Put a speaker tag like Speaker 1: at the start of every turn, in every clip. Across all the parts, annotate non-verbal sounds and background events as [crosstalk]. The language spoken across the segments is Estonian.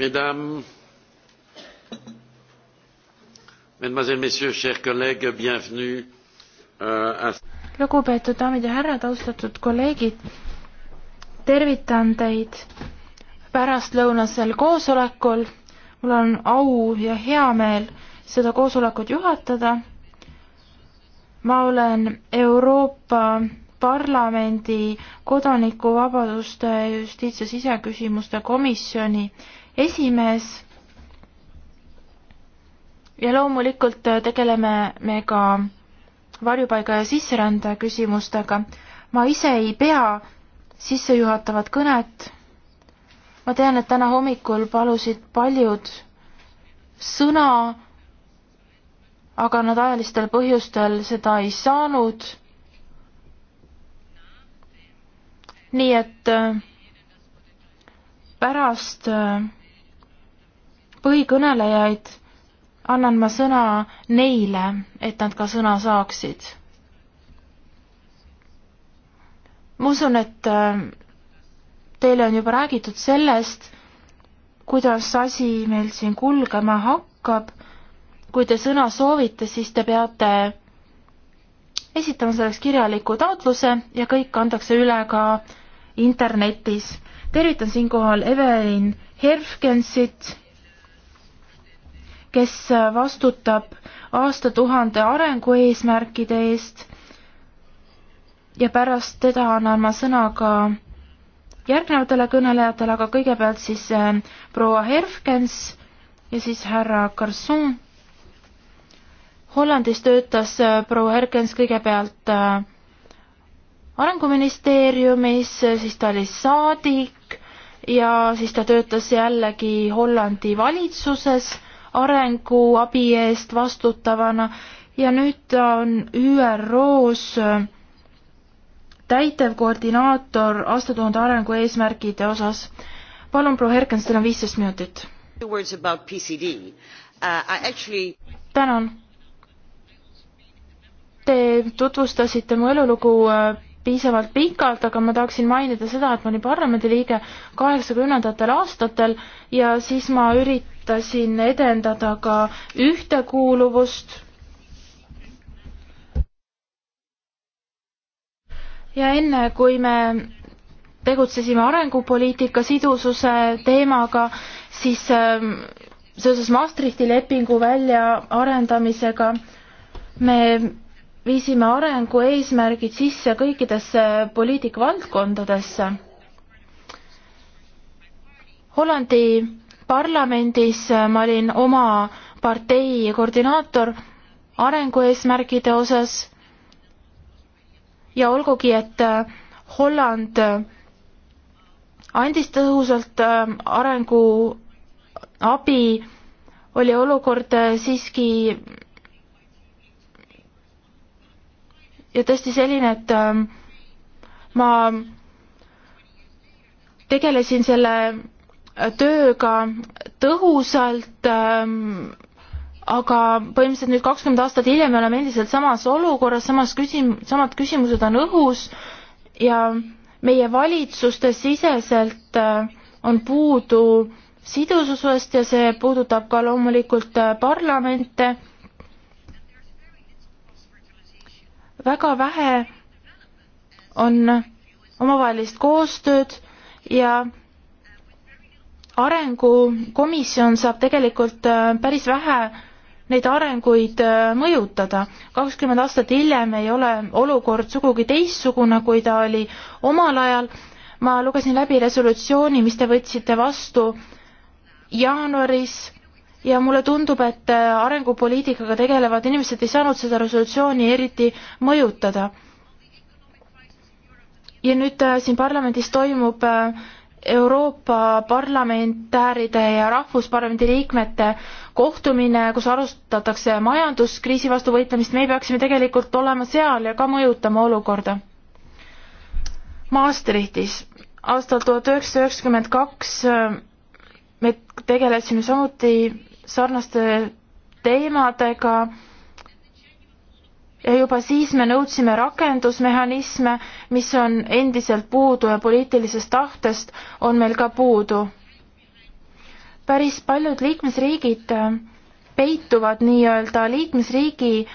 Speaker 1: mesdames mesdemoiselles messieurs chers collègues bienvenue euh, à
Speaker 2: lugupeetud daamid ja härrad austatud kolleegid tervitan teid pärastlõunasel koosolekul mul on au ja hea meel seda koosolekut juhatada ma olen Euroopa Parlamendi kodanikuvabaduste justiits- ja siseküsimuste komisjoni esimees ja loomulikult äh, tegeleme me ka varjupaiga ja sisserände küsimustega. ma ise ei pea sissejuhatavat kõnet. ma tean, et täna hommikul palusid paljud sõna, aga nad ajalistel põhjustel seda ei saanud. nii et äh, pärast äh, põhikõnelejaid, annan ma sõna neile, et nad ka sõna saaksid. ma usun, et äh, teile on juba räägitud sellest, kuidas asi meil siin kulgema hakkab. kui te sõna soovite, siis te peate esitama selleks kirjaliku taotluse ja kõik antakse üle ka internetis. tervitan siinkohal Evelyn Herfgensit kes vastutab aastatuhande arengueesmärkide eest ja pärast teda annan ma sõna ka järgnevatele kõnelejatele, aga kõigepealt siis eh, proua Herfkens ja siis härra Carson. Hollandis töötas eh, proua Herkens kõigepealt eh, arenguministeeriumis, siis ta oli saadik ja siis ta töötas jällegi Hollandi valitsuses arenguabi eest vastutavana ja nüüd ta on ÜRO-s äh, täitevkoordinaator aastatuhande arengu eesmärkide osas. palun, proua Herkens, teil on viisteist minutit.
Speaker 1: Uh,
Speaker 2: tänan. Te tutvustasite mu elulugu äh, piisavalt pikalt, aga ma tahaksin mainida seda, et ma olin parlamendiliige kaheksakümnendatel aastatel ja siis ma üritasin edendada ka ühtekuuluvust. ja enne, kui me tegutsesime arengupoliitika sidususe teemaga, siis ähm, seoses Maastrichti lepingu väljaarendamisega me viisime arengu eesmärgid sisse kõikidesse poliitikavaldkondadesse. Hollandi parlamendis ma olin oma partei koordinaator arengueesmärgide osas ja olgugi, et Holland andis tõhusalt ähm, arenguabi, oli olukord äh, siiski ja tõesti selline, et ähm, ma tegelesin selle äh, tööga tõhusalt, ähm, aga põhimõtteliselt nüüd kakskümmend aastat hiljem me oleme endiselt samas olukorras, samas küsim-, samad küsimused on õhus ja meie valitsuste siseselt äh, on puudu sidususest ja see puudutab ka loomulikult äh, parlamente väga vähe on omavahelist koostööd ja arengukomisjon saab tegelikult äh, päris vähe neid arenguid äh, mõjutada. kakskümmend aastat hiljem ei ole olukord sugugi teistsugune, kui ta oli omal ajal. ma lugesin läbi resolutsiooni, mis te võtsite vastu jaanuaris ja mulle tundub, et äh, arengupoliitikaga tegelevad inimesed ei saanud seda resolutsiooni eriti mõjutada. ja nüüd äh, siin parlamendis toimub äh, Euroopa parlamentääride ja rahvusparlamendi liikmete kohtumine, kus alustatakse majanduskriisi vastu võitlemist, me peaksime tegelikult olema seal ja ka mõjutama olukorda. Maastrichtis aastal tuhat üheksasada üheksakümmend kaks me tegelesime samuti sarnaste teemadega ja juba siis me nõudsime rakendusmehhanisme, mis on endiselt puudu ja poliitilisest tahtest on meil ka puudu. päris paljud liikmesriigid äh, peituvad nii-öelda liikmesriigi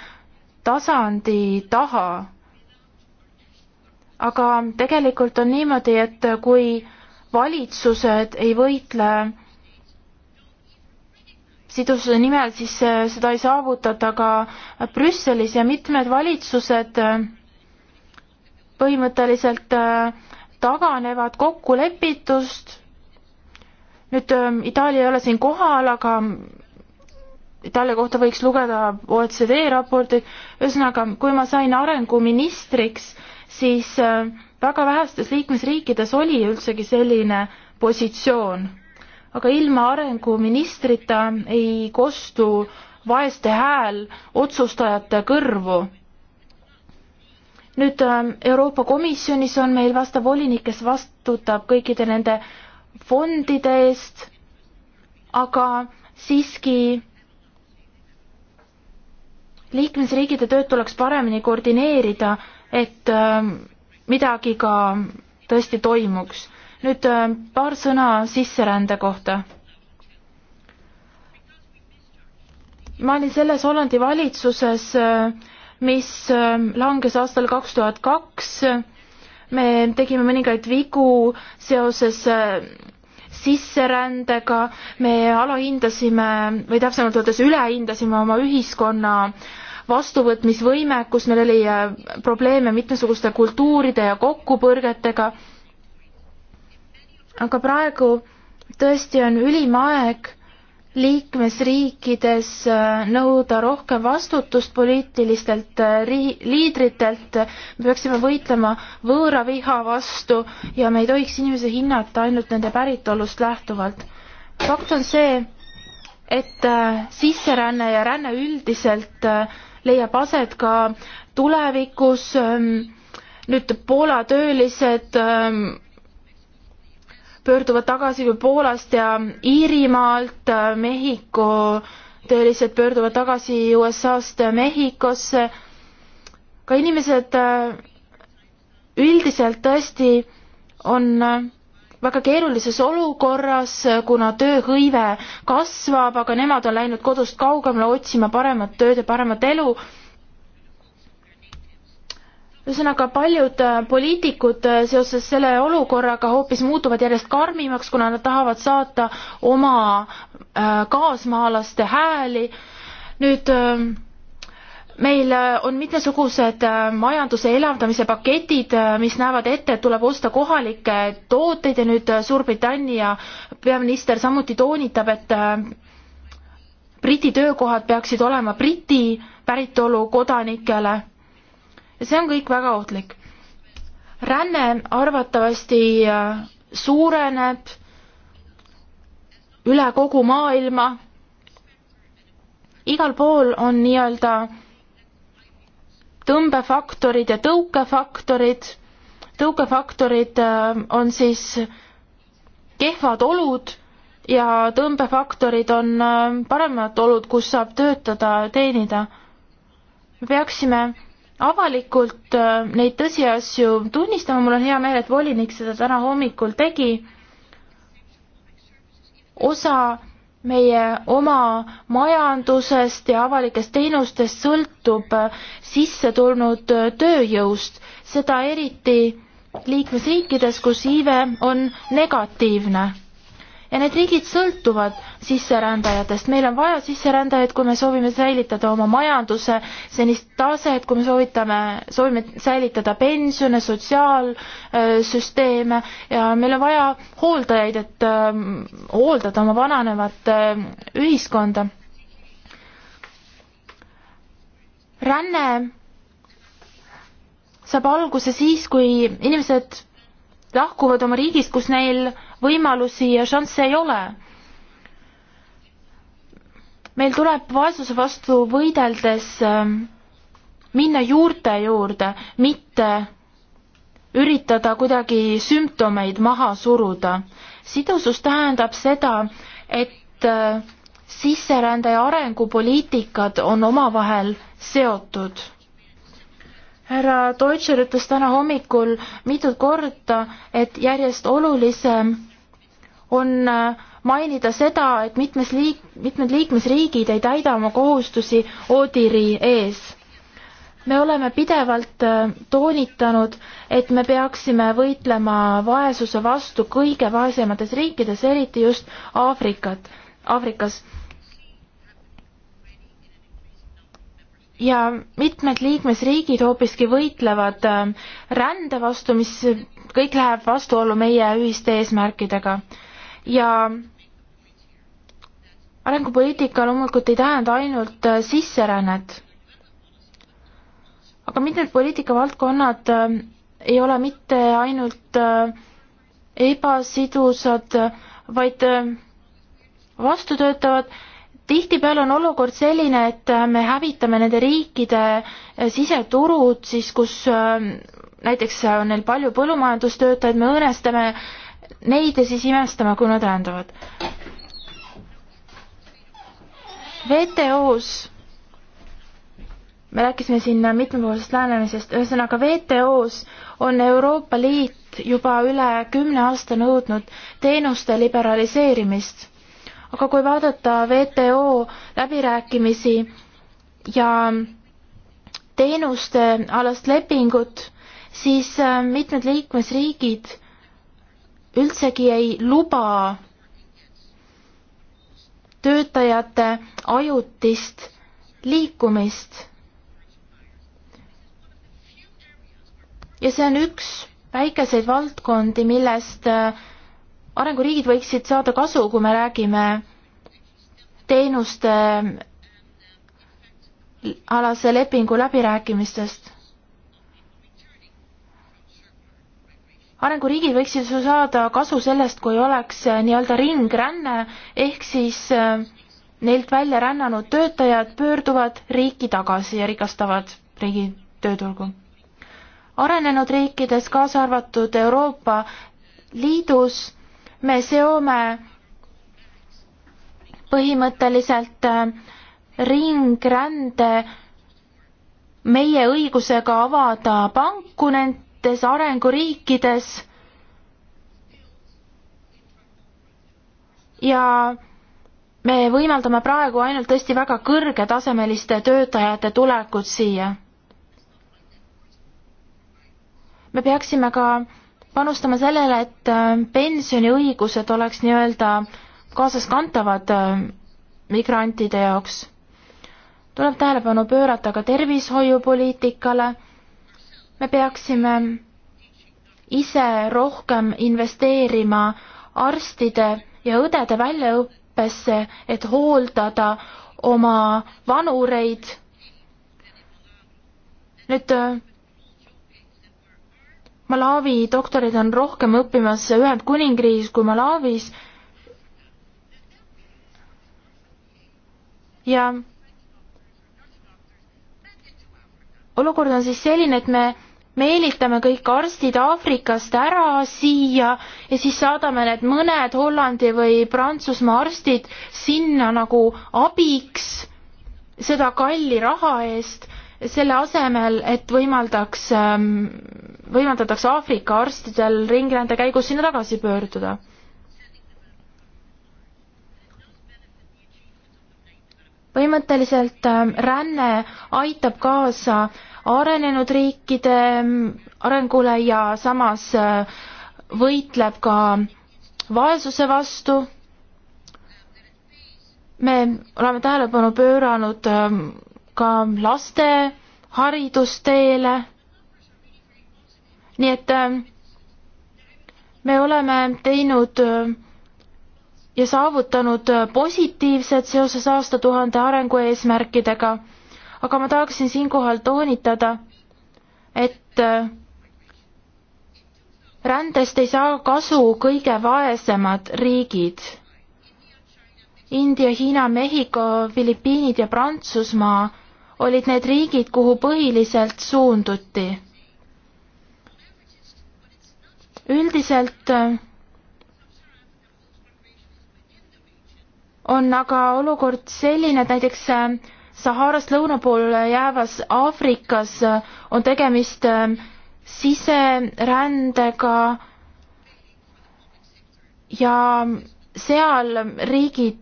Speaker 2: tasandi taha. aga tegelikult on niimoodi, et kui valitsused ei võitle sidususe nimel, siis äh, seda ei saavutata ka Brüsselis ja mitmed valitsused äh, põhimõtteliselt äh, taganevad kokkulepitust. nüüd ähm, Itaalia ei ole siin kohal, aga Itaalia kohta võiks lugeda OECD raportit, ühesõnaga, kui ma sain arenguministriks, siis väga vähestes liikmesriikides oli üldsegi selline positsioon aga ilma arenguministrita ei kostu vaeste hääl otsustajate kõrvu. nüüd ähm, Euroopa Komisjonis on meil vastav volinik, kes vastutab kõikide nende fondide eest, aga siiski liikmesriigide tööd tuleks paremini koordineerida, et ähm, midagi ka tõesti toimuks nüüd äh, paar sõna sisserände kohta. ma olin selles Hollandi valitsuses, äh, mis äh, langes aastal kaks tuhat kaks, me tegime mõningaid vigu seoses sisserändega, me alahindasime või täpsemalt öeldes ülehindasime oma ühiskonna vastuvõtmisvõimekus, meil oli probleeme mitmesuguste kultuuride ja kokkupõrgetega aga praegu tõesti on ülim aeg liikmesriikides äh, nõuda rohkem vastutust poliitilistelt äh, ri-, liidritelt, me peaksime võitlema võõra viha vastu ja me ei tohiks inimesi hinnata ainult nende päritolust lähtuvalt. fakt on see, et äh, sisseränne ja ränne üldiselt leiab aset ka tulevikus, ähm, nüüd Poola töölised ähm, pöörduvad tagasi ju Poolast ja Iirimaalt, Mehhiko töölised pöörduvad tagasi USA-st Mehhikosse. ka inimesed äh, üldiselt tõesti on äh, väga keerulises olukorras, kuna tööhõive kasvab, aga nemad on läinud kodust kaugemale otsima paremat tööd ja paremat elu ühesõnaga, paljud äh, poliitikud äh, seoses selle olukorraga hoopis muutuvad järjest karmimaks, kuna nad tahavad saata oma äh, kaasmaalaste hääli. nüüd meil on mitmesugused majanduse elavdamise paketid, mis näevad ette, et tuleb osta kohalikke tooteid ja nüüd Suurbritannia peaminister samuti toonitab, et Briti töökohad peaksid olema Briti päritolu kodanikele ja see on kõik väga ohtlik. ränne arvatavasti äh, suureneb üle kogu maailma. igal pool on nii-öelda tõmbefaktorid ja tõukefaktorid. tõukefaktorid äh, on siis kehvad olud ja tõmbefaktorid on äh, paremad olud, kus saab töötada, teenida. me peaksime avalikult äh, neid tõsiasju tunnistama, mul on hea meel, et volinik seda täna hommikul tegi. osa meie oma majandusest ja avalikest teenustest sõltub äh, sisse tulnud äh, tööjõust, seda eriti liikmesriikides, kus iive on negatiivne ja need riigid sõltuvad sisserändajatest, meil on vaja sisserändajaid, kui me soovime säilitada oma majanduse senist taset, kui me soovitame, soovime säilitada pensione, sotsiaalsüsteeme ja meil on vaja hooldajaid, et äh, hooldada oma vananevat äh, ühiskonda. ränne saab alguse siis, kui inimesed lahkuvad oma riigist, kus neil võimalusi ja šansse ei ole. meil tuleb vaesuse vastu võideldes ähm, minna juurte juurde, mitte üritada kuidagi sümptomeid maha suruda. sidusus tähendab seda, et äh, sisserände ja arengupoliitikad on omavahel seotud härra Deutscher ütles täna hommikul mitu korda, et järjest olulisem on äh, mainida seda, et mitmes liik-, mitmed liikmesriigid ei täida oma kohustusi Odiri ees. me oleme pidevalt äh, toonitanud, et me peaksime võitlema vaesuse vastu kõige vaesemates riikides, eriti just Aafrikat, Aafrikas ja mitmed liikmesriigid hoopiski võitlevad äh, rände vastu, mis kõik läheb vastuollu meie ühiste eesmärkidega. ja arengupoliitika loomulikult ei tähenda ainult äh, sisserännet. aga mitmed poliitikavaldkonnad äh, ei ole mitte ainult ebasidusad, vaid vastutöötavad tihtipeale on olukord selline, et äh, me hävitame nende riikide äh, siseturud siis, kus ähm, näiteks äh, on neil palju põllumajandustöötajaid, me õõnestame neid ja siis imestame, kui nad rändavad. WTO-s, me rääkisime siin mitmepoolsest lähenemisest, ühesõnaga WTO-s on Euroopa Liit juba üle kümne aasta nõudnud teenuste liberaliseerimist aga kui vaadata WTO läbirääkimisi ja teenuste alast lepingut, siis äh, mitmed liikmesriigid üldsegi ei luba töötajate ajutist liikumist. ja see on üks väikeseid valdkondi, millest äh, arenguriigid võiksid saada kasu, kui me räägime teenuste alase lepingu läbirääkimistest. arenguriigid võiksid ju saada kasu sellest, kui oleks nii-öelda ringränne ehk siis äh, neilt välja rännanud töötajad pöörduvad riiki tagasi ja rikastavad riigi tööturgu. arenenud riikides, kaasa arvatud Euroopa Liidus me seome põhimõtteliselt äh, ringrände meie õigusega avada panku nendes arenguriikides ja me võimaldame praegu ainult tõesti väga kõrgetasemeliste töötajate tulekut siia. me peaksime ka panustama sellele, et äh, pensioniõigused oleks nii-öelda kaasaskantavad äh, migrantide jaoks. tuleb tähelepanu pöörata ka tervishoiupoliitikale, me peaksime ise rohkem investeerima arstide ja õdede väljaõppesse, et hooldada oma vanureid. nüüd äh, Malawi doktorid on rohkem õppimas Ühendkuningriigis kui Malawis. ja olukord on siis selline, et me meelitame kõik arstid Aafrikast ära siia ja siis saadame need mõned Hollandi või Prantsusmaa arstid sinna nagu abiks seda kalli raha eest selle asemel, et võimaldaks, ähm, võimaldataks Aafrika arstidel ringrände käigus sinna tagasi pöörduda. põhimõtteliselt ähm, ränne aitab kaasa arenenud riikide ähm, arengule ja samas äh, võitleb ka vaesuse vastu. me oleme tähelepanu pööranud ka laste haridusteele. nii et ähm, me oleme teinud ähm, ja saavutanud äh, positiivset seoses aastatuhande arengu eesmärkidega, aga ma tahaksin siinkohal toonitada, et äh, rändest ei saa kasu kõige vaesemad riigid. India, Hiina, Mehhiko, Filipiinid ja Prantsusmaa olid need riigid, kuhu põhiliselt suunduti. üldiselt on aga olukord selline, et näiteks äh, Saharast lõuna poole jäävas Aafrikas äh, on tegemist äh, siserändega ja seal riigid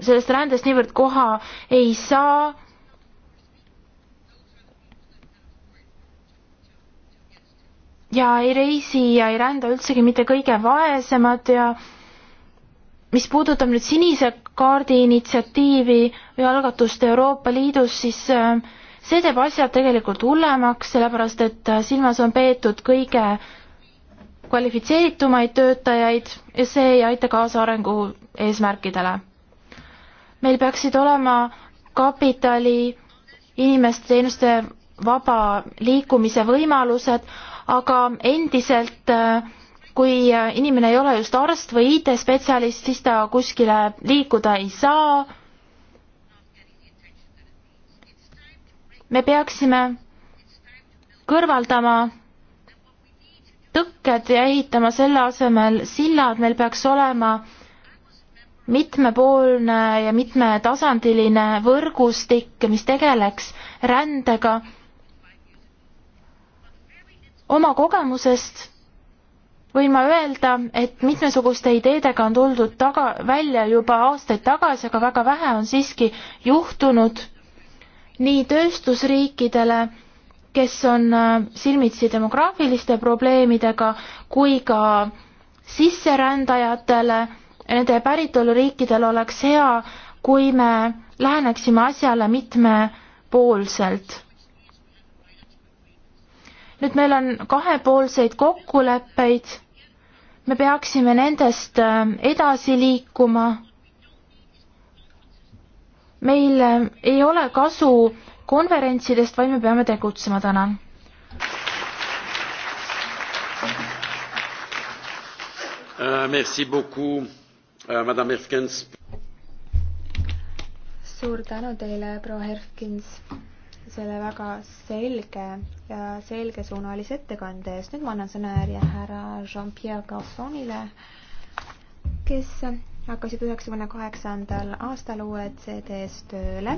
Speaker 2: sellest rändest niivõrd koha ei saa ja ei reisi ja ei rända üldsegi mitte kõige vaesemad ja mis puudutab nüüd sinise kaardi initsiatiivi või algatust Euroopa Liidus, siis äh, see teeb asjad tegelikult hullemaks, sellepärast et äh, silmas on peetud kõige kvalifitseeritumaid töötajaid ja see ei aita kaasa arengu eesmärkidele. meil peaksid olema kapitali, inimeste, teenuste vaba liikumise võimalused, aga endiselt äh, kui äh, inimene ei ole just arst või IT-spetsialist, siis ta kuskile liikuda ei saa. me peaksime kõrvaldama tõkked ja ehitama selle asemel sillad, meil peaks olema mitmepoolne ja mitmetasandiline võrgustik, mis tegeleks rändega oma kogemusest võin ma öelda, et mitmesuguste ideedega on tuldud taga, välja juba aastaid tagasi, aga väga vähe on siiski juhtunud nii tööstusriikidele, kes on äh, silmitsi demograafiliste probleemidega, kui ka sisserändajatele, nende päritoluriikidel oleks hea, kui me läheneksime asjale mitmepoolselt nüüd meil on kahepoolseid kokkuleppeid, me peaksime nendest äh, edasi liikuma. meil äh, ei ole kasu konverentsidest, vaid me peame tegutsema, tänan.
Speaker 1: Äh, merci beaucoup, madame Erkens.
Speaker 3: suur tänu teile, proua Erkens selle väga selge ja selgesuunalise ettekande eest. nüüd ma annan sõna järje härra Jean-Pierre Garçonile, kes hakkasid üheksakümne kaheksandal aastal OECD-s tööle.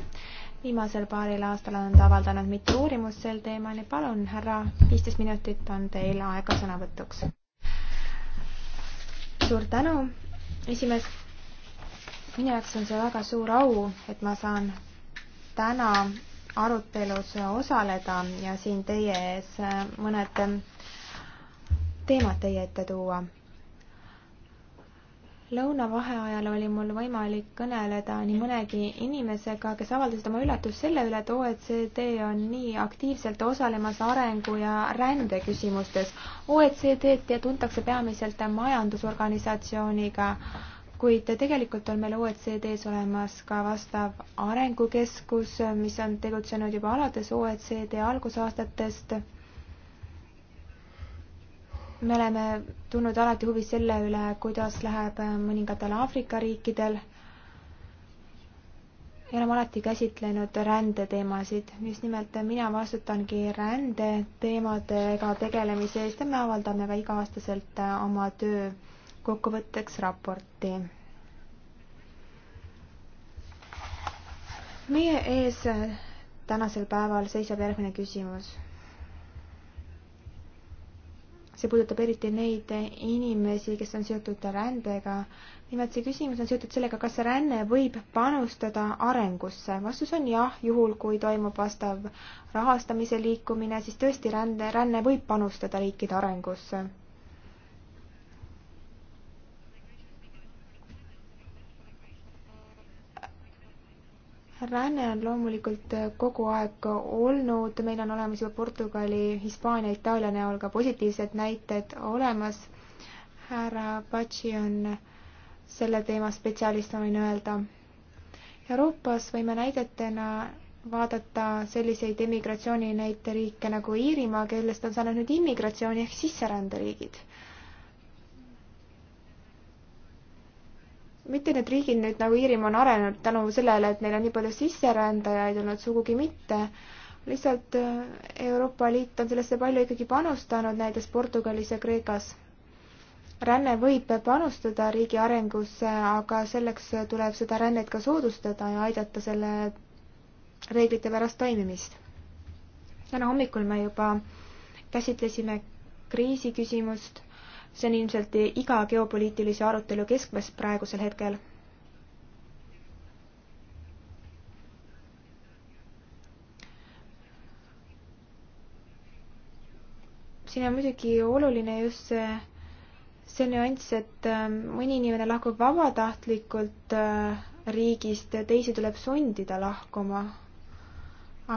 Speaker 3: viimasel paaril aastal on ta avaldanud mitu uurimust sel teemal ja palun, härra, viisteist minutit on teil aega sõnavõtuks. suur tänu, esimees. minu jaoks on see väga suur au, et ma saan täna arutelus osaleda ja siin teie ees mõned teemad teie ette tuua. lõunavaheajal oli mul võimalik kõneleda nii mõnegi inimesega, kes avaldasid oma üllatust selle üle, et OECD on nii aktiivselt osalemas arengu ja rände küsimustes. OECD-d tuntakse peamiselt majandusorganisatsiooniga kuid tegelikult on meil OECD-s olemas ka vastav arengukeskus, mis on tegutsenud juba alates OECD algusaastatest. me oleme tundnud alati huvi selle üle, kuidas läheb mõningatel Aafrika riikidel. ja oleme alati käsitlenud rändeteemasid, just nimelt mina vastutangi rändeteemadega tegelemise eest ja me avaldame ka iga-aastaselt oma töö kokkuvõtteks raporti. meie ees tänasel päeval seisab järgmine küsimus. see puudutab eriti neid inimesi, kes on seotud rändega. nimelt see küsimus on seotud sellega, kas ränne võib panustada arengusse. vastus on jah, juhul kui toimub vastav rahastamise liikumine, siis tõesti rände, ränne võib panustada riikide arengusse ränne on loomulikult äh, kogu aeg olnud, meil on olemas juba Portugali, Hispaania, Itaalia näol ka positiivsed näited olemas. härra Paci on selle teema spetsialist, ma võin öelda. Euroopas võime näidetena vaadata selliseid emigratsiooni näiteriike nagu Iirimaa, kellest on saanud nüüd immigratsiooni ehk sisseränderiigid mitte need riigid nüüd nagu Iirimaa on arenenud tänu sellele, et neil on nii palju sisserändajaid olnud, sugugi mitte. lihtsalt äh, Euroopa Liit on sellesse palju ikkagi panustanud, näiteks Portugalis ja Kreekas. ränne võib panustada riigi arengusse, aga selleks tuleb seda rännet ka soodustada ja aidata selle reeglite pärast toimimist. täna hommikul me juba käsitlesime kriisiküsimust see on ilmselt iga geopoliitilise arutelu keskmes praegusel hetkel. siin on muidugi oluline just see, see nüanss, et ähm, mõni inimene lahkub vabatahtlikult äh, riigist, teisi tuleb sundida lahkuma.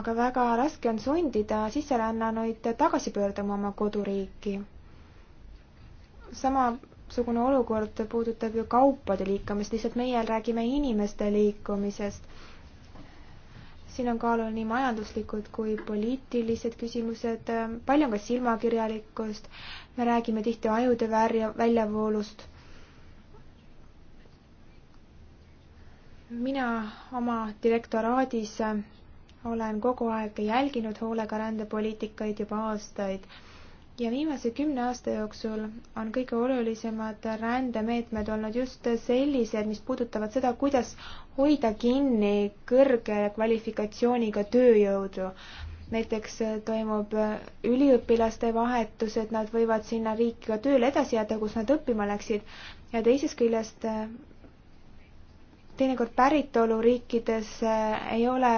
Speaker 3: aga väga raske on sundida sisserännanuid tagasi pöörduma oma koduriiki samasugune olukord puudutab ju kaupade liikumist, lihtsalt meie räägime inimeste liikumisest. siin on kaalul nii majanduslikud kui poliitilised küsimused, palju on ka silmakirjalikkust, me räägime tihti ajude värja, väljavoolust. mina oma direktoraadis olen kogu aeg jälginud hoolega rändepoliitikaid juba aastaid ja viimase kümne aasta jooksul on kõige olulisemad rändemeetmed olnud just sellised, mis puudutavad seda, kuidas hoida kinni kõrge kvalifikatsiooniga tööjõudu. näiteks toimub üliõpilaste vahetus, et nad võivad sinna riiki ka tööle edasi jääda, kus nad õppima läksid ja teisest küljest teinekord päritoluriikides ei ole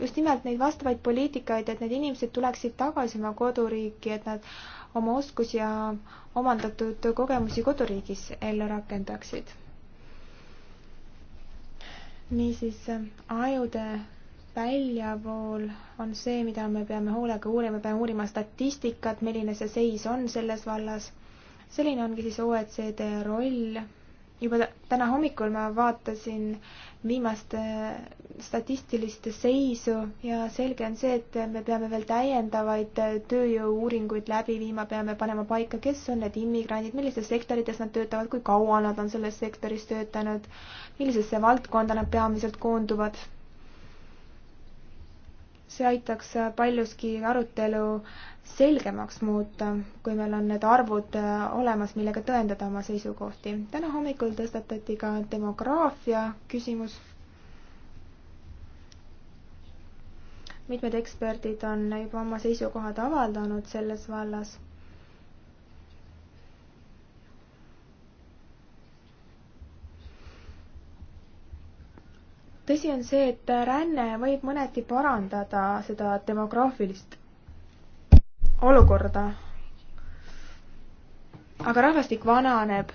Speaker 3: just nimelt neid vastavaid poliitikaid, et need inimesed tuleksid tagasi oma koduriiki, et nad oma oskusi ja omandatud kogemusi koduriigis ellu rakendaksid. niisiis, ajude väljavool on see, mida me peame hoolega uurima, peame uurima statistikat, milline see seis on selles vallas. selline ongi siis OECD roll juba täna hommikul ma vaatasin viimaste statistilist seisu ja selge on see, et me peame veel täiendavaid tööjõu-uuringuid läbi viima, peame panema paika, kes on need immigrandid, millistes sektorites nad töötavad, kui kaua nad on selles sektoris töötanud, millisesse valdkonda nad peamiselt koonduvad see aitaks paljuski arutelu selgemaks muuta, kui meil on need arvud äh, olemas, millega tõendada oma seisukohti. täna hommikul tõstatati ka demograafia küsimus. mitmed eksperdid on juba oma seisukohad avaldanud selles vallas tõsi on see, et ränne võib mõneti parandada seda demograafilist olukorda. aga rahvastik vananeb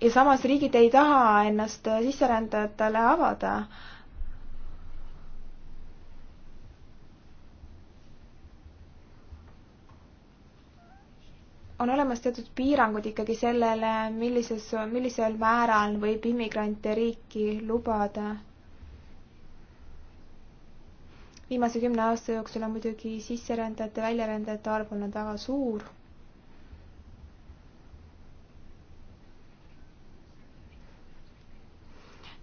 Speaker 3: ja samas riigid ei taha ennast sisserändajatele avada on olemas teatud piirangud ikkagi sellele, millises, millisel määral võib immigrante riiki lubada viimase kümne aasta jooksul on muidugi sisserändajate, väljarändajate arv olnud väga suur.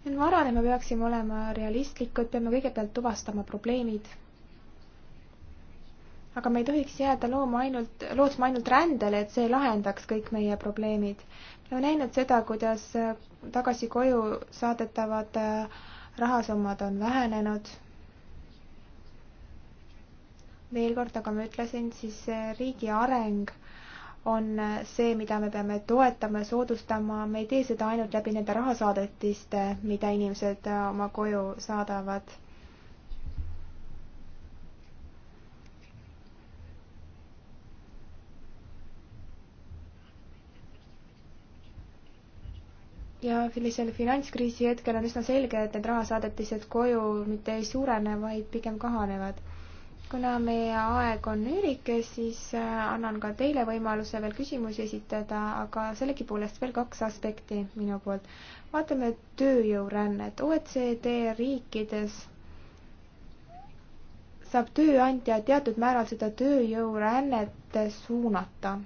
Speaker 3: nüüd ma arvan, et me peaksime olema realistlikud, peame kõigepealt tuvastama probleemid. aga me ei tohiks jääda looma ainult, lootma ainult rändele, et see lahendaks kõik meie probleemid. me oleme näinud seda, kuidas tagasi koju saadetavad äh, rahasummad on vähenenud veel kord, nagu ma ütlesin, siis riigi areng on see, mida me peame toetama, soodustama, me ei tee seda ainult läbi nende rahasaadetiste, mida inimesed oma koju saadavad ja sellisel finantskriisi hetkel on üsna selge, et need rahasaadetised koju mitte ei suurene, vaid pigem kahanevad kuna meie aeg on üürike, siis äh, annan ka teile võimaluse veel küsimusi esitada, aga sellegipoolest veel kaks aspekti minu poolt. vaatame tööjõurännet. OECD riikides saab tööandja teatud määral seda tööjõurännet suunata.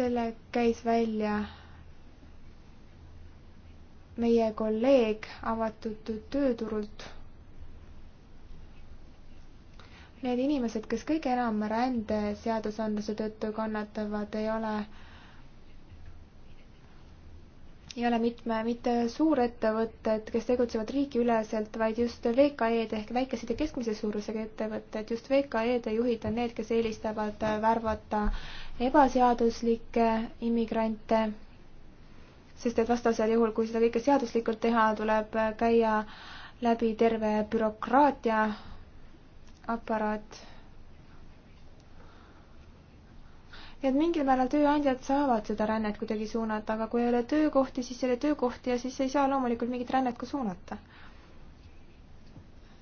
Speaker 3: selle käis välja meie kolleeg avatud tööturult. Need inimesed, kes kõige enam rände seadusandluse tõttu kannatavad, ei ole, ei ole mitme, mitte suurettevõtted, kes tegutsevad riigiüleselt, vaid just VKE-d ehk väikesed ja keskmise suurusega ettevõtted, just VKE-de juhid on need, kes eelistavad värvata ebaseaduslikke immigrante sest et vastasel juhul, kui seda kõike seaduslikult teha, tuleb käia läbi terve bürokraatia aparaat. nii et mingil määral tööandjad saavad seda rännet kuidagi suunata, aga kui ei ole töökohti, siis ei ole töökohti ja siis ei saa loomulikult mingit rännet ka suunata.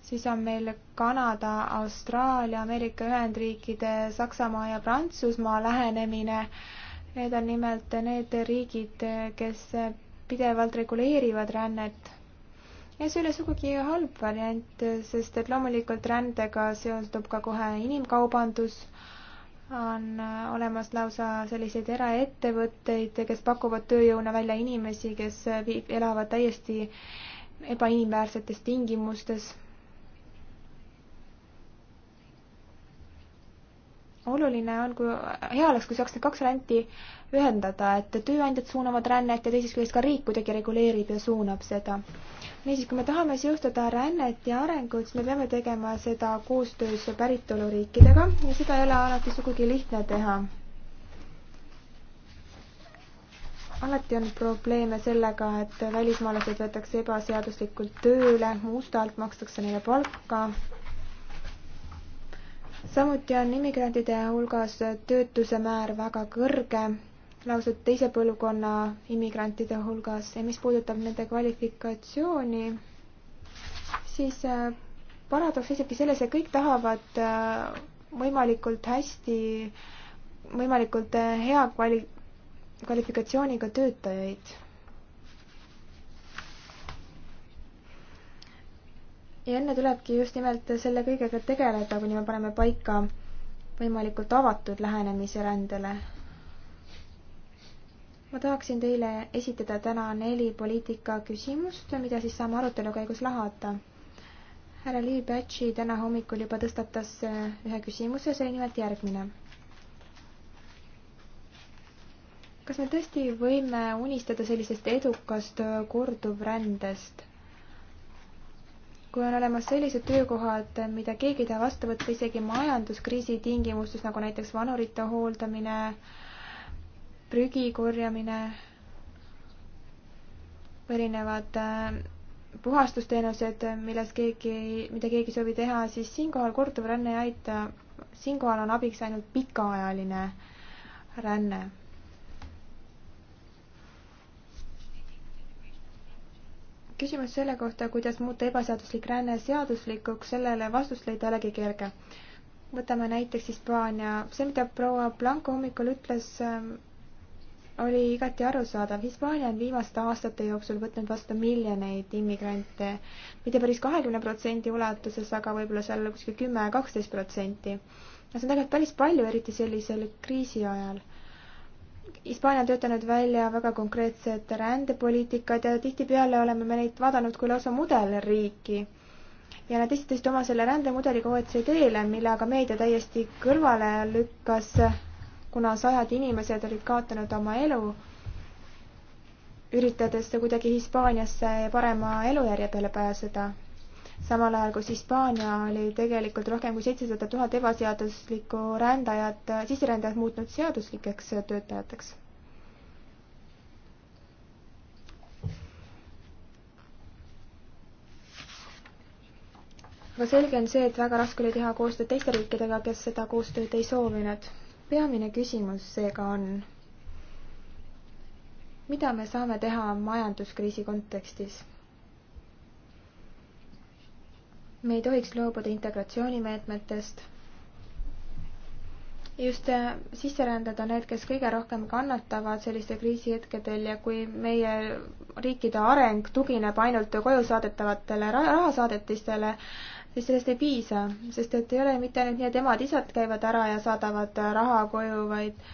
Speaker 3: siis on meil Kanada, Austraalia, Ameerika Ühendriikide, Saksamaa ja Prantsusmaa lähenemine äh, Need on nimelt need riigid, kes pidevalt reguleerivad rännet. ja see ei ole sugugi halb variant, sest et loomulikult rändega seondub ka kohe inimkaubandus, on olemas lausa selliseid eraettevõtteid, kes pakuvad tööjõuna välja inimesi, kes elavad täiesti ebainimväärsetes tingimustes oluline on, kui hea oleks, kui saaks need kaks varianti ühendada, et tööandjad suunavad rännet ja teisest küljest ka riik kuidagi reguleerib ja suunab seda. niisiis, kui me tahame seostada rännet ja arengut, siis me peame tegema seda koostöös päritoluriikidega ja seda ei ole alati sugugi lihtne teha. alati on probleeme sellega, et välismaalased võetakse ebaseaduslikult tööle, mustalt makstakse neile palka samuti on immigrantide hulgas töötuse määr väga kõrge, lausa teise põlvkonna immigrantide hulgas ja mis puudutab nende kvalifikatsiooni, siis äh, paradoks seisnebki selles, et kõik tahavad äh, võimalikult hästi, võimalikult äh, hea kvali-, kvalifikatsiooniga töötajaid ja enne tulebki just nimelt selle kõigega tegeleda, kuni me paneme paika võimalikult avatud lähenemise rändele. ma tahaksin teile esitada täna neli poliitika küsimust, mida siis saame arutelu käigus lahata. härra Lee Batchi täna hommikul juba tõstatas äh, ühe küsimuse, see oli nimelt järgmine. kas me tõesti võime unistada sellisest edukast korduvrändest? kui on olemas sellised töökohad, mida keegi ei taha vastu võtta isegi majanduskriisi tingimustes, nagu näiteks vanurite hooldamine, prügi korjamine, erinevad äh, puhastusteenused, milles keegi, mida keegi ei soovi teha, siis siinkohal korduv ränne ei aita. siinkohal on abiks ainult pikaajaline ränne küsimus selle kohta, kuidas muuta ebaseaduslik ränne seaduslikuks, sellele vastust leida ei olegi kerge. võtame näiteks Hispaania. see, mida proua Blanco hommikul ütles, ähm, oli igati arusaadav. Hispaania on viimaste aastate jooksul võtnud vastu miljoneid immigrante, mitte päris kahekümne protsendi ulatuses, aga võib-olla seal kuskil kümme, kaksteist protsenti. no see on tegelikult päris palju, eriti sellisel kriisi ajal Hispaania on töötanud välja väga konkreetsed rändepoliitikad ja tihtipeale oleme me neid vaadanud kui lausa mudelriiki. ja nad esitasid oma selle rändemudeliga OECD-le, mille aga meedia täiesti kõrvale lükkas, kuna sajad inimesed olid kaotanud oma elu, üritades kuidagi Hispaaniasse parema elujärje peale pääseda samal ajal kus Hispaania oli tegelikult rohkem kui seitsesada tuhat ebaseaduslikku rändajat, äh, sisserändajat muutnud seaduslikeks töötajateks. aga selge on see, et väga raske oli teha koostööd teiste riikidega, kes seda koostööd ei soovinud. peamine küsimus seega on, mida me saame teha majanduskriisi kontekstis me ei tohiks loobuda integratsioonimeetmetest. just äh, sisserändajad on need, kes kõige rohkem kannatavad selliste kriisihetkedel ja kui meie riikide areng tugineb ainult koju saadetavatele rahasaadetistele, siis sellest ei piisa, sest et ei ole mitte ainult nii, et emad-isad käivad ära ja saadavad raha koju, vaid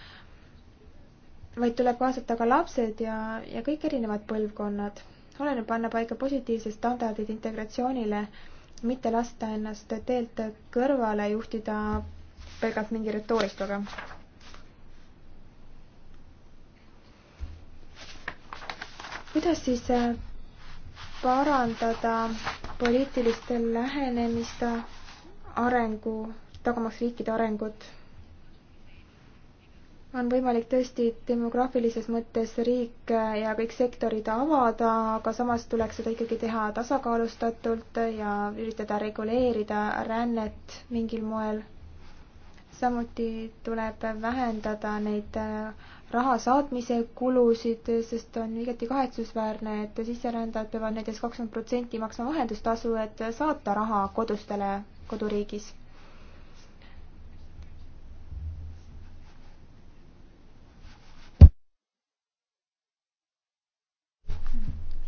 Speaker 3: vaid tuleb kaasata ka lapsed ja, ja kõik erinevad põlvkonnad. oleneb panna paika positiivsed standardid integratsioonile mitte lasta ennast teelt kõrvale juhtida pelgalt mingi retoorikaga. kuidas siis äh, parandada poliitilist lähenemist arengu, tagamaks riikide arengut on võimalik tõesti demograafilises mõttes riik ja kõik sektorid avada, aga samas tuleks seda ikkagi teha tasakaalustatult ja üritada reguleerida rännet mingil moel. samuti tuleb vähendada neid äh, raha saatmise kulusid, sest on igati kahetsusväärne, et sisserändajad peavad näiteks kakskümmend protsenti maksma vahendustasu, et saata raha kodustele koduriigis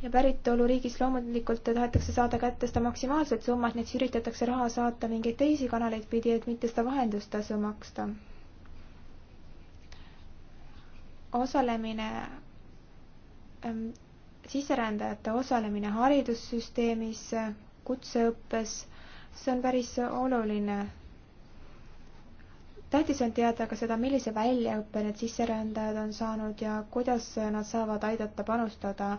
Speaker 3: ja päritoluriigis loomulikult tahetakse saada kätte seda maksimaalset summat, nii et siis üritatakse raha saata mingeid teisi kanaleid pidi, et mitte seda vahendustasu maksta. osalemine ähm,, sisserändajate osalemine haridussüsteemis, kutseõppes, see on päris oluline. tähtis on teada ka seda, millise väljaõppe need sisserändajad on saanud ja kuidas nad saavad aidata panustada äh,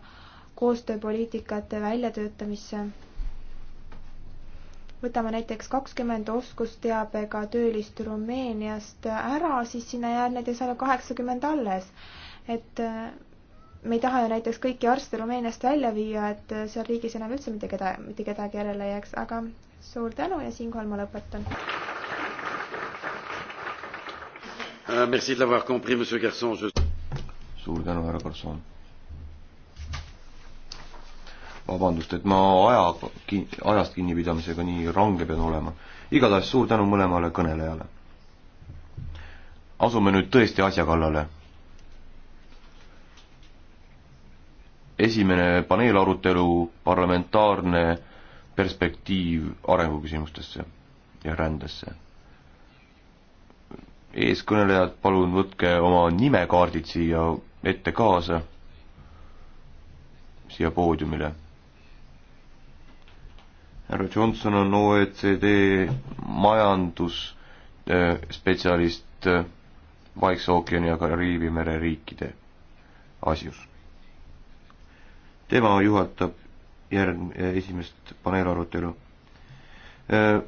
Speaker 3: koostööpoliitikate väljatöötamisse. võtame näiteks kakskümmend oskusteabega töölist Rumeeniast ära, siis sinna jääb näiteks ainult kaheksakümmend alles. et äh, me ei taha ju näiteks kõiki arste Rumeeniast välja viia, et äh, seal riigis enam üldse mitte keda, mitte kedagi järele ei jääks, aga suur tänu ja siinkohal ma lõpetan.
Speaker 1: Ah, merci de l'avoir compris, monsieur
Speaker 4: Garçon. Je... Suur tänu, härra Garçon vabandust, et ma aja, ajast kinnipidamisega nii range pean olema. igatahes suur tänu mõlemale kõnelejale. asume nüüd tõesti asja kallale. esimene paneelarutelu, parlamentaarne perspektiiv arenguküsimustesse ja rändesse. eeskõnelejad, palun võtke oma nimekaardid siia ette kaasa, siia poodiumile härra Johnson on OECD majandusspetsialist eh, Vaikse ookeani ja Kariibi mere riikide asjus. tema juhatab järg-, eh, esimest paneelarutelu. Eh,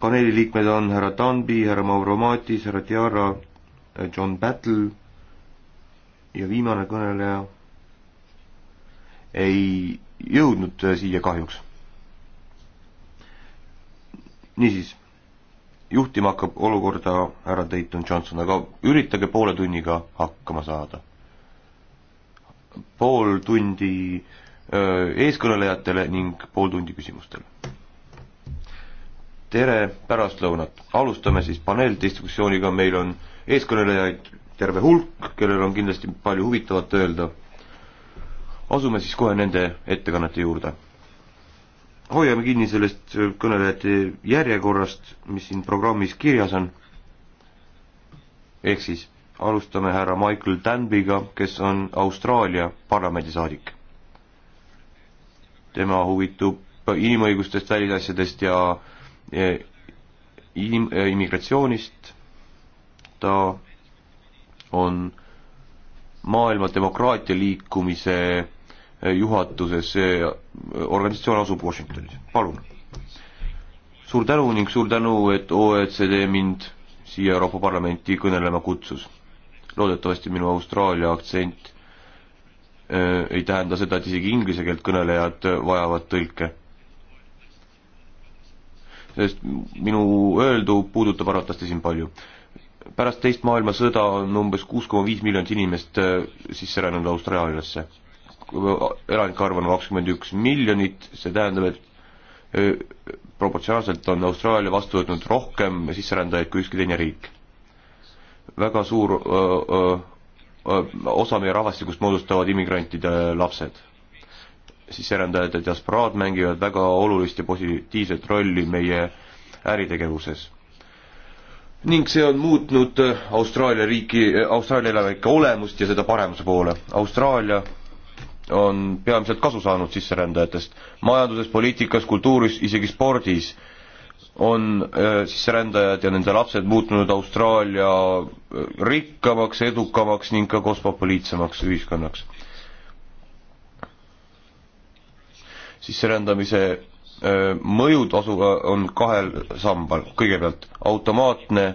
Speaker 4: paneeli liikmed on härra Tanbi, härra Mauro Matis, härra Tiara, John Battle ja viimane kõneleja ei jõudnud siia kahjuks niisiis, juhtima hakkab olukorda härra Dayton Johnson, aga üritage poole tunniga hakkama saada. pool tundi öö, eeskõnelejatele ning pool tundi küsimustele. tere pärastlõunat, alustame siis paneeldiskussiooniga, meil on eeskõnelejaid terve hulk, kellel on kindlasti palju huvitavat öelda. asume siis kohe nende ettekannete juurde hoiame kinni sellest äh, kõnelejate järjekorrast, mis siin programmis kirjas on. ehk siis alustame härra Michael Danby'ga, kes on Austraalia parlamendisaadik. tema huvitub inimõigustest, välisasjadest ja e, inim-, e, immigratsioonist. ta on maailma demokraatia liikumise juhatuses, see äh, organisatsioon asub Washingtonis, palun. suur tänu ning suur tänu, et OECD mind siia Euroopa Parlamenti kõnelema kutsus. loodetavasti minu Austraalia aktsent äh, ei tähenda seda, et isegi inglise keelt kõnelejad äh, vajavad tõlke. sest minu öeldu puudutab arvatavasti siin palju pärast teist maailmasõda on umbes kuus koma viis miljonit inimest äh, sisse rännanud Austraaliasse elanike arv on kakskümmend üks miljonit, see tähendab, et proportsionaalselt on Austraalia vastu võtnud rohkem sisserändajaid kui ükski teine riik. väga suur öö, öö, osa meie rahvastikust moodustavad immigrantide lapsed. sisserändajate diasporaad mängivad väga olulist ja positiivset rolli meie äritegevuses. ning see on muutnud Austraalia riiki, Austraalia elanike olemust ja seda paremuse poole. Austraalia on peamiselt kasu saanud sisserändajatest. majanduses, poliitikas, kultuuris, isegi spordis on äh, sisserändajad ja nende lapsed muutunud Austraalia äh, rikkamaks, edukamaks ning ka kosmopoliitsemaks ühiskonnaks. sisserändamise äh, mõjud asu-, on kahel sambal, kõigepealt automaatne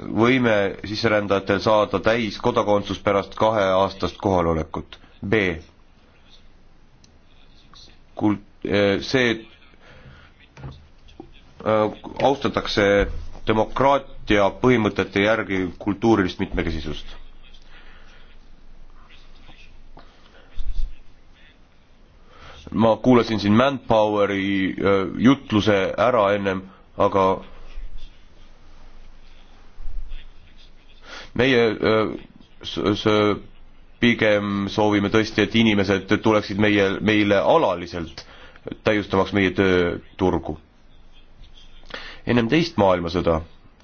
Speaker 4: võime sisserändajatel saada täis kodakondsus pärast kaheaastast kohalolekut B kult-, äh, see äh, austatakse demokraatia põhimõtete järgi kultuurilist mitmekesisust. ma kuulasin siin Manpoweri äh, jutluse ära ennem, aga meie see pigem soovime tõesti, et inimesed tuleksid meie, meile alaliselt, täiustamaks meie tööturgu. ennem teist maailmasõda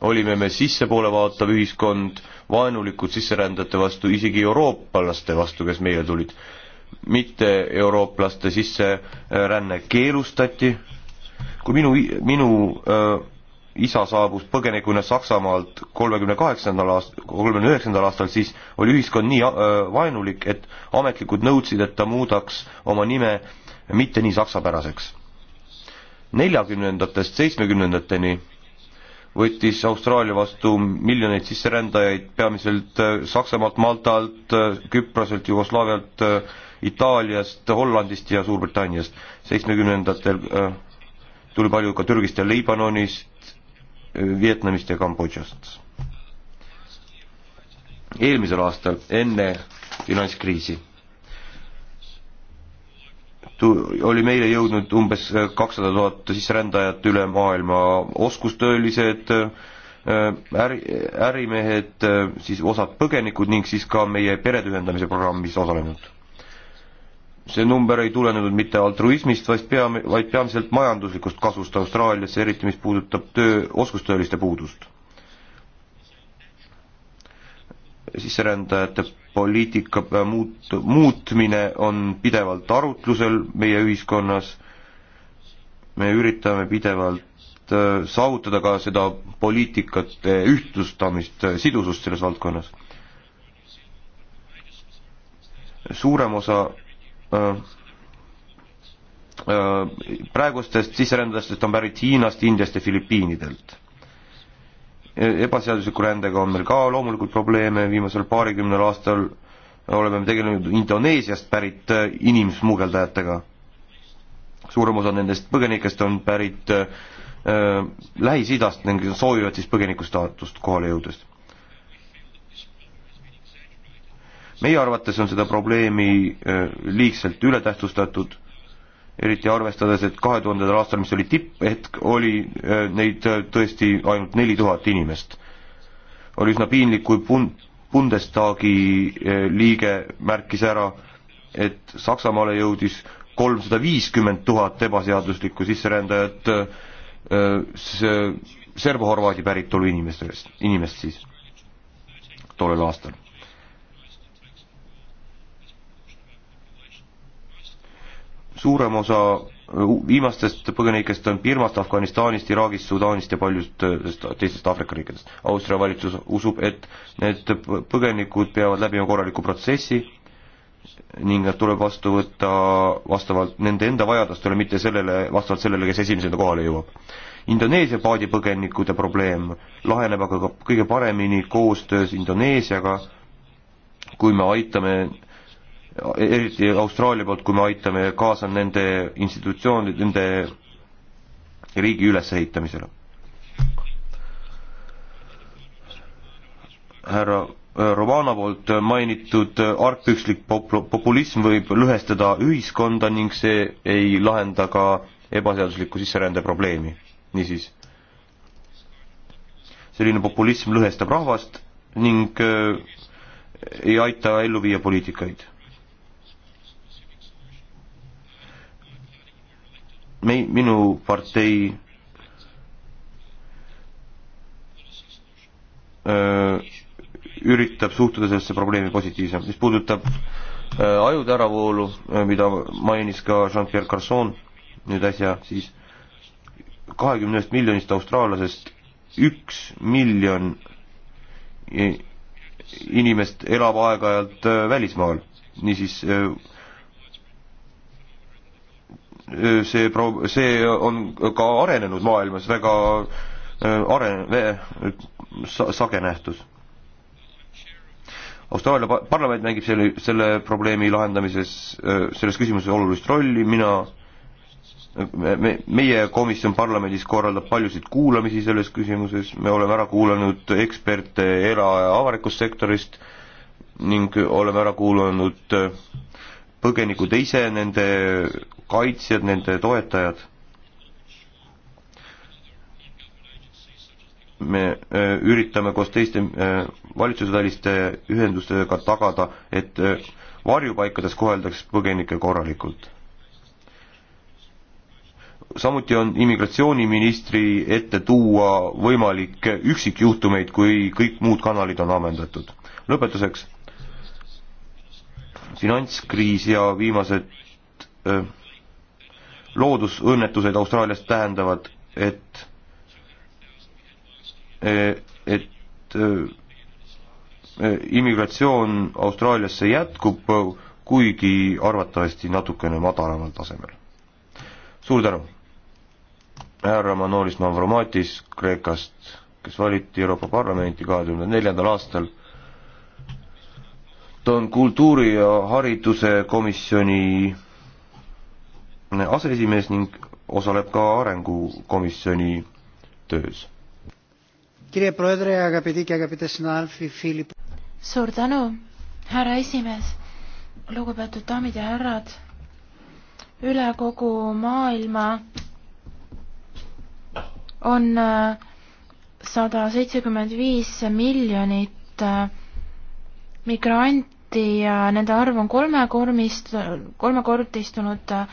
Speaker 4: olime me sissepoole vaatav ühiskond, vaenulikud sisserändajate vastu, isegi eurooplaste vastu, kes meile tulid. mitte eurooplaste sisseränne keelustati, kui minu, minu öö, äh, isa saabus põgenikuna Saksamaalt kolmekümne kaheksandal aast-, kolmekümne üheksandal aastal, siis oli ühiskond nii äh, vaenulik, et ametlikud nõudsid, et ta muudaks oma nime mitte nii saksapäraseks. neljakümnendatest seitsmekümnendateni võttis Austraalia vastu miljoneid sisserändajaid, peamiselt äh, Saksamaalt, Maltalt, äh, Küproselt, Jugoslaavialt, Itaaliast, Hollandist ja Suurbritanniast. seitsmekümnendatel tuli palju ka Türgist ja Liibanonist, Vietnamist ja Kambodžast. eelmisel aastal, enne finantskriisi, oli meile jõudnud umbes kakssada tuhat sisserändajat üle maailma, oskustöölised, äh, äri, ärimehed, äh, siis osad põgenikud ning siis ka meie perede ühendamise programmis osalenud see number ei tulenenud mitte altruismist, vaid peame, vaid peamiselt majanduslikust kasust Austraaliasse, eriti mis puudutab töö, oskustööliste puudust. sisserändajate poliitika muut-, muutmine on pidevalt arutlusel meie ühiskonnas, me üritame pidevalt äh, saavutada ka seda poliitikate ühtlustamist, äh, sidusust selles valdkonnas. suurem osa Äh, äh, praegustest sisserändajatest on pärit Hiinast, Indiast ja Filipiinidelt. E, ebaseadusliku rändega on meil ka loomulikult probleeme, viimasel paarikümnel aastal oleme me tegelenud Indoneesiast pärit äh, inimsmugeldajatega. suurem osa nendest põgenikest on pärit äh, Lähis-Idast ning soovivad siis põgeniku staatust kohale jõudes meie arvates on seda probleemi äh, liigselt ületähtsustatud, eriti arvestades, et kahe tuhandendal aastal, mis oli tipphetk, oli äh, neid äh, tõesti ainult neli tuhat inimest. oli üsna piinlik, kui Bund-, Bundestagi liige märkis ära, et Saksamaale jõudis kolmsada viiskümmend tuhat ebaseaduslikku sisserändajat serbo-horvaadi päritolu inimestest, inimest siis tollel aastal. suurem osa äh, viimastest põgenikest on Birmast, Afganistanist, Iraagist, Sudaanist ja paljudest äh, teistest Aafrika riikidest. Austria valitsus usub, et need põgenikud peavad läbima korraliku protsessi ning nad tuleb vastu võtta vastavalt nende enda vajadustele, mitte sellele, vastavalt sellele, kes esimesena kohale jõuab. Indoneesia paadipõgenikute probleem laheneb aga kõige paremini koostöös Indoneesiaga, kui me aitame eriti Austraalia poolt, kui me aitame kaasa nende institutsioonide, nende riigi ülesehitamisele. härra äh, Romana poolt mainitud argpükslik populism võib lõhestada ühiskonda ning see ei lahenda ka ebaseadusliku sisserände probleemi. niisiis, selline populism lõhestab rahvast ning äh, ei aita ellu viia poliitikaid me-, minu partei öö, äh, üritab suhtuda sellesse probleemi positiivselt. mis puudutab äh, ajude äravoolu, äh, mida mainis ka Jean-Pierre Carson nüüd äsja, siis kahekümnest miljonist austraallasest üks miljon inimest elab aeg-ajalt välismaal. niisiis see pro-, see on ka arenenud maailmas väga äh, are-, sage nähtus. Austraalia par-, parlament mängib selle, selle probleemi lahendamises, äh, selles küsimuses olulist rolli, mina me, meie komisjon parlamendis korraldab paljusid kuulamisi selles küsimuses, me oleme ära kuulanud eksperte era- ja avalikust sektorist ning oleme ära kuulanud äh, põgenikud ise, nende kaitsjad, nende toetajad. me äh, üritame koos teiste äh, valitsusväliste ühendustega tagada, et äh, varjupaikades koheldaks põgenikke korralikult. samuti on immigratsiooniministri ette tuua võimalikke üksikjuhtumeid, kui kõik muud kanalid on ammendatud. lõpetuseks finantskriis ja viimased öö, loodusõnnetused Austraalias tähendavad, et eh, et eh, immigratsioon Austraaliasse jätkub, kuigi arvatavasti natukene madalamal tasemel. suur tänu! härra Manolis Mavromatis Kreekast, kes valiti Euroopa Parlamenti kahekümne neljandal aastal, ta on kultuuri- ja haridusekomisjoni aseesimees ning osaleb ka arengukomisjoni töös.
Speaker 2: suur tänu, härra esimees, lugupeetud daamid ja härrad, üle kogu maailma on äh, sada seitsekümmend viis miljonit äh, migranti ja nende arv on kolmekormist, kolmekordistunud äh,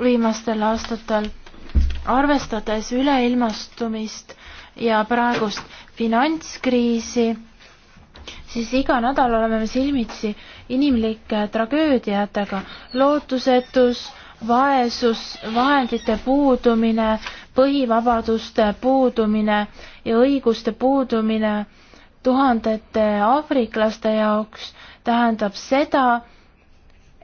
Speaker 2: viimastel aastatel. arvestades üleilmastumist ja praegust finantskriisi, siis iga nädal oleme me silmitsi inimlike tragöödiatega, lootusetus, vaesus, vahendite puudumine, põhivabaduste puudumine ja õiguste puudumine tuhandete aafriklaste jaoks tähendab seda,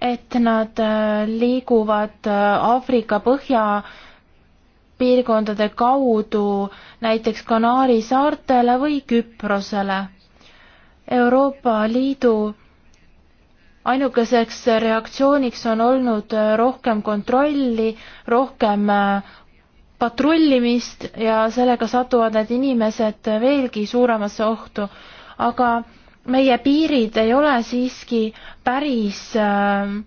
Speaker 2: et nad äh, liiguvad äh, Aafrika põhjapiirkondade kaudu näiteks Kanaari saartele või Küprosele. Euroopa Liidu ainukeseks reaktsiooniks on olnud äh, rohkem kontrolli, rohkem patrullimist ja sellega satuvad need inimesed veelgi suuremasse ohtu, aga meie piirid ei ole siiski päris ähm,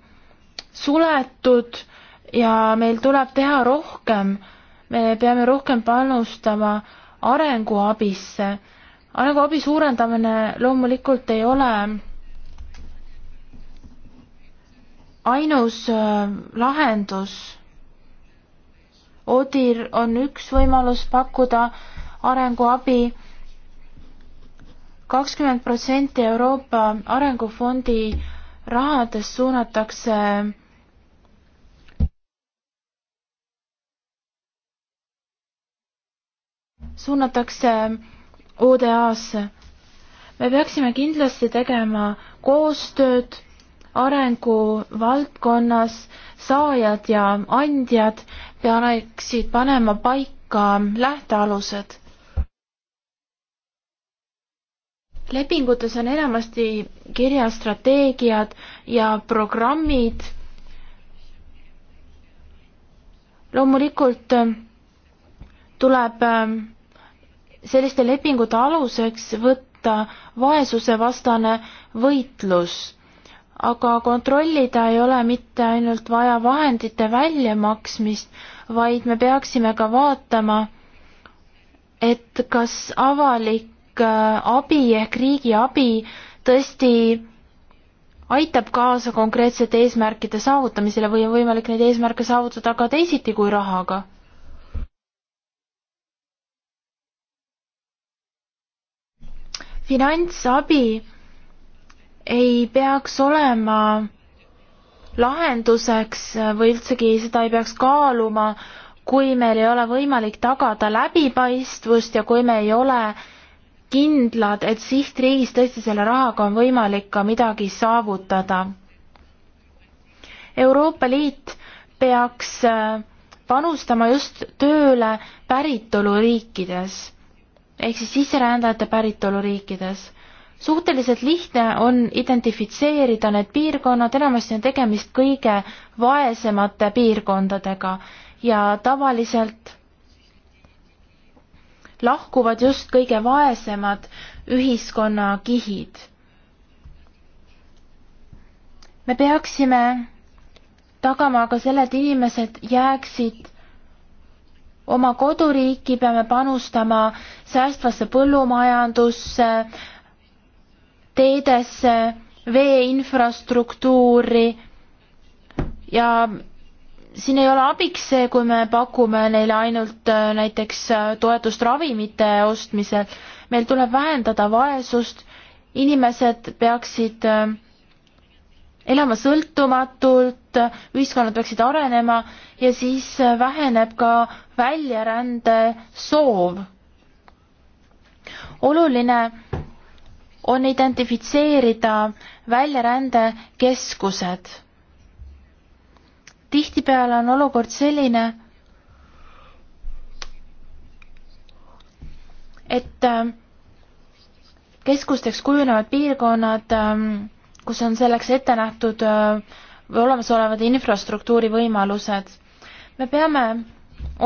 Speaker 2: suletud ja meil tuleb teha rohkem. me peame rohkem panustama arenguabisse. arenguabi suurendamine loomulikult ei ole ainus ähm, lahendus. Odir on üks võimalus pakkuda arenguabi kakskümmend protsenti Euroopa Arengufondi rahadest suunatakse suunatakse ODA-sse. me peaksime kindlasti tegema koostööd arenguvaldkonnas, saajad ja andjad peaksid panema paika lähtealused lepingutes on enamasti kirjas strateegiad ja programmid. loomulikult äh, tuleb äh, selliste lepingute aluseks võtta vaesusevastane võitlus, aga kontrollida ei ole mitte ainult vaja vahendite väljamaksmist, vaid me peaksime ka vaatama, et kas avalik Äh, abi ehk riigi abi tõesti aitab kaasa konkreetsete eesmärkide saavutamisele või on võimalik neid eesmärke saavutada ka teisiti kui rahaga? finantsabi ei peaks olema lahenduseks või üldsegi seda ei peaks kaaluma, kui meil ei ole võimalik tagada läbipaistvust ja kui me ei ole äh, kindlad, et sihtriigis tõesti selle rahaga on võimalik ka midagi saavutada. Euroopa Liit peaks äh, panustama just tööle päritoluriikides ehk siis sisserändajate päritoluriikides. suhteliselt lihtne on identifitseerida need piirkonnad, enamasti on tegemist kõige vaesemate piirkondadega ja tavaliselt lahkuvad just kõige vaesemad ühiskonnakihid. me peaksime tagama ka selle, et inimesed jääksid oma koduriiki, peame panustama säästvasse põllumajandusse, teedesse, veeinfrastruktuuri ja siin ei ole abiks see, kui me pakume neile ainult äh, näiteks äh, toetust ravimite ostmisel. meil tuleb vähendada vaesust, inimesed peaksid äh, elama sõltumatult, ühiskonnad peaksid arenema ja siis väheneb ka väljarände soov. oluline on identifitseerida väljarändekeskused tihtipeale on olukord selline, et ähm, keskusteks kujunevad piirkonnad, ähm, kus on selleks ette nähtud äh, või olemasolevad infrastruktuuri võimalused. me peame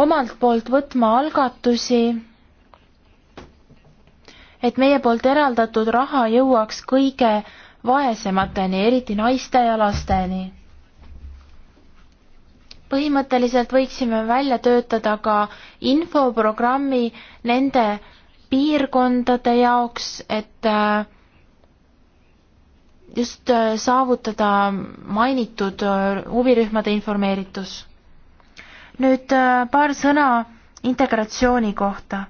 Speaker 2: omalt poolt võtma algatusi, et meie poolt eraldatud raha jõuaks kõige vaesemateni, eriti naiste ja lasteni põhimõtteliselt võiksime välja töötada ka infoprogrammi nende piirkondade jaoks, et äh, just äh, saavutada mainitud äh, huvirühmade informeeritus. nüüd paar sõna integratsiooni kohta.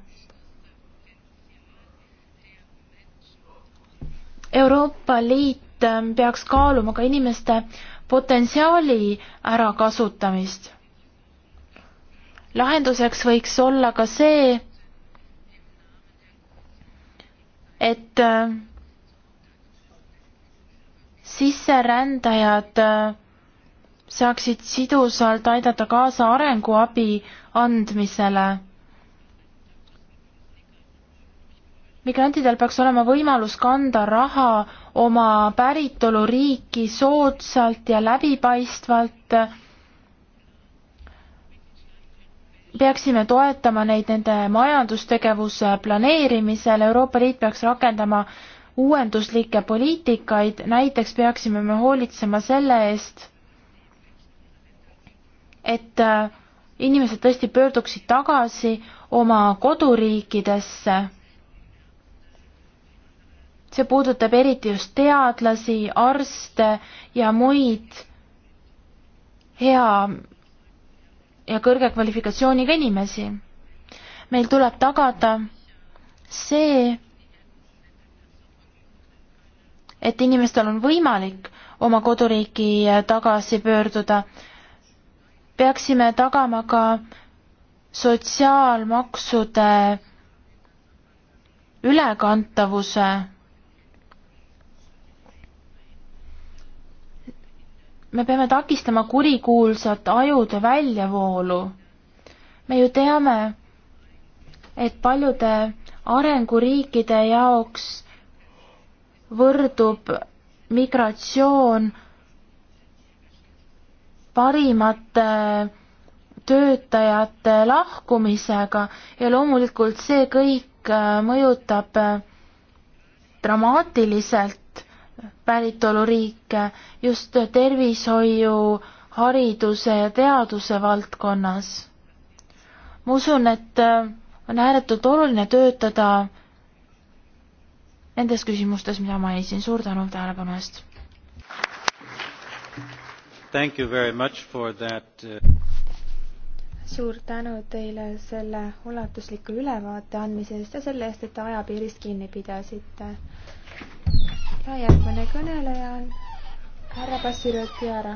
Speaker 2: Euroopa Liit peaks kaaluma ka inimeste potentsiaali ärakasutamist. lahenduseks võiks olla ka see, et äh, sisserändajad äh, saaksid sidusalt aidata kaasa arenguabi andmisele migrantidel peaks olema võimalus kanda raha oma päritoluriiki soodsalt ja läbipaistvalt. peaksime toetama neid nende majandustegevuse planeerimisel, Euroopa Liit peaks rakendama uuenduslikke poliitikaid, näiteks peaksime me hoolitsema selle eest, et äh, inimesed tõesti pöörduksid tagasi oma koduriikidesse see puudutab eriti just teadlasi, arste ja muid hea ja kõrge kvalifikatsiooniga inimesi. meil tuleb tagada see, et inimestel on võimalik oma koduriiki tagasi pöörduda. peaksime tagama ka sotsiaalmaksude ülekantavuse me peame takistama kurikuulsat ajude väljavoolu. me ju teame, et paljude arenguriikide jaoks võrdub migratsioon parimate töötajate lahkumisega ja loomulikult see kõik äh, mõjutab äh, dramaatiliselt päritoluriike just tervishoiu, hariduse ja teaduse valdkonnas. ma usun, et äh, on ääretult oluline töötada nendes küsimustes, mida mainisin. suur tänu tähelepanu eest!
Speaker 1: Uh,
Speaker 3: suur tänu teile selle ulatusliku ülevaate andmise eest ja selle eest, et te ajapiirist kinni pidasite ja järgmine kõneleja on härra Bassiroti ära.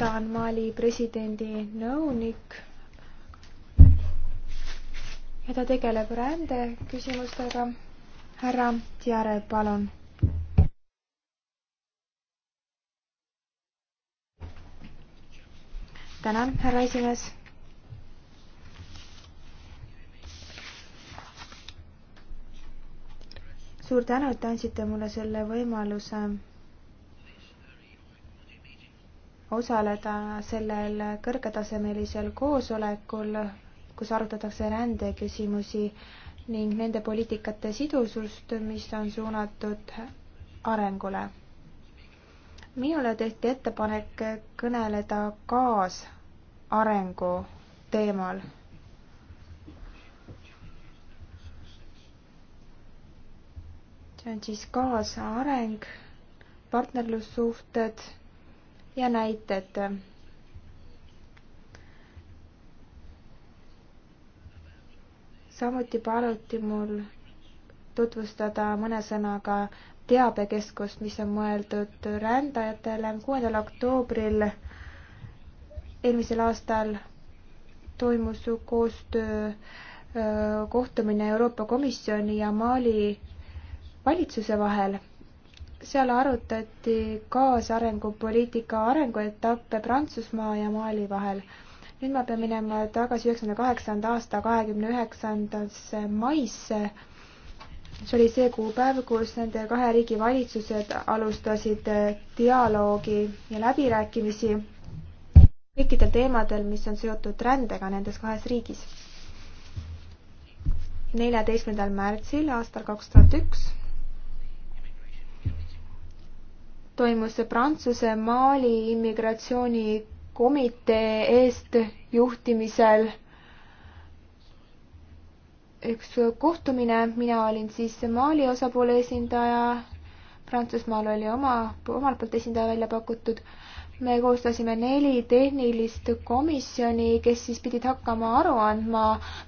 Speaker 3: ta on Mali presidendi nõunik ja ta tegeleb rändeküsimustega. härra Tiare, palun. tänan, härra esimees suur tänu, et andsite mulle selle võimaluse osaleda sellel kõrgetasemelisel koosolekul, kus arutatakse rändeküsimusi ning nende poliitikate sidusust, mis on suunatud arengule. minule tehti ettepanek kõneleda kaasarengu teemal see on siis kaasareng, partnerlussuhted ja näited. samuti paluti mul tutvustada mõne sõnaga teabekeskust, mis on mõeldud rändajatele. kuuendal oktoobril eelmisel aastal toimus koostöö kohtumine Euroopa Komisjoni ja Mali valitsuse vahel. seal arutati kaasarengupoliitika arenguetappe Prantsusmaa ja Mali vahel. nüüd ma pean minema tagasi üheksakümne kaheksanda aasta kahekümne üheksandasse maisse. see oli see kuupäev, kus nende kahe riigi valitsused alustasid dialoogi ja läbirääkimisi kõikidel teemadel, mis on seotud rändega nendes kahes riigis. neljateistkümnendal märtsil aastal kaks tuhat üks toimus Prantsuse Mali immigratsioonikomitee eestjuhtimisel üks kohtumine, mina olin siis Mali osapoole esindaja, Prantsusmaal oli oma, omalt poolt esindaja välja pakutud. me koostasime neli tehnilist komisjoni, kes siis pidid hakkama aru andma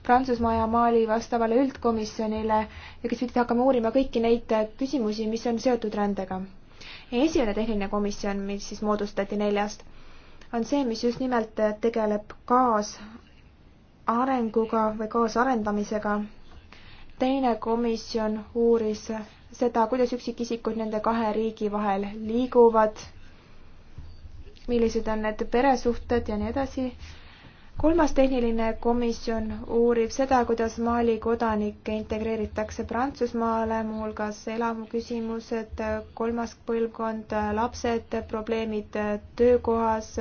Speaker 3: Prantsusmaa ja Mali vastavale üldkomisjonile ja kes pidid hakkama uurima kõiki neid küsimusi, mis on seotud rändega esimene tehniline komisjon, mis siis moodustati neljast, on see, mis just nimelt tegeleb kaasarenguga või kaasarendamisega. teine komisjon uuris seda, kuidas üksikisikud nende kahe riigi vahel liiguvad, millised on need peresuhted ja nii edasi kolmas tehniline komisjon uurib seda, kuidas Mali kodanikke integreeritakse Prantsusmaale, muuhulgas elamuküsimused, kolmas põlvkond, lapsed, probleemid töökohas,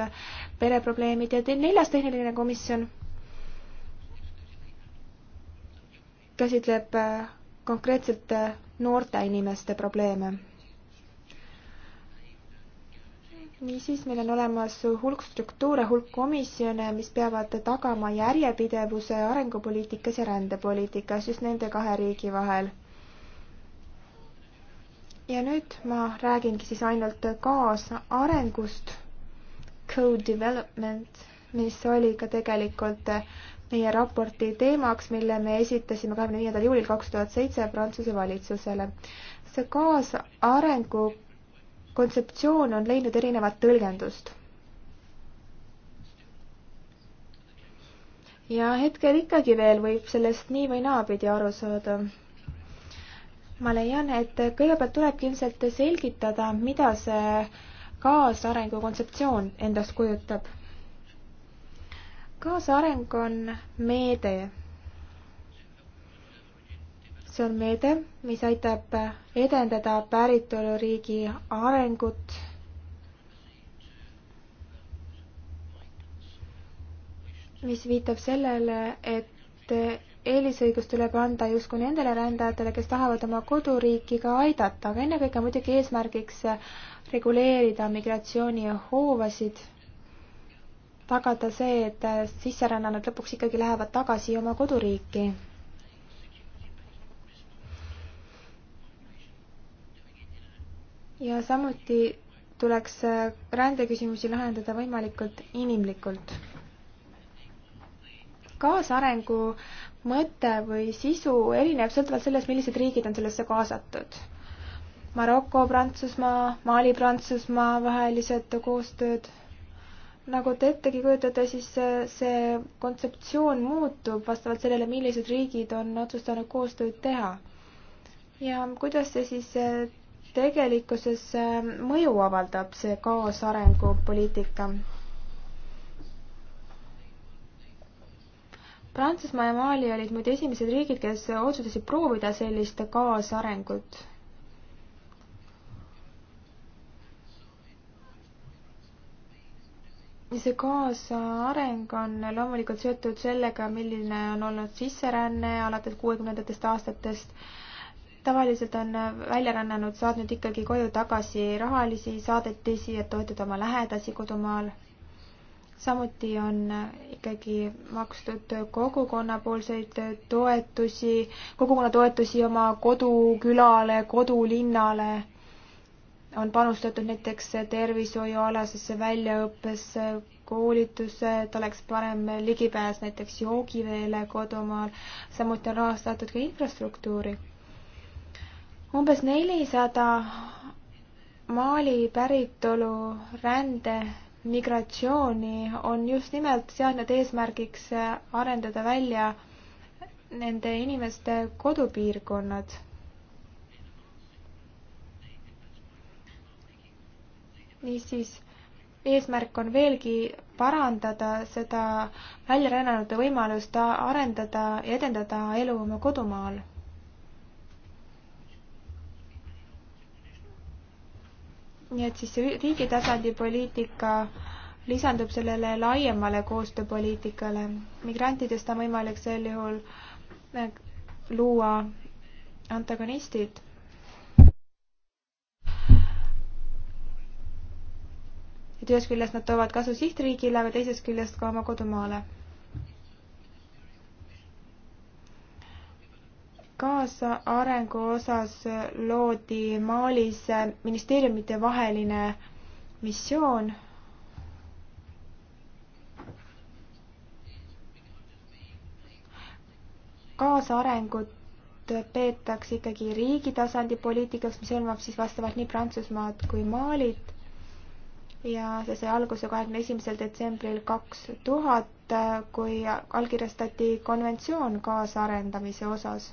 Speaker 3: pereprobleemid ja neljas tehniline komisjon käsitleb konkreetselt noorte inimeste probleeme niisiis, meil on olemas hulk struktuure, hulk komisjone, mis peavad tagama järjepidevuse arengupoliitikas ja rändepoliitikas just nende kahe riigi vahel. ja nüüd ma räägingi siis ainult kaasarengust, co-development, mis oli ka tegelikult meie raporti teemaks, mille me esitasime kahekümne viiendal juulil kaks tuhat seitse Prantsuse valitsusele. see kaasarengu kontseptsioon on leidnud erinevat tõlgendust. ja hetkel ikkagi veel võib sellest nii või naapidi aru saada. ma leian, et kõigepealt tulebki ilmselt selgitada, mida see kaasarengu kontseptsioon endast kujutab. kaasareng on meede see on meede, mis aitab edendada päritoluriigi arengut. mis viitab sellele, et eelisõigus tuleb anda justkui nendele rändajatele, kes tahavad oma koduriiki ka aidata, aga ennekõike muidugi eesmärgiks reguleerida migratsioonihoovasid, tagada see, et sisserännanud lõpuks ikkagi lähevad tagasi oma koduriiki ja samuti tuleks äh, rändeküsimusi lahendada võimalikult inimlikult. kaasarengu mõte või sisu erineb sõltuvalt sellest, millised riigid on sellesse kaasatud. Maroko, Prantsusmaa, Mali, Prantsusmaa vahelised koostööd. nagu te ettegi kujutate, siis äh, see kontseptsioon muutub vastavalt sellele, millised riigid on otsustanud koostööd teha. ja kuidas see siis äh, tegelikkuses äh, mõju avaldab see kaasarengupoliitika? Prantsusmaa ja Mali olid muide esimesed riigid, kes otsustasid proovida sellist kaasarengut. ja see kaasareng on loomulikult seotud sellega, milline on olnud sisseränne alates kuuekümnendatest aastatest tavaliselt on välja rännanud saatnud ikkagi koju tagasi rahalisi saadetisi, et toetada oma lähedasi kodumaal. samuti on ikkagi makstud kogukonnapoolseid toetusi, kogukonna toetusi oma kodukülale, kodulinnale. on panustatud näiteks tervishoiualasesse väljaõppesse, koolituse, et oleks parem ligipääs näiteks joogiveele kodumaal. samuti on rahastatud ka infrastruktuuri umbes nelisada Mali päritolu rände migratsiooni on just nimelt seadnud eesmärgiks arendada välja nende inimeste kodupiirkonnad. niisiis, eesmärk on veelgi parandada seda väljarännanute võimalust arendada ja edendada elu oma kodumaal nii et siis see riigi tasandi poliitika lisandub sellele laiemale koostööpoliitikale. migrantidest on võimalik sel juhul äh, luua antagonistid et ühest küljest nad toovad kasu sihtriigile, aga teisest küljest ka oma kodumaale. kaasarengu osas loodi Malis ministeeriumite vaheline missioon. kaasarengut peetakse ikkagi riigi tasandi poliitikaks, mis hõlmab siis vastavalt nii Prantsusmaad kui Malit. ja see sai alguse kahekümne esimesel detsembril kaks tuhat, kui allkirjastati konventsioon kaasarendamise osas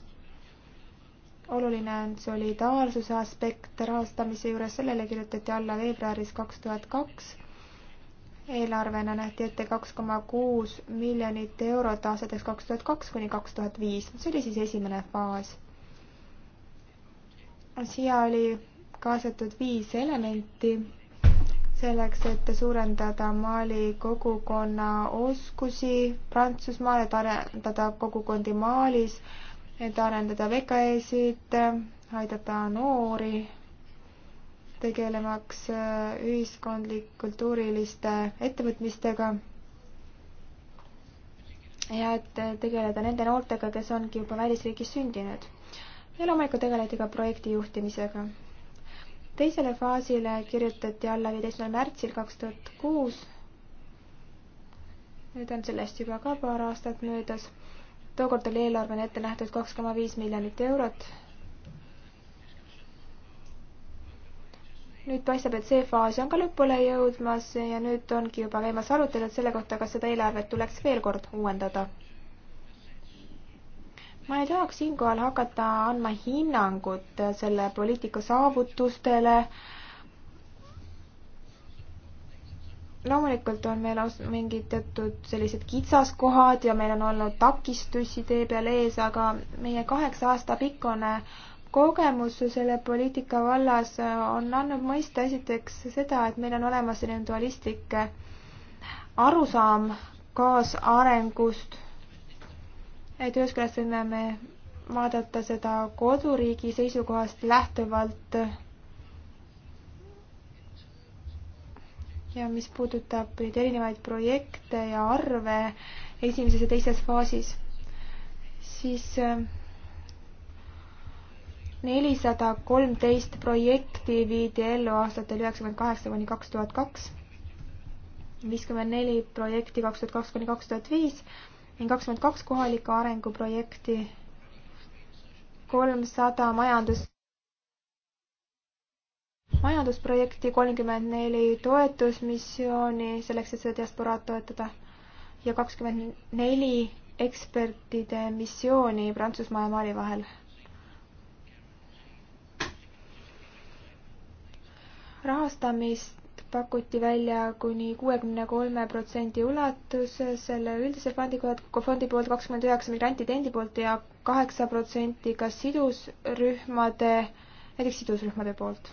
Speaker 3: oluline on solidaarsuse aspekt rahastamise juures, sellele kirjutati alla veebruaris kaks tuhat kaks. eelarvena nähti ette kaks koma kuus miljonit eurot aastateks kaks tuhat kaks kuni kaks tuhat viis, see oli siis esimene faas. siia oli kaasatud viis elementi selleks, et suurendada Mali kogukonna oskusi Prantsusmaal, et arendada kogukondi Malis et arendada VKE-sid, aidata noori, tegelemaks äh, ühiskondlik-kultuuriliste ettevõtmistega ja et äh, tegeleda nende noortega, kes ongi juba välisriigis sündinud. ja loomulikult tegeleti ka projekti juhtimisega. teisele faasile kirjutati alla viieteistkümnendal märtsil kaks tuhat kuus. nüüd on sellest juba ka paar aastat möödas tookord oli eelarvena ette nähtud kaks koma viis miljonit eurot. nüüd paistab, et see faas on ka lõpule jõudmas ja nüüd ongi juba käimas arutelud selle kohta, kas seda eelarvet tuleks veel kord uuendada. ma ei tahaks siinkohal hakata andma hinnangut selle poliitika saavutustele äh, loomulikult on meil mingid teatud sellised kitsaskohad ja meil on olnud takistusi tee peal ees, aga meie kaheksa aasta pikkune kogemus selle poliitika vallas äh, on andnud mõista esiteks seda, et meil on olemas selline dualistlik äh, arusaam kaasarengust. et ühest küljest võime me vaadata seda koduriigi seisukohast lähtuvalt ja mis puudutab neid erinevaid projekte ja arve esimeses ja teises faasis, siis äh, nelisada kolmteist projekti viidi ellu aastatel üheksakümmend kaheksa kuni kaks tuhat kaks, viiskümmend neli projekti kaks tuhat kaks kuni kaks tuhat viis ning kakskümmend kaks kohalike arenguprojekti, kolmsada majandus- majandusprojekti, kolmkümmend neli toetusmissiooni selleks, et seda diasporaat toetada ja kakskümmend neli ekspertide missiooni Prantsusmaa ja Mali vahel. rahastamist pakuti välja kuni kuuekümne kolme protsendi ulatuses selle üldise fondi kohalt, fondi poolt kakskümmend üheksa migrantide endi poolt ja kaheksa protsenti ka sidusrühmade, näiteks sidusrühmade poolt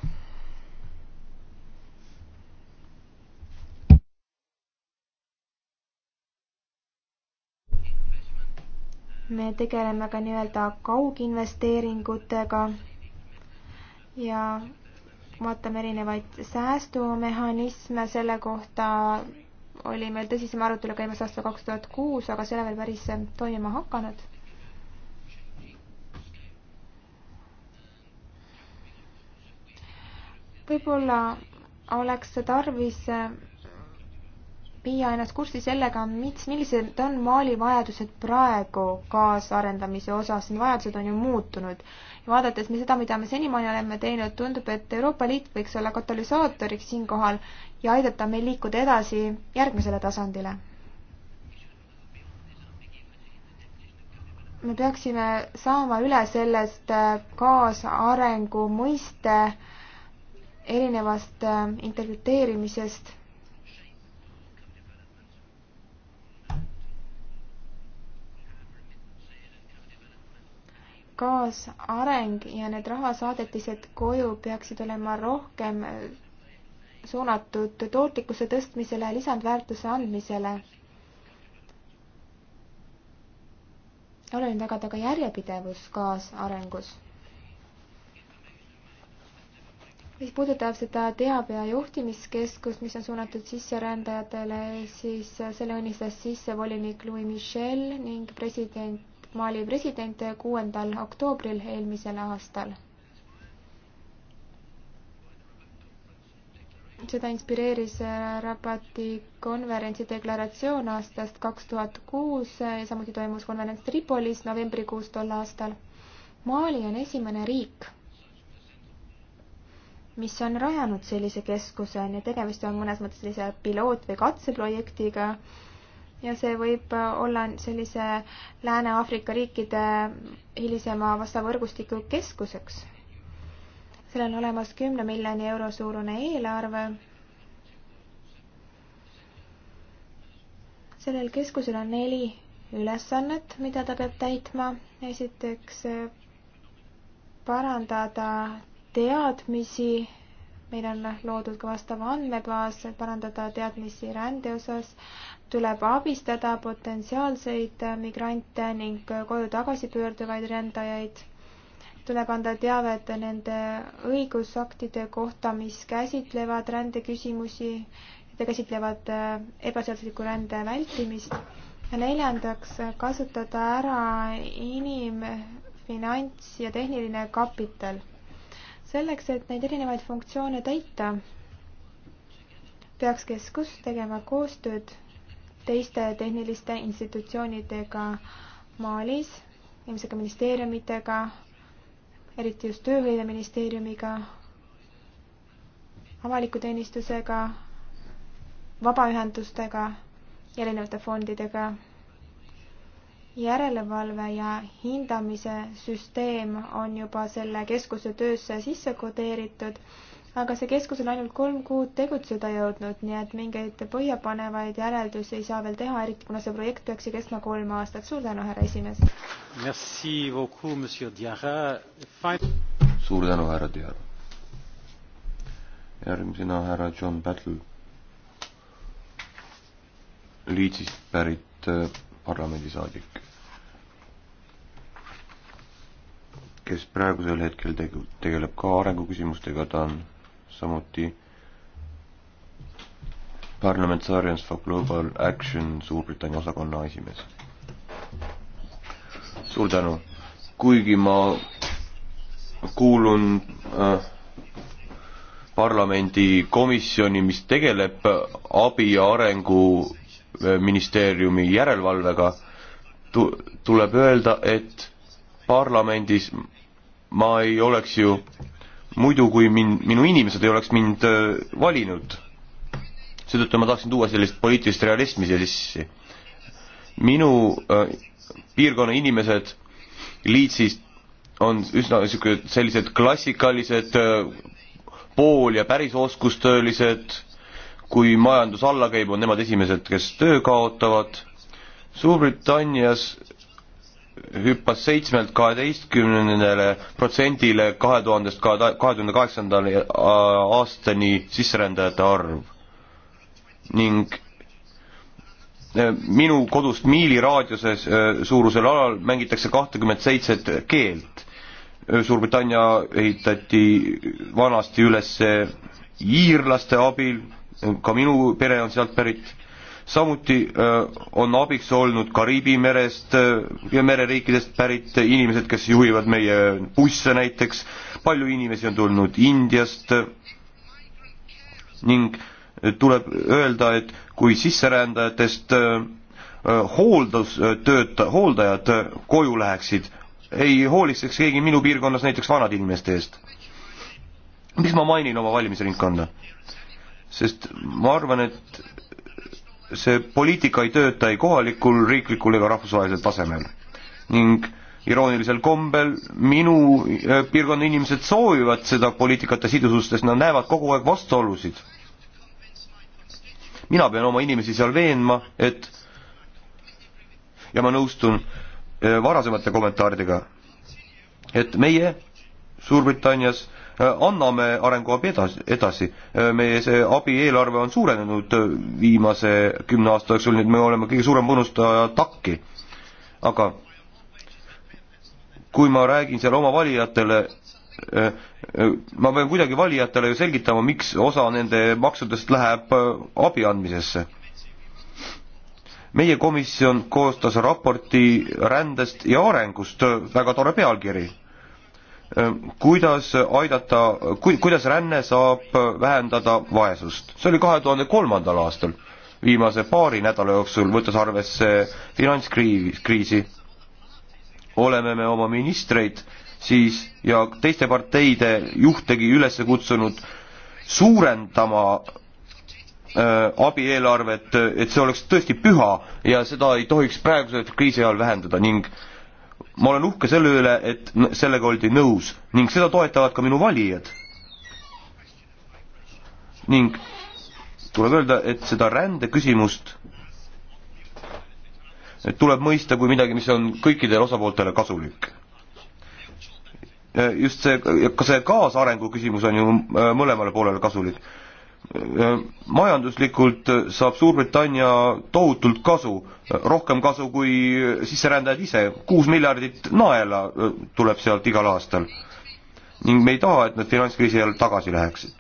Speaker 3: me tegeleme ka nii-öelda kauginvesteeringutega ja vaatame erinevaid säästumehhanisme, selle kohta oli meil tõsisem arutelu käimas aastal kaks tuhat kuus, aga see ei ole veel päris toimima hakanud. võib-olla oleks tarvis viia ennast kurssi sellega, mis, millised on Mali vajadused praegu kaasarendamise osas, need vajadused on ju muutunud. vaadates me seda, mida me senimaani oleme teinud, tundub, et Euroopa Liit võiks olla katalüsaatoriks siinkohal ja aidata meil liikuda edasi järgmisele tasandile. me peaksime saama üle sellest kaasarengu mõiste erinevast interpreteerimisest kaasareng ja need rahasaadetised koju peaksid olema rohkem äh, suunatud tootlikkuse tõstmisele, lisandväärtuse andmisele. oluline tagada ka järjepidevus kaasarengus. mis puudutab seda teabe- ja juhtimiskeskust, mis on suunatud sisserändajatele, siis selle õnnistas sisse volinik Louis Michel ning president Mali president kuuendal oktoobril eelmisel aastal. seda inspireeris Rabati konverentsi deklaratsioon aastast kaks tuhat kuus, samuti toimus konverents Tripolis novembrikuus tol aastal. Mali on esimene riik, mis on rajanud sellise keskuse, nii et tegemist on mõnes mõttes sellise piloot- või katseprojektiga ja see võib äh, olla sellise Lääne-Aafrika riikide hilisema vastava võrgustiku keskuseks. seal on olemas kümne miljoni euro suurune eelarve. sellel keskusel on neli ülesannet, mida ta peab täitma. esiteks äh, parandada teadmisi, meil on loodud ka vastav andmebaas, parandada teadmisi rände osas, tuleb abistada potentsiaalseid äh, migrante ning äh, koju tagasi pöörduvaid rändajaid. tuleb anda teavet nende õigusaktide kohta, mis käsitlevad rändeküsimusi, käsitlevad äh, ebaseadusliku rände vältimist. ja neljandaks, kasutada ära inim-, finants ja tehniline kapital. selleks, et neid erinevaid funktsioone täita, peaks keskus tegema koostööd teiste tehniliste institutsioonidega Malis, ilmselt ka ministeeriumitega, eriti just Tööhõiveministeeriumiga, avaliku teenistusega, vabaühendustega ja erinevate fondidega. järelevalve ja hindamise süsteem on juba selle keskuse töösse sisse kodeeritud aga see keskus on ainult kolm kuud tegutseda jõudnud, nii et mingeid põhjapanevaid järeldusi ei saa veel teha, eriti kuna see projekt peaks ju kestma kolm aastat. suur tänu, härra esimees!
Speaker 4: suur tänu, härra Diarra! järgmisena härra John Battle, Leedsist pärit äh, parlamendisaadik, kes praegusel hetkel tegu-, tegeleb ka arenguküsimustega, ta on samuti Parliamentarians for Global Action Suurbritannia osakonna esimees. suur tänu. kuigi ma kuulun äh, parlamendi komisjoni, mis tegeleb abi ja arengu äh, ministeeriumi järelevalvega, tu-, tuleb öelda, et parlamendis ma ei oleks ju muidu kui min-, minu inimesed ei oleks mind äh, valinud. seetõttu ma tahaksin tuua sellist poliitilist realismi siia sisse. minu äh, piirkonna inimesed Leedsist on üsna niisugune, sellised klassikalised äh, pool- ja pärisoskustöölised, kui majandus alla käib, on nemad esimesed, kes töö kaotavad. Suurbritannias hüppas seitsmelt kaheteistkümnele protsendile kahe tuhandest kahe, kahe tuhande kaheksandal äh, aastani sisserändajate arv. ning äh, minu kodust miili raadiuses äh, suurusel alal mängitakse kahtekümmet seitset keelt. Suurbritannia ehitati vanasti üles iirlaste abil, ka minu pere on sealt pärit samuti äh, on abiks olnud Kariibi merest äh, ja mereriikidest pärit inimesed, kes juhivad meie busse näiteks, palju inimesi on tulnud Indiast ning äh, tuleb öelda, et kui sisserändajatest hooldustööta-, hooldajad koju läheksid, ei hoolitseks keegi minu piirkonnas näiteks vanade inimeste eest. miks ma mainin oma valimisringkonda? sest ma arvan, et see poliitika ei tööta ei kohalikul, riiklikul ega rahvusvahelisel tasemel. ning iroonilisel kombel minu äh, piirkonna inimesed soovivad seda poliitikate sidusust, sest nad näevad kogu aeg vastuolusid. mina pean oma inimesi seal veenma, et ja ma nõustun äh, varasemate kommentaaridega, et meie Suurbritannias Äh, anname arenguabi edasi, edasi. Äh, meie see abieelarve on suurenenud äh, viimase kümne aasta jooksul, nüüd me oleme kõige suurem panustaja TAK-i. aga kui ma räägin seal oma valijatele, ma pean kuidagi valijatele ju selgitama, miks osa nende maksudest läheb abi andmisesse meie komisjon koostas raporti rändest ja arengust, väga tore pealkiri Ehm, kuidas aidata, kuidas ränne saab vähendada vaesust. see oli kahe tuhande kolmandal aastal, viimase paari nädala jooksul, võttes arvesse finantskriisi. oleme me oma ministreid siis ja teiste parteide juhtegi üles kutsunud suurendama ehm, abieelarvet, et see oleks tõesti püha ja seda ei tohiks praeguse kriisi ajal vähendada ning äh, ma olen uhke selle üle, et sellega oldi nõus ning seda toetavad ka minu valijad. ning tuleb öelda, et seda rändeküsimust et tuleb mõista kui midagi, mis on kõikidele osapooltele kasulik. just see, ka see kaasarengu küsimus on ju äh, mõlemale poolele kasulik Äh, majanduslikult äh, saab Suurbritannia tohutult kasu, äh, rohkem kasu kui sisserändajad ise, kuus miljardit naela tuleb sealt igal aastal. ning me ei taha, et nad finantskriisi ajal tagasi läheksid.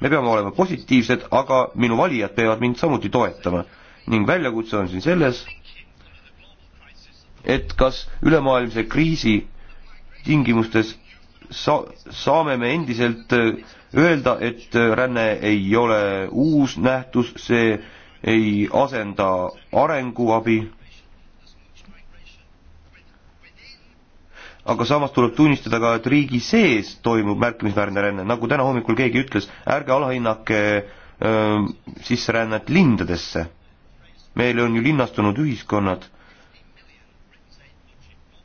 Speaker 4: me peame olema positiivsed, aga minu valijad peavad mind samuti toetama ning väljakutse on siin selles, et kas ülemaailmse kriisi tingimustes sa-, saame me endiselt äh, öelda, et äh, ränne ei ole uus nähtus, see ei asenda arenguabi. aga samas tuleb tunnistada ka, et riigi sees toimub märkimisväärne ränne, nagu täna hommikul keegi ütles, ärge alahinnake öö, ähm, sisserännet lindadesse. meil on ju linnastunud ühiskonnad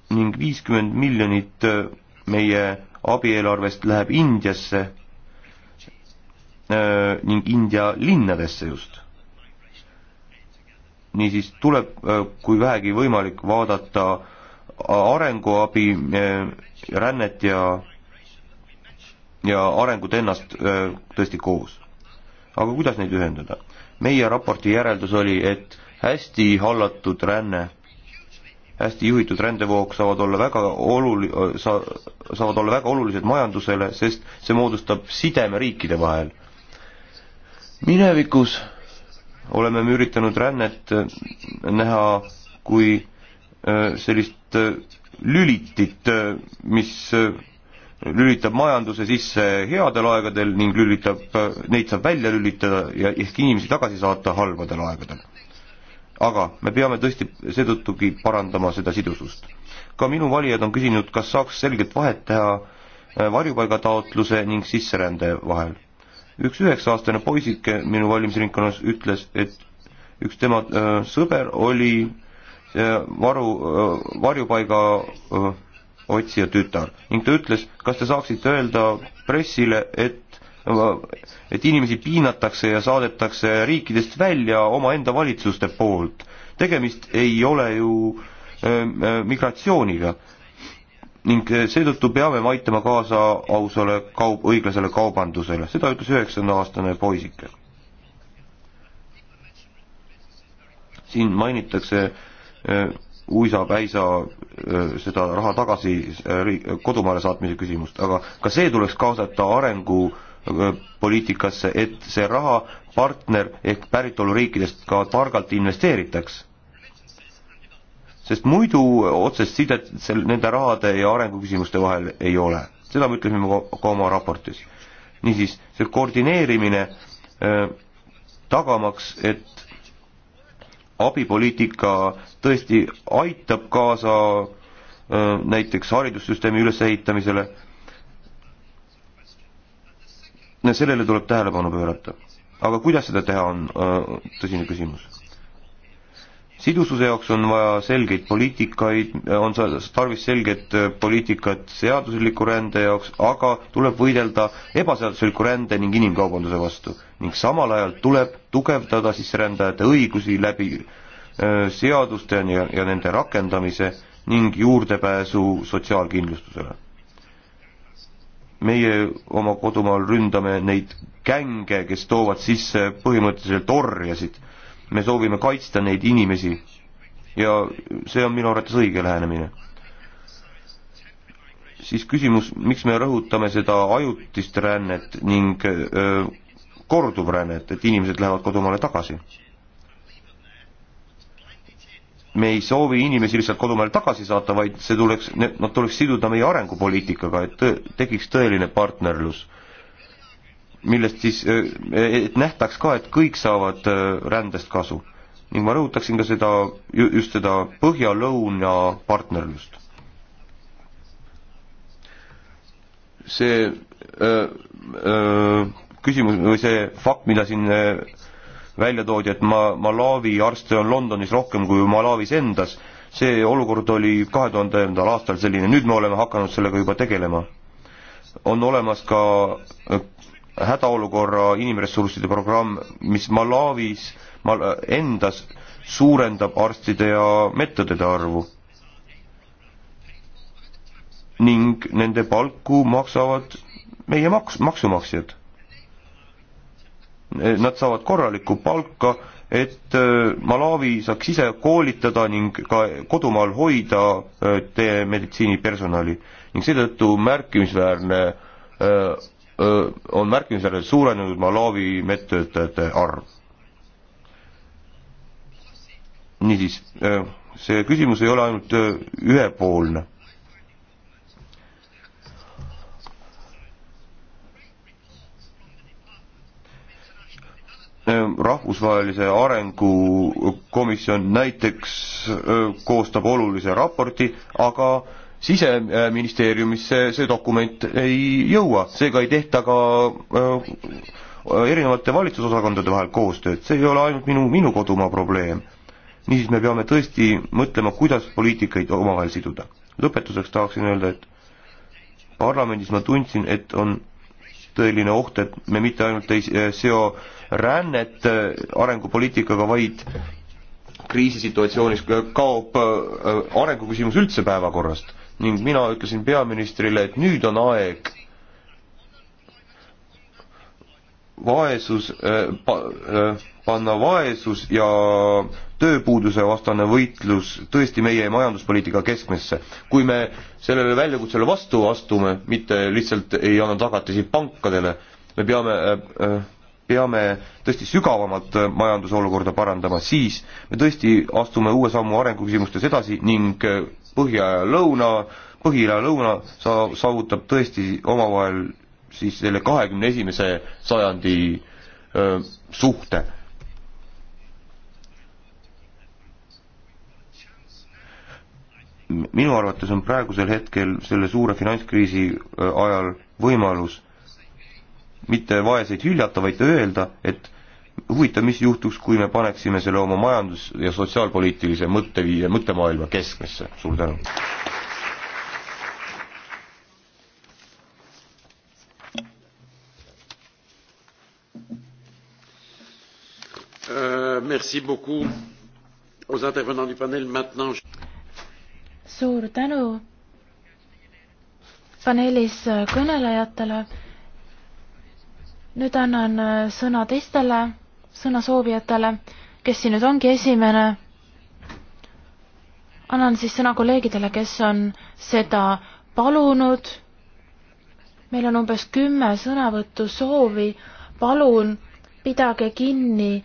Speaker 4: ning viiskümmend miljonit äh, meie abieelarvest läheb Indiasse Äh, ning India linnadesse just. niisiis tuleb, äh, kui vähegi võimalik, vaadata arenguabi, äh, rännet ja, ja arengut ennast tõesti koos. aga kuidas neid ühendada? meie raporti järeldus oli, et hästi hallatud ränne, hästi juhitud rändevoog saavad olla väga oluli-, sa-, saavad olla väga olulised majandusele, sest see moodustab sideme riikide vahel minevikus oleme me üritanud rännet äh, näha kui äh, sellist äh, lülitit, mis lülitab majanduse sisse headel aegadel ning lülitab, neid saab välja lülitada ja ehk inimesi tagasi saata halbadel aegadel. aga me peame tõesti seetõttugi parandama seda sidusust. ka minu valijad on küsinud, kas saaks selgelt vahet teha varjupaigataotluse ning sisserände vahel üks üheksa-aastane poisike minu valimisringkonnas ütles, et üks tema äh, sõber oli äh, varu äh,, varjupaiga äh, otsija tütar ning ta ütles, kas te saaksite öelda pressile, et äh, et inimesi piinatakse ja saadetakse riikidest välja omaenda valitsuste poolt. tegemist ei ole ju äh, äh migratsiooniga äh, ning eh, seetõttu peame me aitama kaasa ausale kaub-, õiglasele kaubandusele, seda ütles üheksakümneaastane poisike. siin mainitakse eh, uisapäisa eh, seda raha tagasi kodumaale saatmise küsimust, aga ka see tuleks kaasata arengupoliitikasse, et see raha partner ehk päritoluriikidest ka targalt investeeritaks sest muidu otsest sidet sel, nende rahade ja arenguküsimuste vahel ei ole. seda me ütlesime ka, ka oma raportis. niisiis, see koordineerimine äh, tagamaks, et abipoliitika tõesti aitab kaasa äh, näiteks haridussüsteemi ülesehitamisele, sellele tuleb tähelepanu pöörata. aga kuidas seda teha, on äh, tõsine küsimus sidususe jaoks on vaja selgeid poliitikaid, on tarvis selget äh, poliitikat seadusliku rände jaoks, aga tuleb võidelda ebaseadusliku rände ning inimkaubanduse vastu. ning samal ajal tuleb tugevdada sisserändajate õigusi läbi öö, äh, seaduste ja, ja nende rakendamise ning juurdepääsu sotsiaalkindlustusele. meie oma kodumaal ründame neid gänge, kes toovad sisse põhimõtteliselt orjasid me soovime kaitsta neid inimesi ja see on minu arvates õige lähenemine. siis küsimus, miks me rõhutame seda ajutist rännet ning öö, korduvrännet, et inimesed lähevad kodumaale tagasi? me ei soovi inimesi lihtsalt kodumaale tagasi saata, vaid see tuleks, nad tuleks siduda meie arengupoliitikaga, et tekiks tõeline partnerlus millest siis, äh, et nähtaks ka, et kõik saavad äh, rändest kasu. ning ma rõhutaksin ka seda, just seda põhja-lõuna partnerlust. see öö, äh, öö, küsimus või see fakt, mida siin välja toodi, et ma, Malawi arste on Londonis rohkem kui Malawis endas, see olukord oli kahe tuhandendal aastal selline, nüüd me oleme hakanud sellega juba tegelema. on olemas ka hädaolukorra inimressursside programm, mis Malawis mal-, endas suurendab arstide ja mettodede arvu. ning nende palku maksavad meie maks, maksumaksjad. Nad saavad korralikku palka, et äh, Malawi saaks ise koolitada ning ka kodumaal hoida äh, teie meditsiinipersonali ning seetõttu märkimisväärne äh, on märkimisväärselt suurenenud Malawi medtöötajate arv. niisiis, see küsimus ei ole ainult ühepoolne. rahvusvahelise arengukomisjon näiteks koostab olulise raporti, aga siseministeeriumisse see dokument ei jõua, seega ei tehta ka äh, erinevate valitsusosakondade vahel koostööd, see ei ole ainult minu, minu kodumaa probleem. niisiis me peame tõesti mõtlema, kuidas poliitikaid omavahel siduda. lõpetuseks tahaksin öelda, et parlamendis ma tundsin, et on tõeline oht, et me mitte ainult ei seo rännet äh, arengupoliitikaga, vaid kriisisituatsioonis kaob äh, arenguküsimus üldse päevakorrast ning mina ütlesin peaministrile, et nüüd on aeg vaesus äh, pa, äh, panna vaesus ja tööpuuduse vastane võitlus tõesti meie majanduspoliitika keskmesse. kui me sellele väljakutsele vastu astume, mitte lihtsalt ei anna tagatisi pankadele, me peame äh, äh, peame tõesti sügavamalt äh, majanduse olukorda parandama, siis me tõesti astume uue sammu arenguküsimustes edasi ning äh, põhja ja lõuna, põhila ja lõuna sa-, saavutab tõesti omavahel siis selle kahekümne esimese sajandi öö, äh, suhte. minu arvates on praegusel hetkel selle suure finantskriisi ajal võimalus mitte vaeseid hüljata, vaid öelda, et huvitav, mis juhtuks, kui me paneksime selle oma majandus- ja sotsiaalpoliitilise mõtteviie, mõttemaailma keskmesse. suur tänu.
Speaker 1: Euh, merci beaucoup aux intervenants du panel. Maintenant, je...
Speaker 2: suur tänu paneelis kõnelejatele nüüd annan äh, sõna teistele sõnasoovijatele, kes siin nüüd ongi esimene. annan siis sõna kolleegidele, kes on seda palunud. meil on umbes kümme sõnavõtusoovi, palun pidage kinni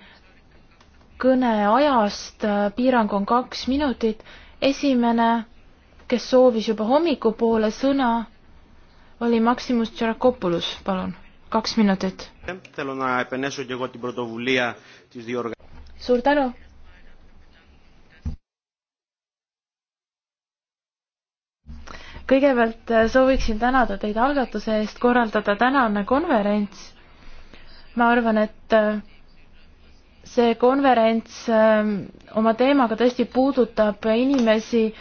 Speaker 2: kõneajast, äh, piirang on kaks minutit. esimene, kes soovis juba hommikupoole sõna, oli Maximus Tšerakopoulos, palun kaks minutit. suur tänu. kõigepealt äh, sooviksin tänada teid algatuse eest korraldada tänane konverents. ma arvan, et äh, see konverents äh, oma teemaga tõesti puudutab inimesi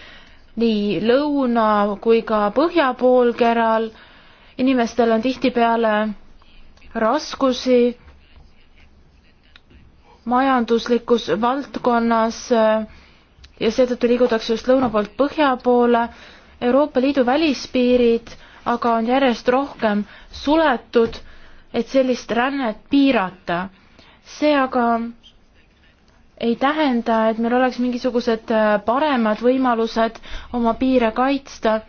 Speaker 2: nii lõuna kui ka põhja poolkeral. inimestel on tihtipeale raskusi majanduslikus valdkonnas äh, ja seetõttu liigutakse just lõuna poolt põhja poole. Euroopa Liidu välispiirid aga on järjest rohkem suletud, et sellist rännet piirata. see aga ei tähenda, et meil oleks mingisugused äh, paremad võimalused oma piire kaitsta.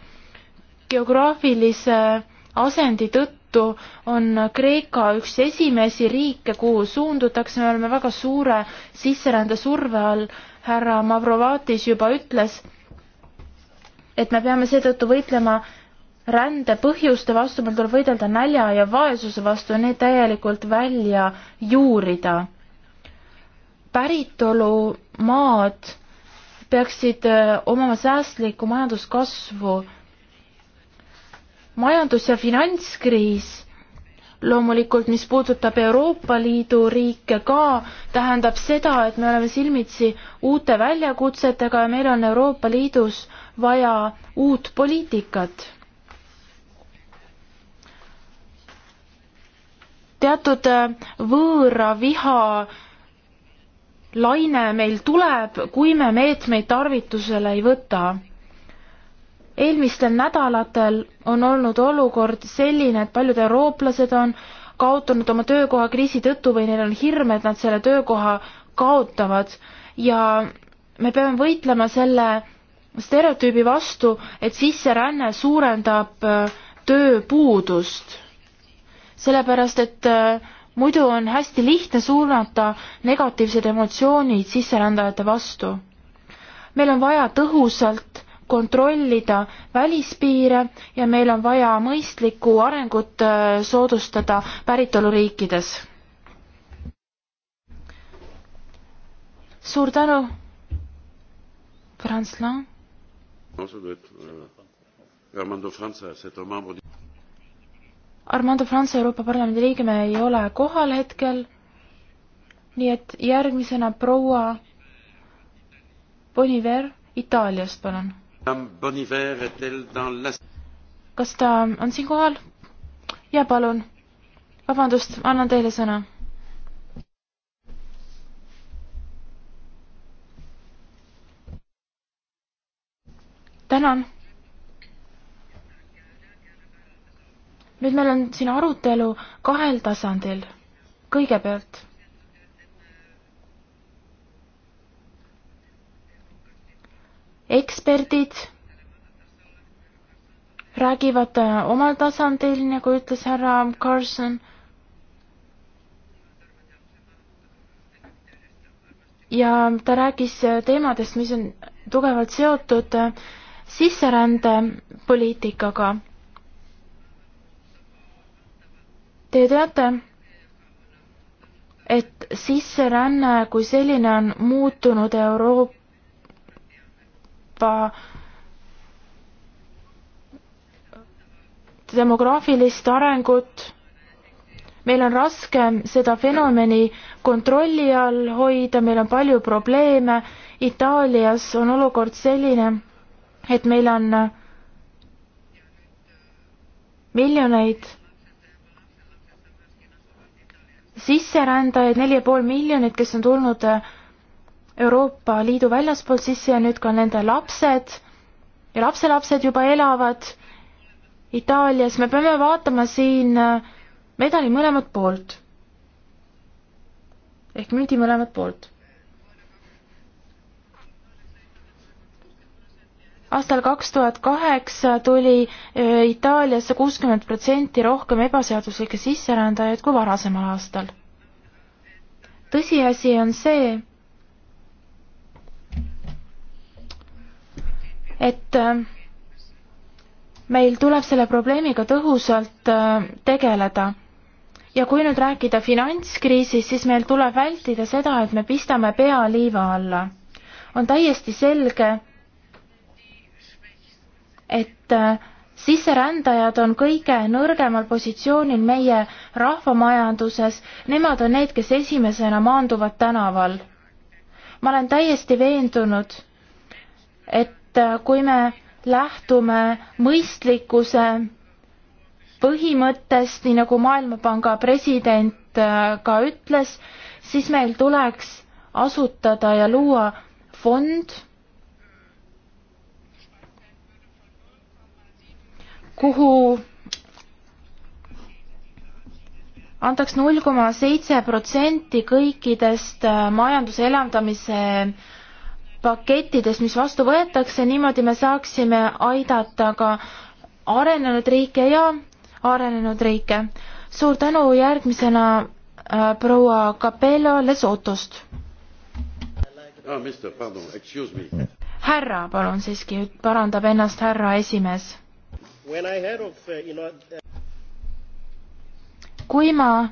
Speaker 2: geograafilise asendi tõttu tõttu on Kreeka üks esimesi riike, kuhu suundutakse, me oleme väga suure sisserände surve all, härra Mavrovatis juba ütles, et me peame seetõttu võitlema rände põhjuste vastu, meil tuleb võidelda nälja ja vaesuse vastu ja need täielikult välja juurida. päritolumaad peaksid äh, omama säästlikku majanduskasvu majandus- ja finantskriis loomulikult, mis puudutab Euroopa Liidu riike ka, tähendab seda, et me oleme silmitsi uute väljakutsetega ja meil on Euroopa Liidus vaja uut poliitikat. teatud äh, võõra viha laine meil tuleb, kui me meetmeid tarvitusele ei võta eelmistel nädalatel on olnud olukord selline, et paljud eurooplased on kaotanud oma töökoha kriisi tõttu või neil on hirm, et nad selle töökoha kaotavad ja me peame võitlema selle stereotüübi vastu, et sisseränne suurendab äh, tööpuudust. sellepärast, et äh, muidu on hästi lihtne suunata negatiivsed emotsioonid sisserändajate vastu. meil on vaja tõhusalt kontrollida välispiire ja meil on vaja mõistlikku arengut äh, soodustada päritoluriikides. suur tänu, Franz Lang.
Speaker 1: Armando Franza, c'est un membre du...
Speaker 2: Armando Franza, Euroopa Parlamendi liige, me ei ole kohal hetkel. nii et järgmisena proua Boniver Itaaliast, palun kas ta on siin kohal? jaa, palun. vabandust, annan teile sõna. tänan. nüüd meil on siin arutelu kahel tasandil. kõigepealt eksperdid räägivad äh, omal tasandil, nagu ütles härra Carson. ja ta rääkis äh, teemadest, mis on tugevalt seotud äh, sisserändepoliitikaga. Te teate, et sisseränne kui selline on muutunud Euroopa Euroopa demograafilist arengut. meil on raske seda fenomeni kontrolli all hoida, meil on palju probleeme. Itaalias on olukord selline, et meil on miljoneid sisserändajaid, neli ja pool miljonit, kes on tulnud Euroopa Liidu väljaspoolt sisse ja nüüd ka nende lapsed ja lapselapsed juba elavad Itaalias, me peame vaatama siin äh, medali mõlemat poolt. ehk mündi mõlemat poolt. aastal kaks tuhat kaheksa tuli äh, Itaaliasse kuuskümmend protsenti rohkem ebaseaduslikke sisserändajaid kui varasemal aastal. tõsiasi on see, et äh, meil tuleb selle probleemiga tõhusalt äh, tegeleda. ja kui nüüd rääkida finantskriisist, siis meil tuleb vältida seda, et me pistame pea liiva alla. on täiesti selge, et äh, sisserändajad on kõige nõrgemal positsioonil meie rahvamajanduses, nemad on need, kes esimesena maanduvad tänaval. ma olen täiesti veendunud, et Äh, kui me lähtume mõistlikkuse põhimõttest, nii nagu Maailmapanga president äh, ka ütles, siis meil tuleks asutada ja luua fond, kuhu antaks null koma seitse protsenti kõikidest äh, majanduse elavdamise pakettides, mis vastu võetakse, niimoodi me saaksime aidata ka arenenud riike ja arenenud riike. suur tänu, järgmisena äh, proua Capello Lesotost ah,. härra, palun siiski, parandab ennast härra esimees.
Speaker 5: Uh,
Speaker 2: kui ma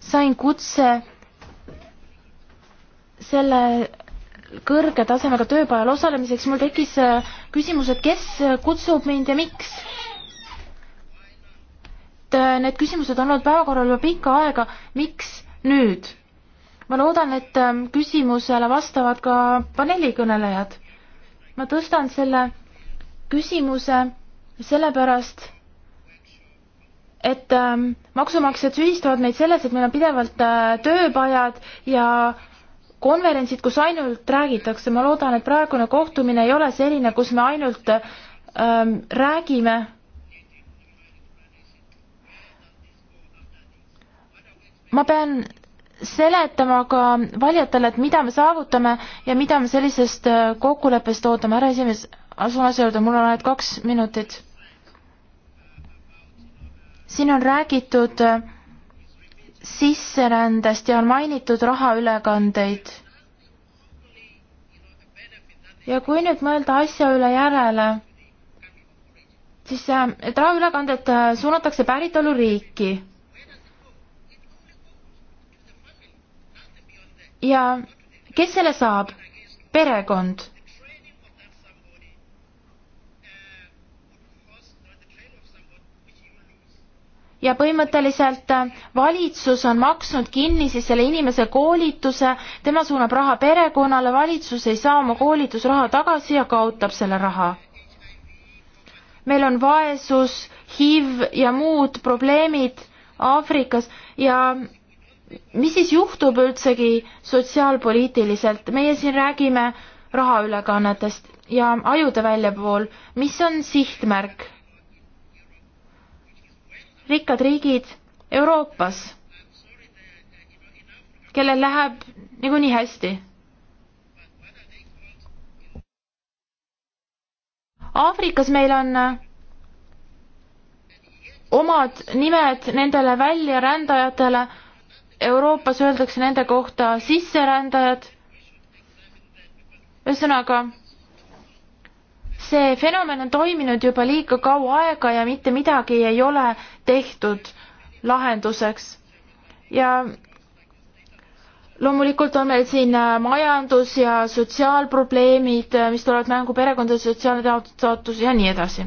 Speaker 2: sain kutse selle kõrge tasemega tööpajal osalemiseks mul tekkis äh, küsimus, et kes äh, kutsub mind ja miks? Äh, need küsimused on olnud päevakorral juba pikka aega, miks nüüd? ma loodan, et ähm, küsimusele vastavad ka paneelikõnelejad. ma tõstan selle küsimuse sellepärast, et ähm, maksumaksjad süüdistavad meid selles, et meil on pidevalt tööpajad ja äh, konverentsid, kus ainult räägitakse, ma loodan, et praegune kohtumine ei ole selline, kus me ainult ähm, räägime. ma pean seletama ka valijatele, et mida me saavutame ja mida me sellisest äh, kokkuleppest ootame. härra esimees, asume asja juurde, mul on ainult kaks minutit. siin on räägitud äh, sisserändest ja on mainitud rahaülekandeid. ja kui nüüd mõelda asja üle järele, siis äh, et rahaülekanded äh, suunatakse päritoluriiki. ja kes selle saab? perekond ja põhimõtteliselt äh, valitsus on maksnud kinni siis selle inimese koolituse, tema suunab raha perekonnale, valitsus ei saa oma koolitusraha tagasi ja kaotab selle raha. meil on vaesus, HIV ja muud probleemid Aafrikas ja mis siis juhtub üldsegi sotsiaalpoliitiliselt, meie siin räägime rahaülekannetest ja ajude väljapool, mis on sihtmärk rikkad riigid Euroopas, kellel läheb niikuinii hästi. Aafrikas meil on omad nimed nendele väljarändajatele, Euroopas öeldakse nende kohta sisserändajad, ühesõnaga see fenomen on toiminud juba liiga kaua aega ja mitte midagi ei ole tehtud lahenduseks. ja loomulikult on meil siin äh, majandus ja sotsiaalprobleemid, äh, mis tulevad mängu perekondade sotsiaalne taotlus ja nii edasi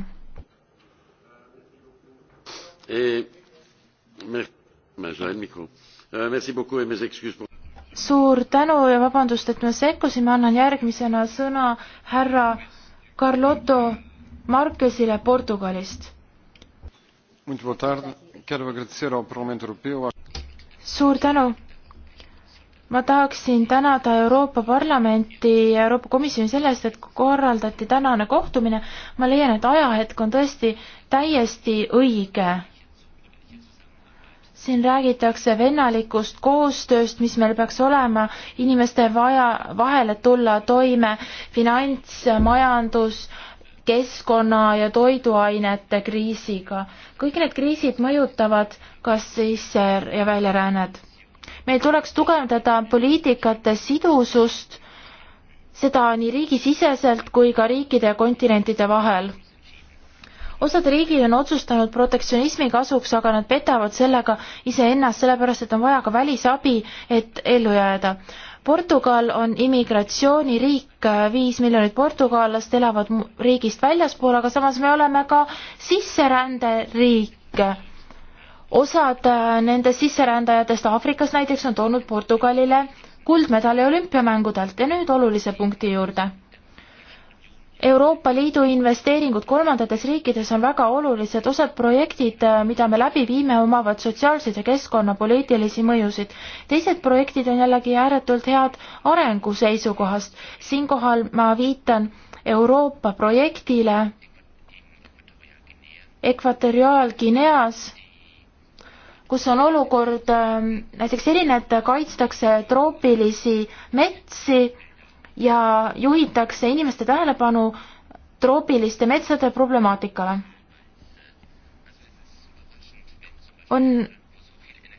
Speaker 1: e, e,
Speaker 2: suur tänu ja vabandust, et me sekkusime, annan järgmisena sõna härra Carlotto Marquesile Portugalist. suur tänu! ma tahaksin tänada Euroopa Parlamenti ja Euroopa Komisjoni selle eest, et korraldati tänane kohtumine. ma leian, et ajahetk on tõesti täiesti õige siin räägitakse vennalikust koostööst, mis meil peaks olema inimeste vaja, vahel, et tulla toime finants, majandus, keskkonna ja toiduainete kriisiga. kõik need kriisid mõjutavad kas sisse- ja väljarännet. meil tuleks tugevdada poliitikate sidusust, seda nii riigisiseselt kui ka riikide ja kontinentide vahel osad riigid on otsustanud protektsionismi kasuks, aga nad petavad sellega iseennast, sellepärast et on vaja ka välisabi, et ellu jääda. Portugal on immigratsiooniriik, viis miljonit portugallast elavad riigist väljaspool, aga samas me oleme ka sisseränderiik. osad äh, nendest sisserändajatest Aafrikas näiteks on toonud Portugalile kuldmedali olümpiamängudelt ja nüüd olulise punkti juurde Euroopa Liidu investeeringud kolmandates riikides on väga olulised, osad projektid, äh, mida me läbi viime, omavad sotsiaalseid ja keskkonnapoliitilisi mõjusid. teised projektid on jällegi ääretult head arengu seisukohast. siinkohal ma viitan Euroopa projektile Ekvatoriaalguineas, kus on olukord ähm, näiteks selline, et kaitstakse troopilisi metsi ja juhitakse inimeste tähelepanu troopiliste metsade problemaatikale. on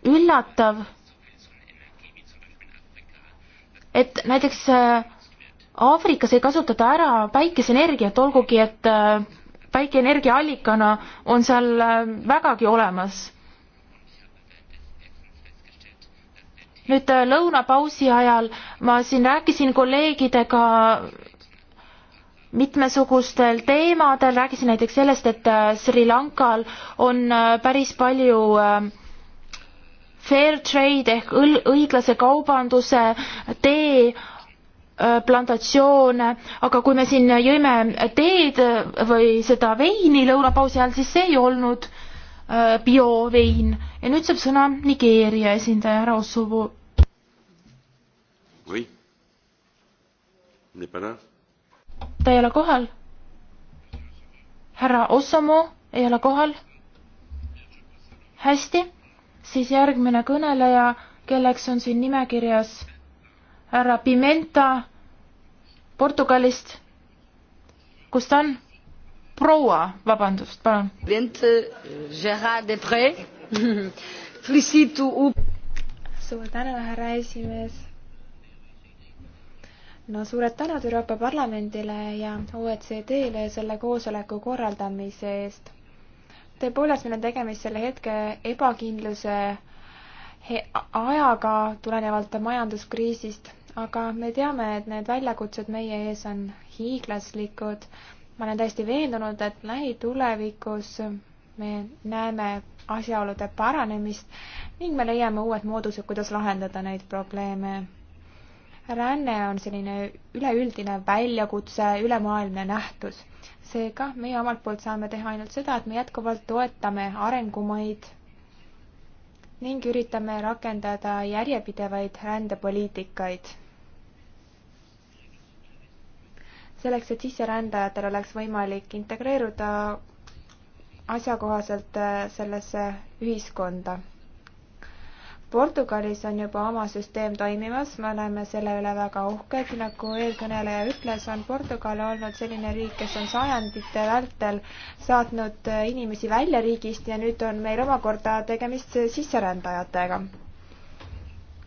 Speaker 2: üllatav, et näiteks äh, Aafrikas ei kasutata ära päikeseenergiat, olgugi et äh, päikeenergia allikana on seal äh, vägagi olemas nüüd äh, lõunapausi ajal ma siin rääkisin kolleegidega mitmesugustel teemadel, rääkisin näiteks sellest, et äh, Sri Lankal on äh, päris palju fair trade ehk õiglase kaubanduse tee plantatsioone, aga kui me siin jõime teed või seda veini lõunapausi ajal, siis see ei olnud biovein ja nüüd saab sõna Nigeeria esindaja härra Ossuvu
Speaker 1: ta
Speaker 2: ei ole kohal. härra Ossamo ei ole kohal. hästi, siis järgmine kõneleja, kelleks on siin nimekirjas härra Pimenta Portugalist. kus ta on? proua, vabandust, palun. Eh,
Speaker 5: [laughs] suur tänu, härra
Speaker 3: esimees no suured tänud Euroopa Parlamendile ja OECD-le selle koosoleku korraldamise eest. tõepoolest, meil on tegemist selle hetke ebakindluse ajaga tulenevalt majanduskriisist, aga me teame, et need väljakutsed meie ees on hiiglaslikud. ma olen täiesti veendunud, et lähitulevikus me näeme asjaolude paranemist ning me leiame uued moodused, kuidas lahendada neid probleeme ränne on selline üleüldine väljakutse, ülemaailmne nähtus. seega meie omalt poolt saame teha ainult seda, et me jätkuvalt toetame arengumaid ning üritame rakendada järjepidevaid rändepoliitikaid. selleks, et sisserändajatel oleks võimalik integreeruda asjakohaselt äh, sellesse ühiskonda Portugalis on juba oma süsteem toimimas, me oleme selle üle väga uhked, nagu eelkõneleja ütles, on Portugal olnud selline riik, kes on sajandite vältel saatnud inimesi välja riigist ja nüüd on meil omakorda tegemist sisserändajatega.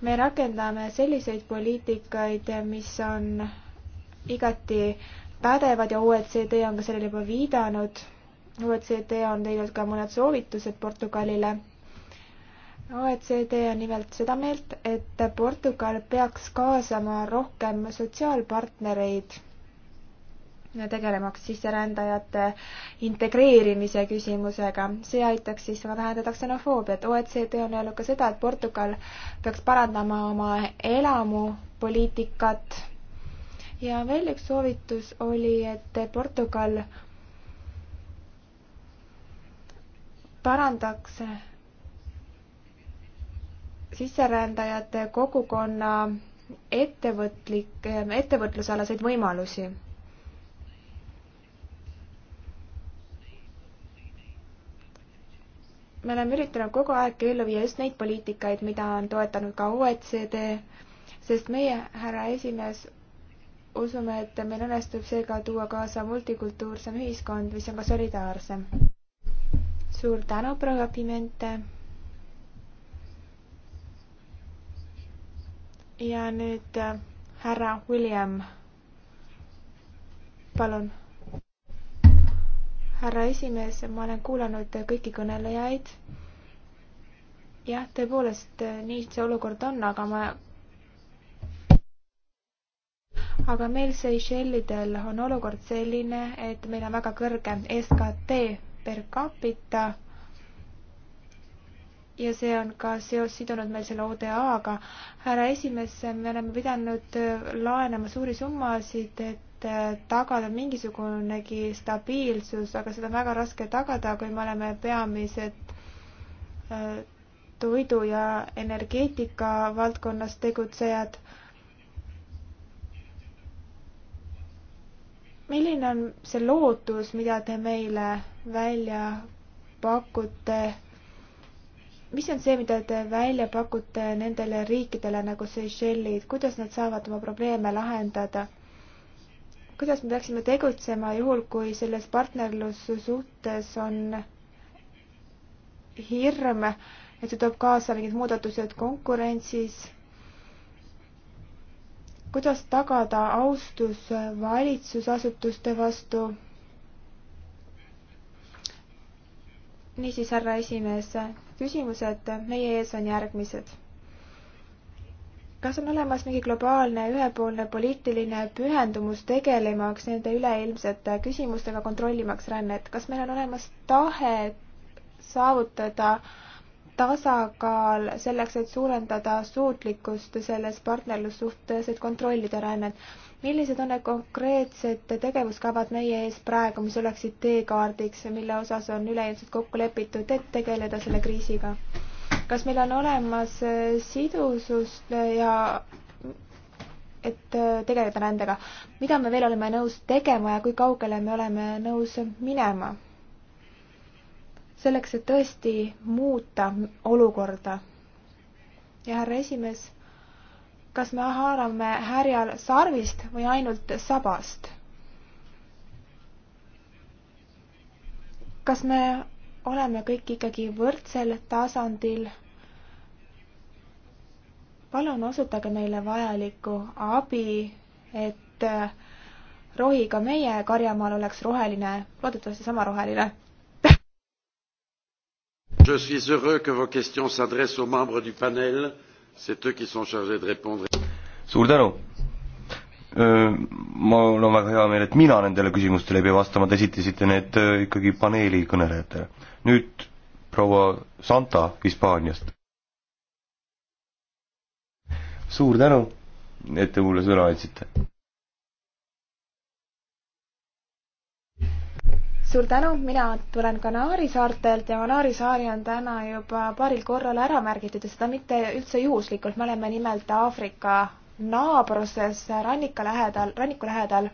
Speaker 3: me rakendame selliseid poliitikaid, mis on igati pädevad ja OECD on ka sellele juba viidanud. OECD on teinud ka mõned soovitused Portugalile OECD on nimelt seda meelt, et Portugal peaks kaasama rohkem sotsiaalpartnereid, tegelemaks sisserändajate integreerimise küsimusega. see aitaks siis vähendada ksenofoobiat. OECD on öelnud ka seda, et Portugal peaks parandama oma elamupoliitikat. ja veel üks soovitus oli, et Portugal parandaks sisserändajate kogukonna ettevõtlik, ähm, ettevõtlusalaseid võimalusi. me oleme üritanud kogu aeg ellu viia just neid poliitikaid, mida on toetanud ka OECD, sest meie, härra esimees, usume, et meil õnnestub seega tuua kaasa multikultuursem ühiskond, mis on ka solidaarsem. suur tänu, proua Pimente! ja nüüd äh, härra William, palun. härra esimees, ma olen kuulanud kõiki kõnelejaid. jah, tõepoolest äh, nii see olukord on, aga ma aga meil Seychellidel on olukord selline, et meil on väga kõrge SKT per capita ja see on ka seos sidunud meil selle ODA-ga. härra esimees, me oleme pidanud äh, laenama suuri summasid, et äh, tagada mingisugunegi stabiilsus, aga seda on väga raske tagada, kui me oleme peamised äh, toidu ja energeetika valdkonnas tegutsejad milline on see lootus, mida te meile välja pakute mis on see, mida te välja pakute nendele riikidele nagu Seychellid, kuidas nad saavad oma probleeme lahendada? kuidas me peaksime tegutsema juhul, kui selles partnerlussuhtes on hirm, et see toob kaasa mingid muudatused konkurentsis? kuidas tagada austus valitsusasutuste vastu? niisiis, härra esimees, küsimused meie ees on järgmised. kas on olemas mingi globaalne ühepoolne poliitiline pühendumus tegelemaks nende üleilmsete küsimustega, kontrollimaks rännet, kas meil on olemas tahe saavutada äh, tasakaal selleks, et suurendada suutlikkust selles partnerlussuhtes, et kontrollida rännet. millised on need konkreetsed tegevuskavad meie ees praegu, mis oleksid teekaardiks, mille osas on üleilmselt kokku lepitud, et tegeleda selle kriisiga? kas meil on olemas äh, sidusust ja et äh, tegeleda rändega, mida me veel oleme nõus tegema ja kui kaugele me oleme nõus minema? selleks, et tõesti muuta olukorda. ja härra esimees, kas me haarame härjal sarvist või ainult sabast? kas me oleme kõik ikkagi võrdsel tasandil? palun osutage meile vajalikku abi, et rohi ka meie karjamaal oleks roheline, loodetavasti sama roheline
Speaker 1: je suis heureux que vos questions s'adressent aux membres du panel, c'est eux qui sont chargés de répondre.
Speaker 4: suur tänu! mul on väga hea meel, et mina nendele küsimustele ei pea vastama, te esitasite need ikkagi paneeli kõnelejatele. nüüd proua Santa Hispaaniast. suur tänu, et te mulle sõna andsite.
Speaker 3: suur tänu, mina tulen Kanaari saartelt ja Kanaari saari on täna juba paaril korral ära märgitud ja seda mitte üldse juhuslikult, me oleme nimelt Aafrika naabruses rannika lähedal, ranniku lähedal.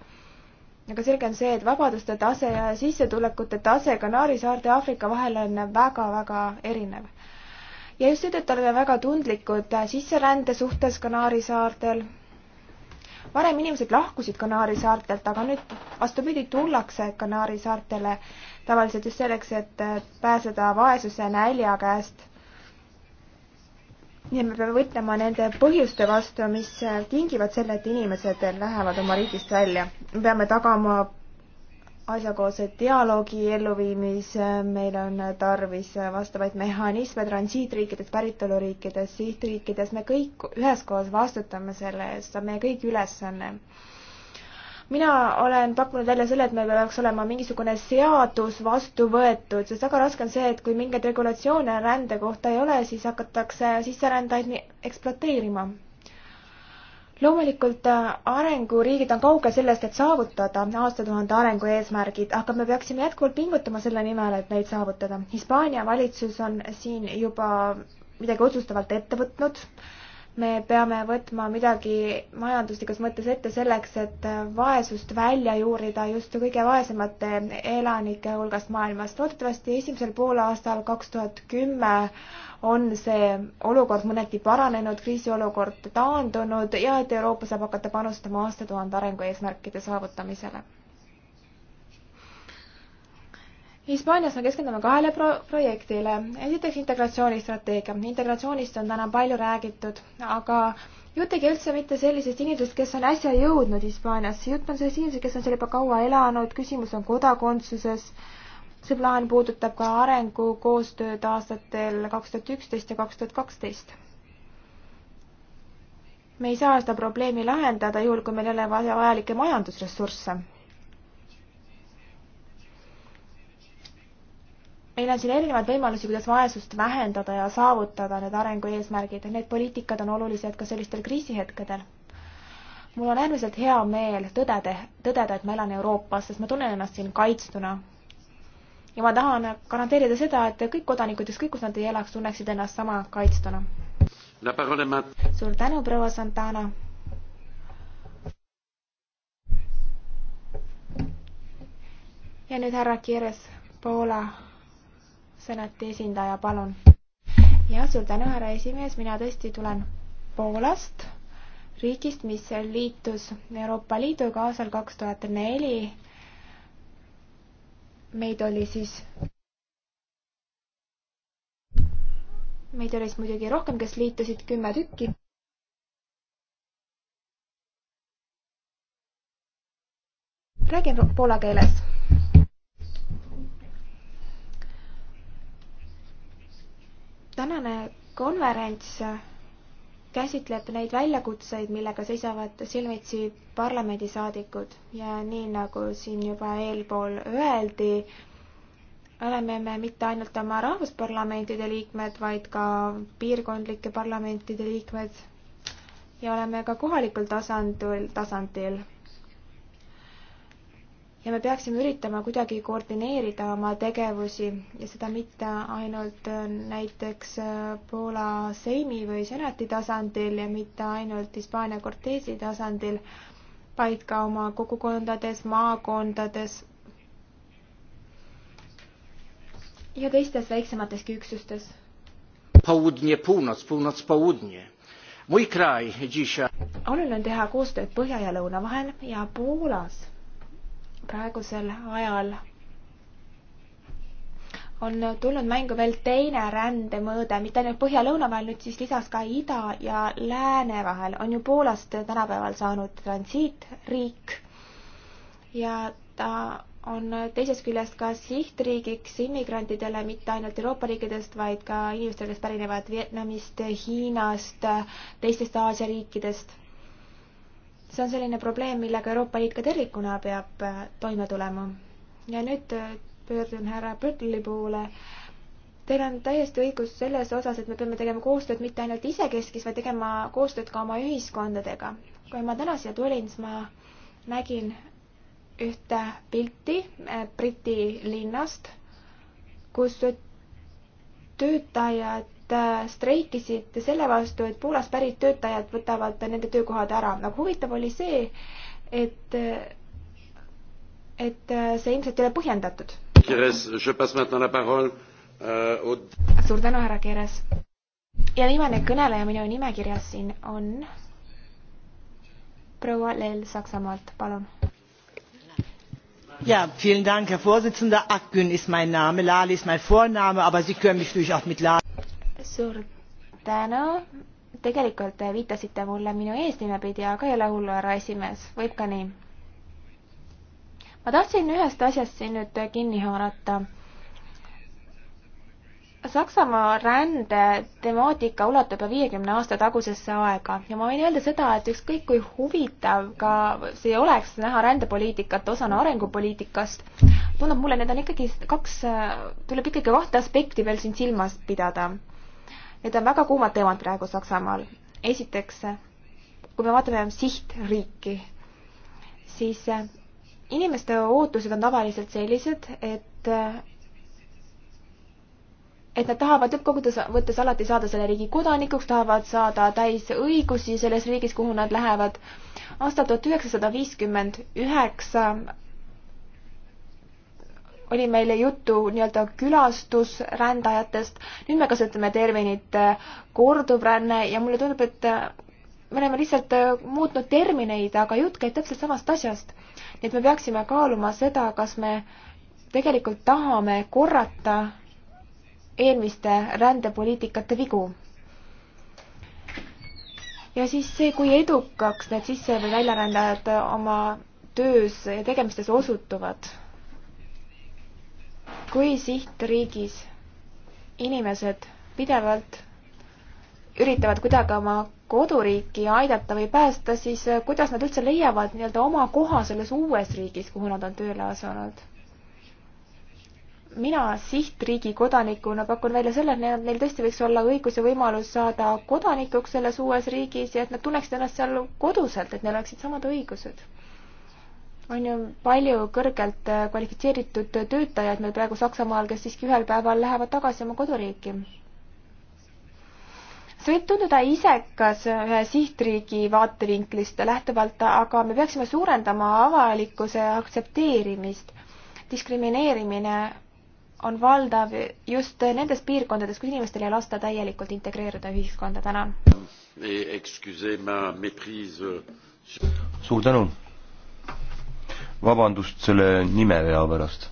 Speaker 3: aga selge on see, et vabaduste tase ja sissetulekute tase Kanaari saarte ja Aafrika vahel on väga-väga erinev. ja just seetõttu oleme väga tundlikud sisserände suhtes Kanaari saartel varem inimesed lahkusid Kanaari saartelt, aga nüüd vastupidi, tullakse Kanaari saartele tavaliselt just selleks, et pääseda vaesuse nälja käest. nii et me peame võtlema nende põhjuste vastu, mis tingivad selle, et inimesed lähevad oma riigist välja. me peame tagama asjakohase dialoogi elluviimise, meil on tarvis vastavaid mehhanisme transiitriikides, päritoluriikides, sihtriikides, me kõik üheskoos vastutame selle eest, see on meie kõigi ülesanne. mina olen pakkunud välja selle, et meil peaks olema mingisugune seadus vastu võetud, sest väga raske on see, et kui mingeid regulatsioone rände kohta ei ole, siis hakatakse sisserändajaid ekspluateerima loomulikult äh, arenguriigid on kaugel sellest, et saavutada aastatuhande arengu eesmärgid, aga me peaksime jätkuvalt pingutama selle nimel, et neid saavutada. Hispaania valitsus on siin juba midagi otsustavalt ette võtnud me peame võtma midagi majanduslikus mõttes ette selleks, et vaesust välja juurida just kõige vaesemate elanike hulgast maailmas. loodetavasti esimesel poolaastal kaks tuhat kümme on see olukord mõneti paranenud, kriisiolukord taandunud ja et Euroopa saab hakata panustama aastatuhande arengu eesmärkide saavutamisele. Hispaanias me keskendume kahele pro-, projektile. esiteks integratsioonistrateegia. integratsioonist on täna palju räägitud, aga jutt ei käi üldse mitte sellisest inimesest, kes on äsja jõudnud Hispaaniasse, jutt on sellest inimesest, kes on seal juba kaua elanud, küsimus on kodakondsuses. see plaan puudutab ka arengukoostööd aastatel kaks tuhat üksteist ja kaks tuhat kaksteist. me ei saa seda probleemi lahendada juhul, kui meil ei ole vajalikke majandusressursse meil on siin erinevaid võimalusi, kuidas vaesust vähendada ja saavutada need arengueesmärgid ja need poliitikad on olulised ka sellistel kriisihetkedel. mul on äärmiselt hea meel tõdede, tõdeda, et ma elan Euroopas, sest ma tunnen ennast siin kaitstuna. ja ma tahan garanteerida seda, et kõik kodanikud, ükskõik kus nad ei elaks, tunneksid ennast sama kaitstuna. suur tänu, proua Santana ja nüüd härra Kieres Poola senati esindaja, palun. ja suur tänu, härra esimees, mina tõesti tulen Poolast, riigist, mis liitus Euroopa Liiduga aastal kaks tuhat neli. meid oli siis meid oli siis muidugi rohkem, kes liitusid kümme tükki. räägin poola keeles tänane konverents käsitleb neid väljakutseid, millega seisavad silmitsi parlamendisaadikud ja nii, nagu siin juba eelpool öeldi, oleme me mitte ainult oma rahvusparlamentide liikmed, vaid ka piirkondlike parlamentide liikmed ja oleme ka kohalikul tasandil, tasandil ja me peaksime üritama kuidagi koordineerida oma tegevusi ja seda mitte ainult äh, näiteks äh, Poola Seimi või Senati tasandil ja mitte ainult Hispaania Cortesi tasandil, vaid ka oma kogukondades, maakondades ja teistes väiksemateski
Speaker 2: üksustes.
Speaker 1: Południe, północ, północ, południe. Mój kraj dzisiaj.
Speaker 3: oluline on teha koostööd põhja ja lõuna vahel ja Poolas praegusel ajal on tulnud mängu veel teine rändemõõde, mitte ainult põhja-lõuna vahel, nüüd siis lisas ka ida ja lääne vahel. on ju Poolast tänapäeval saanud transiitriik ja ta on teisest küljest ka sihtriigiks immigrantidele, mitte ainult Euroopa riikidest, vaid ka inimestele, kes pärinevad Vietnamist, Hiinast, teistest Aasia riikidest see on selline probleem, millega Euroopa Liit ka tervikuna peab äh, toime tulema. ja nüüd äh, pöördun härra Pötli poole. Teil on täiesti õigus selles osas, et me peame tegema koostööd mitte ainult isekeskis, vaid tegema koostööd ka oma ühiskondadega. kui ma täna siia tulin, siis ma nägin ühte pilti äh, Briti linnast, kus töötajad Äh, streikisid selle vastu, et Poolast pärit töötajad võtavad nende töökohad ära. aga huvitav oli see, et, et äh, see ilmselt ei ole põhjendatud. Äh, suur tänu, härra Keres. ja viimane kõneleja minu nimekirjas siin on proua Lell Saksamaalt, palun.
Speaker 5: Ja, vielen Dank, Herr Vorsitzender. Akgün ist mein Name, Lali ist mein Vorname, aber Sie können mich durchaus mit Lali
Speaker 3: suur tänu. tegelikult viitasite mulle minu eesnime pidi, aga ei ole hullu, härra esimees, võib ka nii. ma tahtsin ühest asjast siin nüüd kinni haarata. Saksamaa rände temaatika ulatub juba viiekümne aasta tagusesse aega ja ma võin öelda seda, et ükskõik kui huvitav ka see oleks näha rändepoliitikat osana arengupoliitikast, tundub mulle, need on ikkagi kaks, tuleb ikkagi kahte aspekti veel siin silmas pidada Need on väga kuumad teemad praegu Saksamaal. esiteks, kui me vaatame sihtriiki, siis inimeste ootused on tavaliselt sellised, et et nad tahavad lõppkokkuvõttes alati saada selle riigi kodanikuks, tahavad saada täis õigusi selles riigis, kuhu nad lähevad. aastal tuhat üheksasada viiskümmend üheksa oli meil juttu nii-öelda külastusrändajatest, nüüd me kasutame terminit äh, korduvränne ja mulle tundub, et äh, me oleme lihtsalt äh, muutnud termineid, aga jutt käib täpselt samast asjast. nii et me peaksime kaaluma seda, kas me tegelikult tahame korrata eelmiste rändepoliitikate vigu. ja siis see, kui edukaks need sisse- või väljarändajad oma töös ja tegemistes osutuvad kui sihtriigis inimesed pidevalt üritavad kuidagi oma koduriiki aidata või päästa, siis äh, kuidas nad üldse leiavad nii-öelda oma koha selles uues riigis, kuhu nad on tööle asunud? mina sihtriigi kodanikuna pakun välja selle, et neil tõesti võiks olla õigus ja võimalus saada kodanikuks selles uues riigis ja et nad tunneksid ennast seal koduselt, et neil oleksid samad õigused on ju palju kõrgelt äh, kvalifitseeritud töötajaid meil praegu Saksamaal, kes siiski ühel päeval lähevad tagasi oma koduriiki. see võib tunduda isekas äh, ühe sihtriigi vaatevinklist lähtuvalt, aga me peaksime suurendama avalikkuse aktsepteerimist. diskrimineerimine on valdav just nendes piirkondades, kus inimestel ei
Speaker 1: lasta täielikult integreeruda ühiskonda. tänan.
Speaker 4: suur tänu vabandust selle nimevea pärast.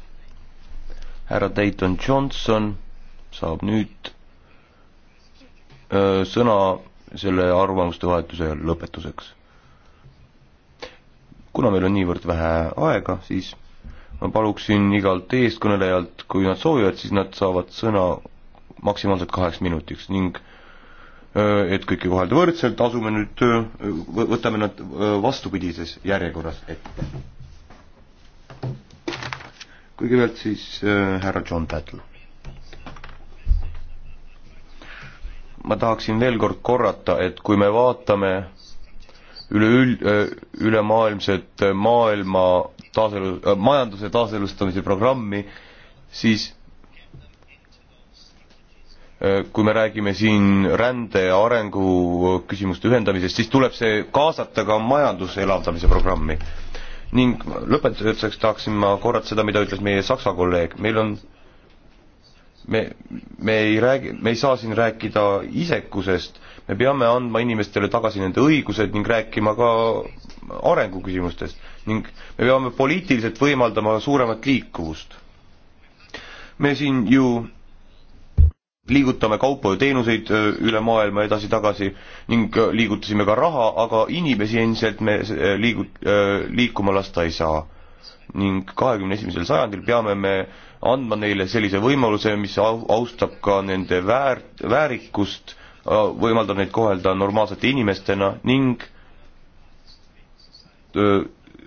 Speaker 4: härra Dayton Johnson saab nüüd öö, sõna selle arvamuste vahetuse lõpetuseks. kuna meil on niivõrd vähe aega, siis ma paluksin igalt eeskõnelejalt, kui nad soovivad, siis nad saavad sõna maksimaalselt kaheks minutiks ning et kõiki kohelda võrdselt, asume nüüd, võtame nad vastupidises järjekorras ette kõigepealt siis äh, härra John Tattle. ma tahaksin veel kord korrata, et kui me vaatame üleüld-, äh, ülemaailmset äh, maailma taaselu-, äh, majanduse taaselustamise programmi, siis kui me räägime siin rände ja arengu küsimuste ühendamisest, siis tuleb see kaasata ka majanduse elavdamise programmi ning lõpetuseks tahaksin ma korrata seda, mida ütles meie saksa kolleeg, meil on me, me ei räägi, me ei saa siin rääkida isekusest, me peame andma inimestele tagasi nende õigused ning rääkima ka arenguküsimustest ning me peame poliitiliselt võimaldama suuremat liikuvust. me siin ju liigutame kaupa ja teenuseid üle maailma edasi-tagasi ning liigutasime ka raha, aga inimesi endiselt me liigu-, liikuma lasta ei saa. ning kahekümne esimesel sajandil peame me andma neile sellise võimaluse, mis austab ka nende väärt, väärikust, võimaldab neid kohelda normaalsete inimestena ning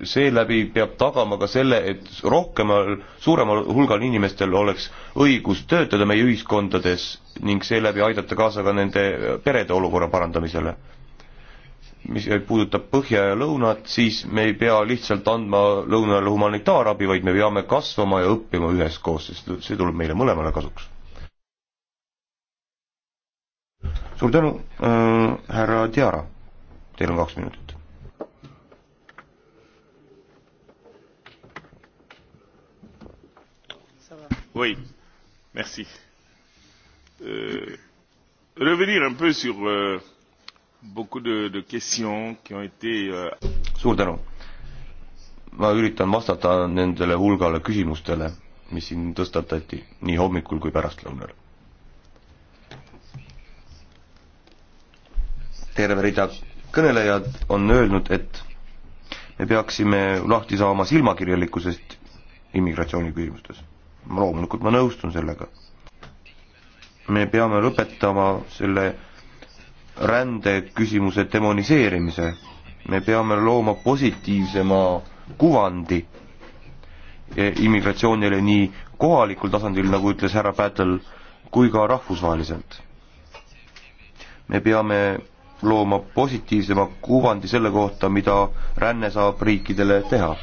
Speaker 4: seeläbi peab tagama ka selle, et rohkemal, suuremal hulgal inimestel oleks õigus töötada meie ühiskondades ning seeläbi aidata kaasa ka nende perede olukorra parandamisele. mis puudutab põhja ja lõunat, siis me ei pea lihtsalt andma lõunale humanitaarabi, vaid me peame kasvama ja õppima üheskoos, sest see tuleb meile mõlemale kasuks. suur tänu äh,, härra Diara, teil on kaks minutit.
Speaker 1: Oui, merci.
Speaker 4: Euh,
Speaker 5: revenir un peu sur euh, beaucoup de, de questions qui ont été euh...
Speaker 4: suur tänu. ma üritan vastata nendele hulgale küsimustele, mis siin tõstatati nii hommikul kui pärastlõunal. terve rida kõnelejad on öelnud, et me peaksime lahti saama silmakirjalikkusest immigratsiooniküsimustes loomulikult ma nõustun sellega. me peame lõpetama selle rändeküsimuse demoniseerimise, me peame looma positiivsema kuvandi e, immigratsioonile nii kohalikul tasandil, nagu ütles härra Pätel, kui ka rahvusvaheliselt. me peame looma positiivsema kuvandi selle kohta, mida ränne saab riikidele teha.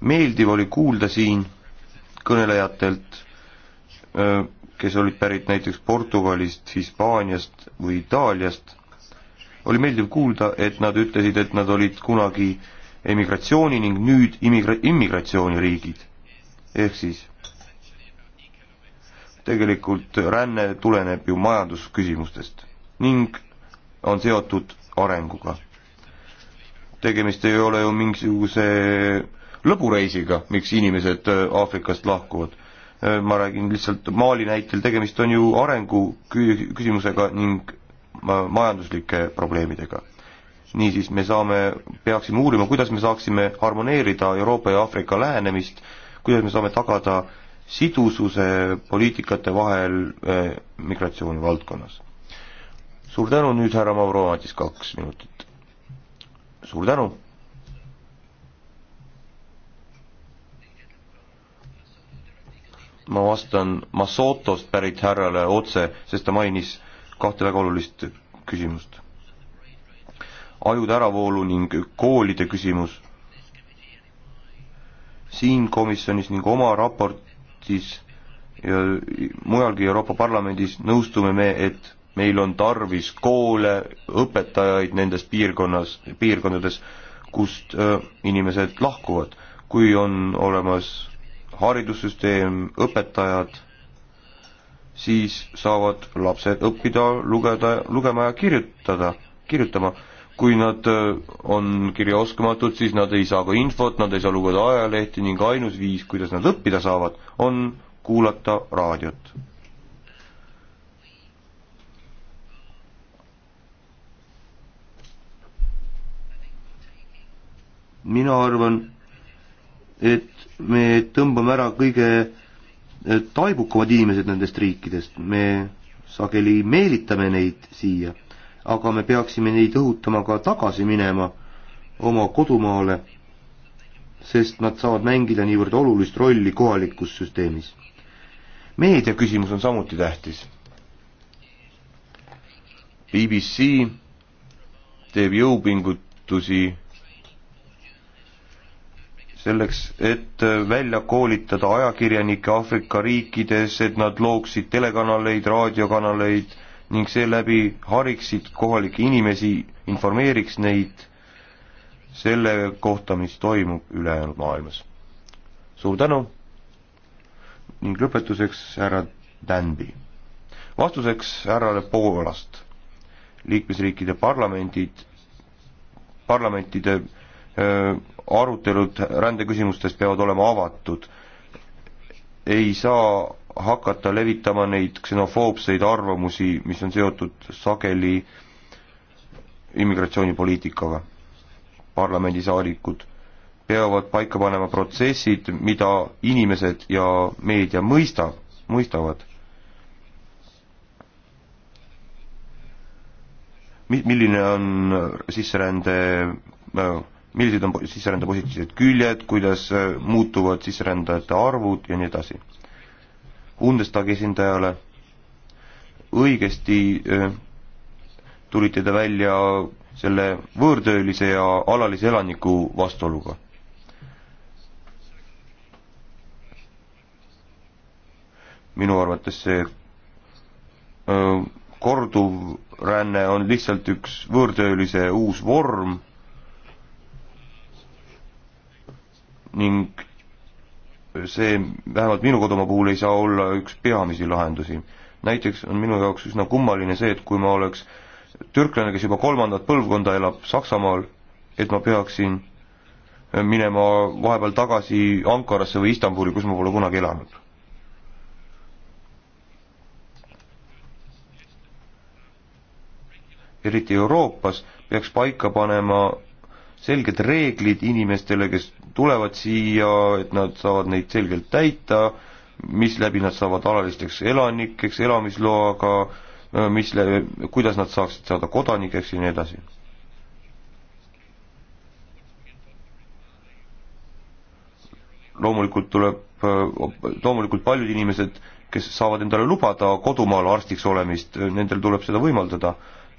Speaker 4: meeldiv oli kuulda siin kõnelejatelt, kes olid pärit näiteks Portugalist, Hispaaniast või Itaaliast, oli meeldiv kuulda, et nad ütlesid, et nad olid kunagi emigratsiooni ning nüüd immigra-, immigratsiooniriigid. ehk siis tegelikult ränne tuleneb ju majandusküsimustest ning on seotud arenguga. tegemist ei ole ju mingisuguse lõbureisiga, miks inimesed äh, Aafrikast lahkuvad. Äh, ma räägin lihtsalt Mali näitel, tegemist on ju arengu küsimusega ning majanduslike probleemidega. niisiis, me saame, peaksime uurima, kuidas me saaksime harmoneerida Euroopa ja Aafrika lähenemist, kuidas me saame tagada sidususe poliitikate vahel eh, migratsiooni valdkonnas. suur tänu, nüüd härra Mauro Madis, kaks minutit. suur tänu ma vastan Masotost pärit härrale otse, sest ta mainis kahte väga olulist küsimust. ajude äravoolu ning koolide küsimus. siin komisjonis ning oma raportis ja mujalgi Euroopa Parlamendis nõustume me, et meil on tarvis koole, õpetajaid nendes piirkonnas, piirkondades, kust öö, äh, inimesed lahkuvad. kui on olemas haridussüsteem, õpetajad, siis saavad lapsed õppida lugeda, lugema ja kirjutada, kirjutama. kui nad äh, on kirjaoskamatud, siis nad ei saa ka infot, nad ei saa lugeda ajalehti ning ainus viis, kuidas nad õppida saavad, on kuulata raadiot. mina arvan, et me tõmbame ära kõige eh, taibukamad inimesed nendest riikidest, me sageli meelitame neid siia, aga me peaksime neid õhutama ka tagasi minema oma kodumaale, sest nad saavad mängida niivõrd olulist rolli kohalikus süsteemis. meedia küsimus on samuti tähtis. BBC teeb jõupingutusi selleks, et välja koolitada ajakirjanikke Aafrika riikides, et nad looksid telekanaleid, raadiokanaleid ning seeläbi hariksid kohalikke inimesi, informeeriks neid selle kohta, mis toimub ülejäänud maailmas. suur tänu ning lõpetuseks härra Danby. vastuseks härrale Poolast. liikmesriikide parlamendid, parlamentide Äh, arutelud rändeküsimustes peavad olema avatud. ei saa hakata levitama neid ksenofoobseid arvamusi, mis on seotud sageli immigratsioonipoliitikaga. parlamendisaadikud peavad paika panema protsessid, mida inimesed ja meedia mõista, mõistavad mi-, milline on sisserände äh, millised on sisserände positiivsed küljed, kuidas äh, muutuvad sisserändajate arvud ja nii edasi. Bundestagi esindajale õigesti äh, tulite te välja selle võõrtöölise ja alalise elaniku vastuoluga. minu arvates see äh, korduvränne on lihtsalt üks võõrtöölise uus vorm ning see vähemalt minu kodumaa puhul ei saa olla üks peamisi lahendusi. näiteks on minu jaoks üsna kummaline see, et kui ma oleks türklane, kes juba kolmandat põlvkonda elab Saksamaal, et ma peaksin minema vahepeal tagasi Ankarasse või Istanbuli, kus ma pole kunagi elanud. eriti Euroopas peaks paika panema selged reeglid inimestele, kes tulevad siia, et nad saavad neid selgelt täita, misläbi nad saavad alalisteks elanikeks, elamisloaga, mis, kuidas nad saaksid saada kodanikeks ja nii edasi. loomulikult tuleb, loomulikult paljud inimesed, kes saavad endale lubada kodumaal arstiks olemist, nendel tuleb seda võimaldada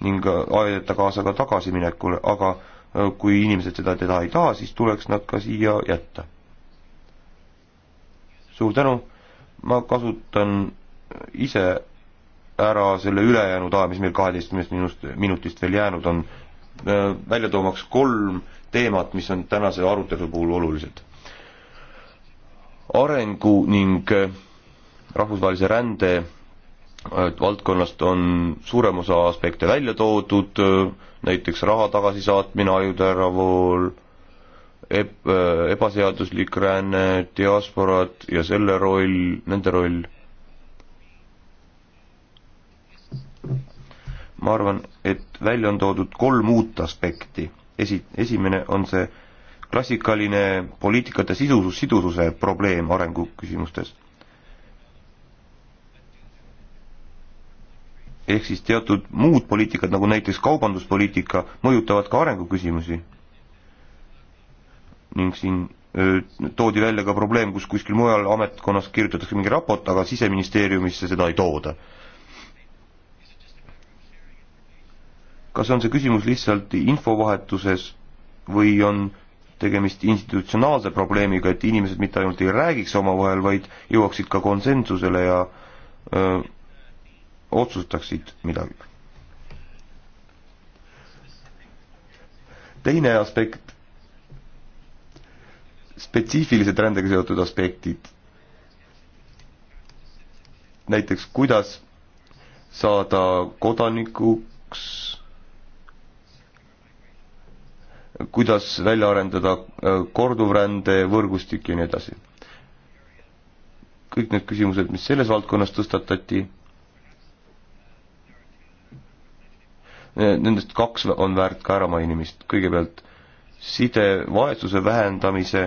Speaker 4: ning aidata kaasa ka tagasiminekule, aga Äh, kui inimesed seda teda ei taha, siis tuleks nad ka siia jätta. suur tänu, ma kasutan ise ära selle ülejäänud aja, mis meil kaheteistkümnest minust, minutist veel jäänud on, äh, välja toomaks kolm teemat, mis on tänase arutelu puhul olulised. arengu ning äh, rahvusvahelise rände valdkonnast on suurem osa aspekte välja toodud, näiteks raha tagasisaatmine ajuteravool, eb-, äh, ebaseaduslik ränne, diasporad ja selle roll, nende roll. ma arvan, et välja on toodud kolm uut aspekti. esi-, esimene on see klassikaline poliitikate sidusus, sidususe probleem arenguküsimustes ehk siis teatud muud poliitikad, nagu näiteks kaubanduspoliitika, mõjutavad ka arenguküsimusi. ning siin öö, toodi välja ka probleem, kus kuskil mujal ametkonnas kirjutatakse mingi raport, aga siseministeeriumisse seda ei tooda. kas on see küsimus lihtsalt infovahetuses või on tegemist institutsionaalse probleemiga, et inimesed mitte ainult ei räägiks omavahel, vaid jõuaksid ka konsensusele ja öö, otsustaksid midagi. teine aspekt, spetsiifilised rändega seotud aspektid. näiteks, kuidas saada kodanikuks, kuidas välja arendada äh, korduvrände võrgustik ja nii edasi. kõik need küsimused, mis selles valdkonnas tõstatati Eh, nendest kaks on väärt ka ära mainimist. kõigepealt side vaesuse vähendamise,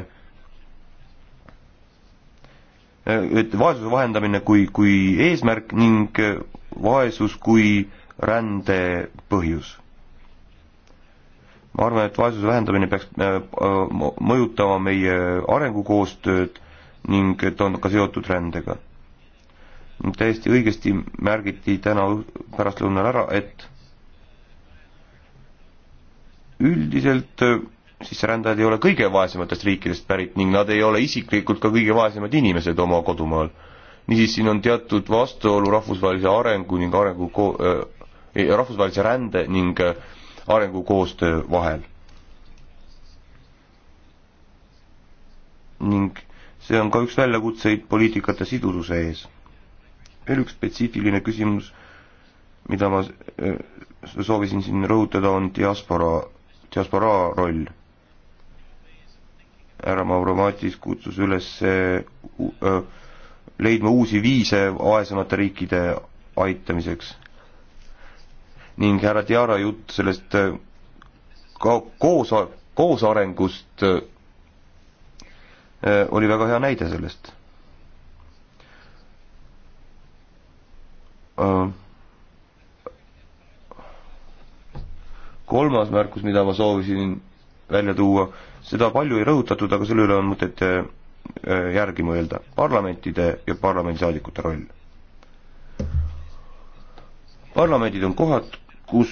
Speaker 4: eh, et vaesuse vahendamine kui, kui eesmärk ning vaesus kui rände põhjus. ma arvan, et vaesuse vähendamine peaks eh, mõjutama meie arengukoostööd ning ta on ka seotud rändega. täiesti õigesti märgiti täna pärastlõunal ära, et üldiselt äh, sisserändajad ei ole kõige vaesematest riikidest pärit ning nad ei ole isiklikult ka kõige vaesemad inimesed oma kodumaal. niisiis, siin on teatud vastuolu rahvusvahelise arengu ning arengu ko- äh,, rahvusvahelise rände ning äh, arengukoostöö vahel. ning see on ka üks väljakutseid poliitikate sidususe ees. veel üks spetsiifiline küsimus, mida ma äh, soovisin siin rõhutada, on diaspora diasporaa roll. härra Mavromatis kutsus üles leidma uusi viise vaesemate riikide aitamiseks. ning härra Diara jutt sellest ka koos, koosarengust oli väga hea näide sellest Uh, kolmas märkus, mida ma soovisin välja tuua, seda palju ei rõhutatud, aga selle üle on mõtet äh, järgi mõelda, parlamentide ja parlamendisaadikute roll. parlamendid on kohad, kus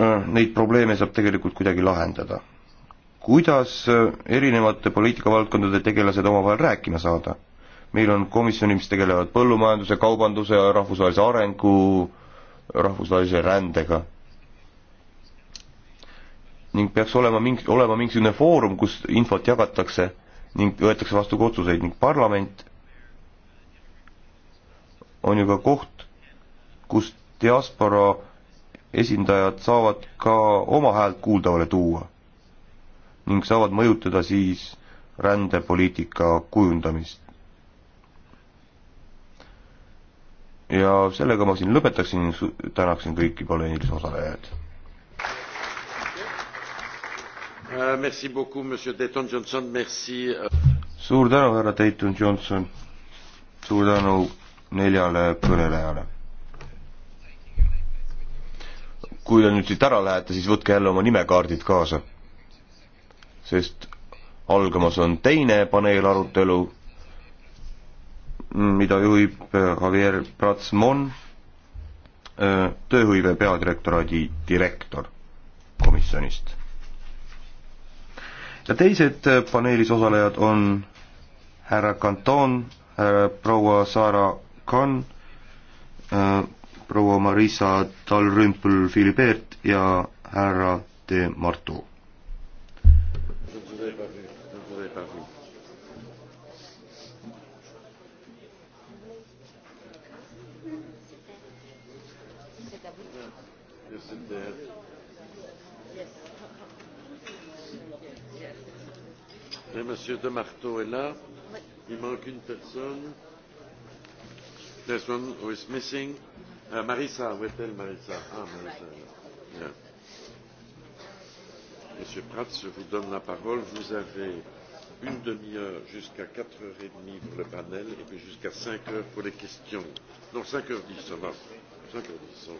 Speaker 4: äh, neid probleeme saab tegelikult kuidagi lahendada. kuidas äh, erinevate poliitikavaldkondade tegelased omavahel rääkima saada? meil on komisjonid, mis tegelevad põllumajanduse, kaubanduse, rahvusvahelise arengu, rahvusvahelise rändega ning peaks olema mingi, olema mingisugune foorum, kus infot jagatakse ning võetakse vastu ka otsuseid ning parlament on ju ka koht, kus diaspora esindajad saavad ka oma häält kuuldavale tuua ning saavad mõjutada siis rändepoliitika kujundamist. ja sellega ma siin lõpetaksin, tänaksin kõiki paneelis osalejaid Euh, euh. suur tänu, härra Dayton Johnson. suur tänu neljale kõnelejale. kui te nüüd siit ära lähete, siis võtke jälle oma nimekaardid kaasa. sest algamas on teine paneelarutelu, mida juhib äh, Javier Pratsmon, äh, tööhõive peadirektoraadi direktor komisjonist ja teised äh, paneelis osalejad on härra Kanton, proua Sara Kann, äh, proua Marisa Talrümpel-Filibert ja härra De Marto.
Speaker 1: Et M. de Marteau est là. Oui. Il manque une personne. There's one who is missing. Uh, Marissa, où est-elle, Marissa Ah, Marissa. Right. Yeah. Monsieur Prats, je vous donne la parole. Vous avez une demi-heure jusqu'à 4h30 pour le panel et puis jusqu'à 5h pour les questions. Non, 5h10, ça va. 5h10, ça va.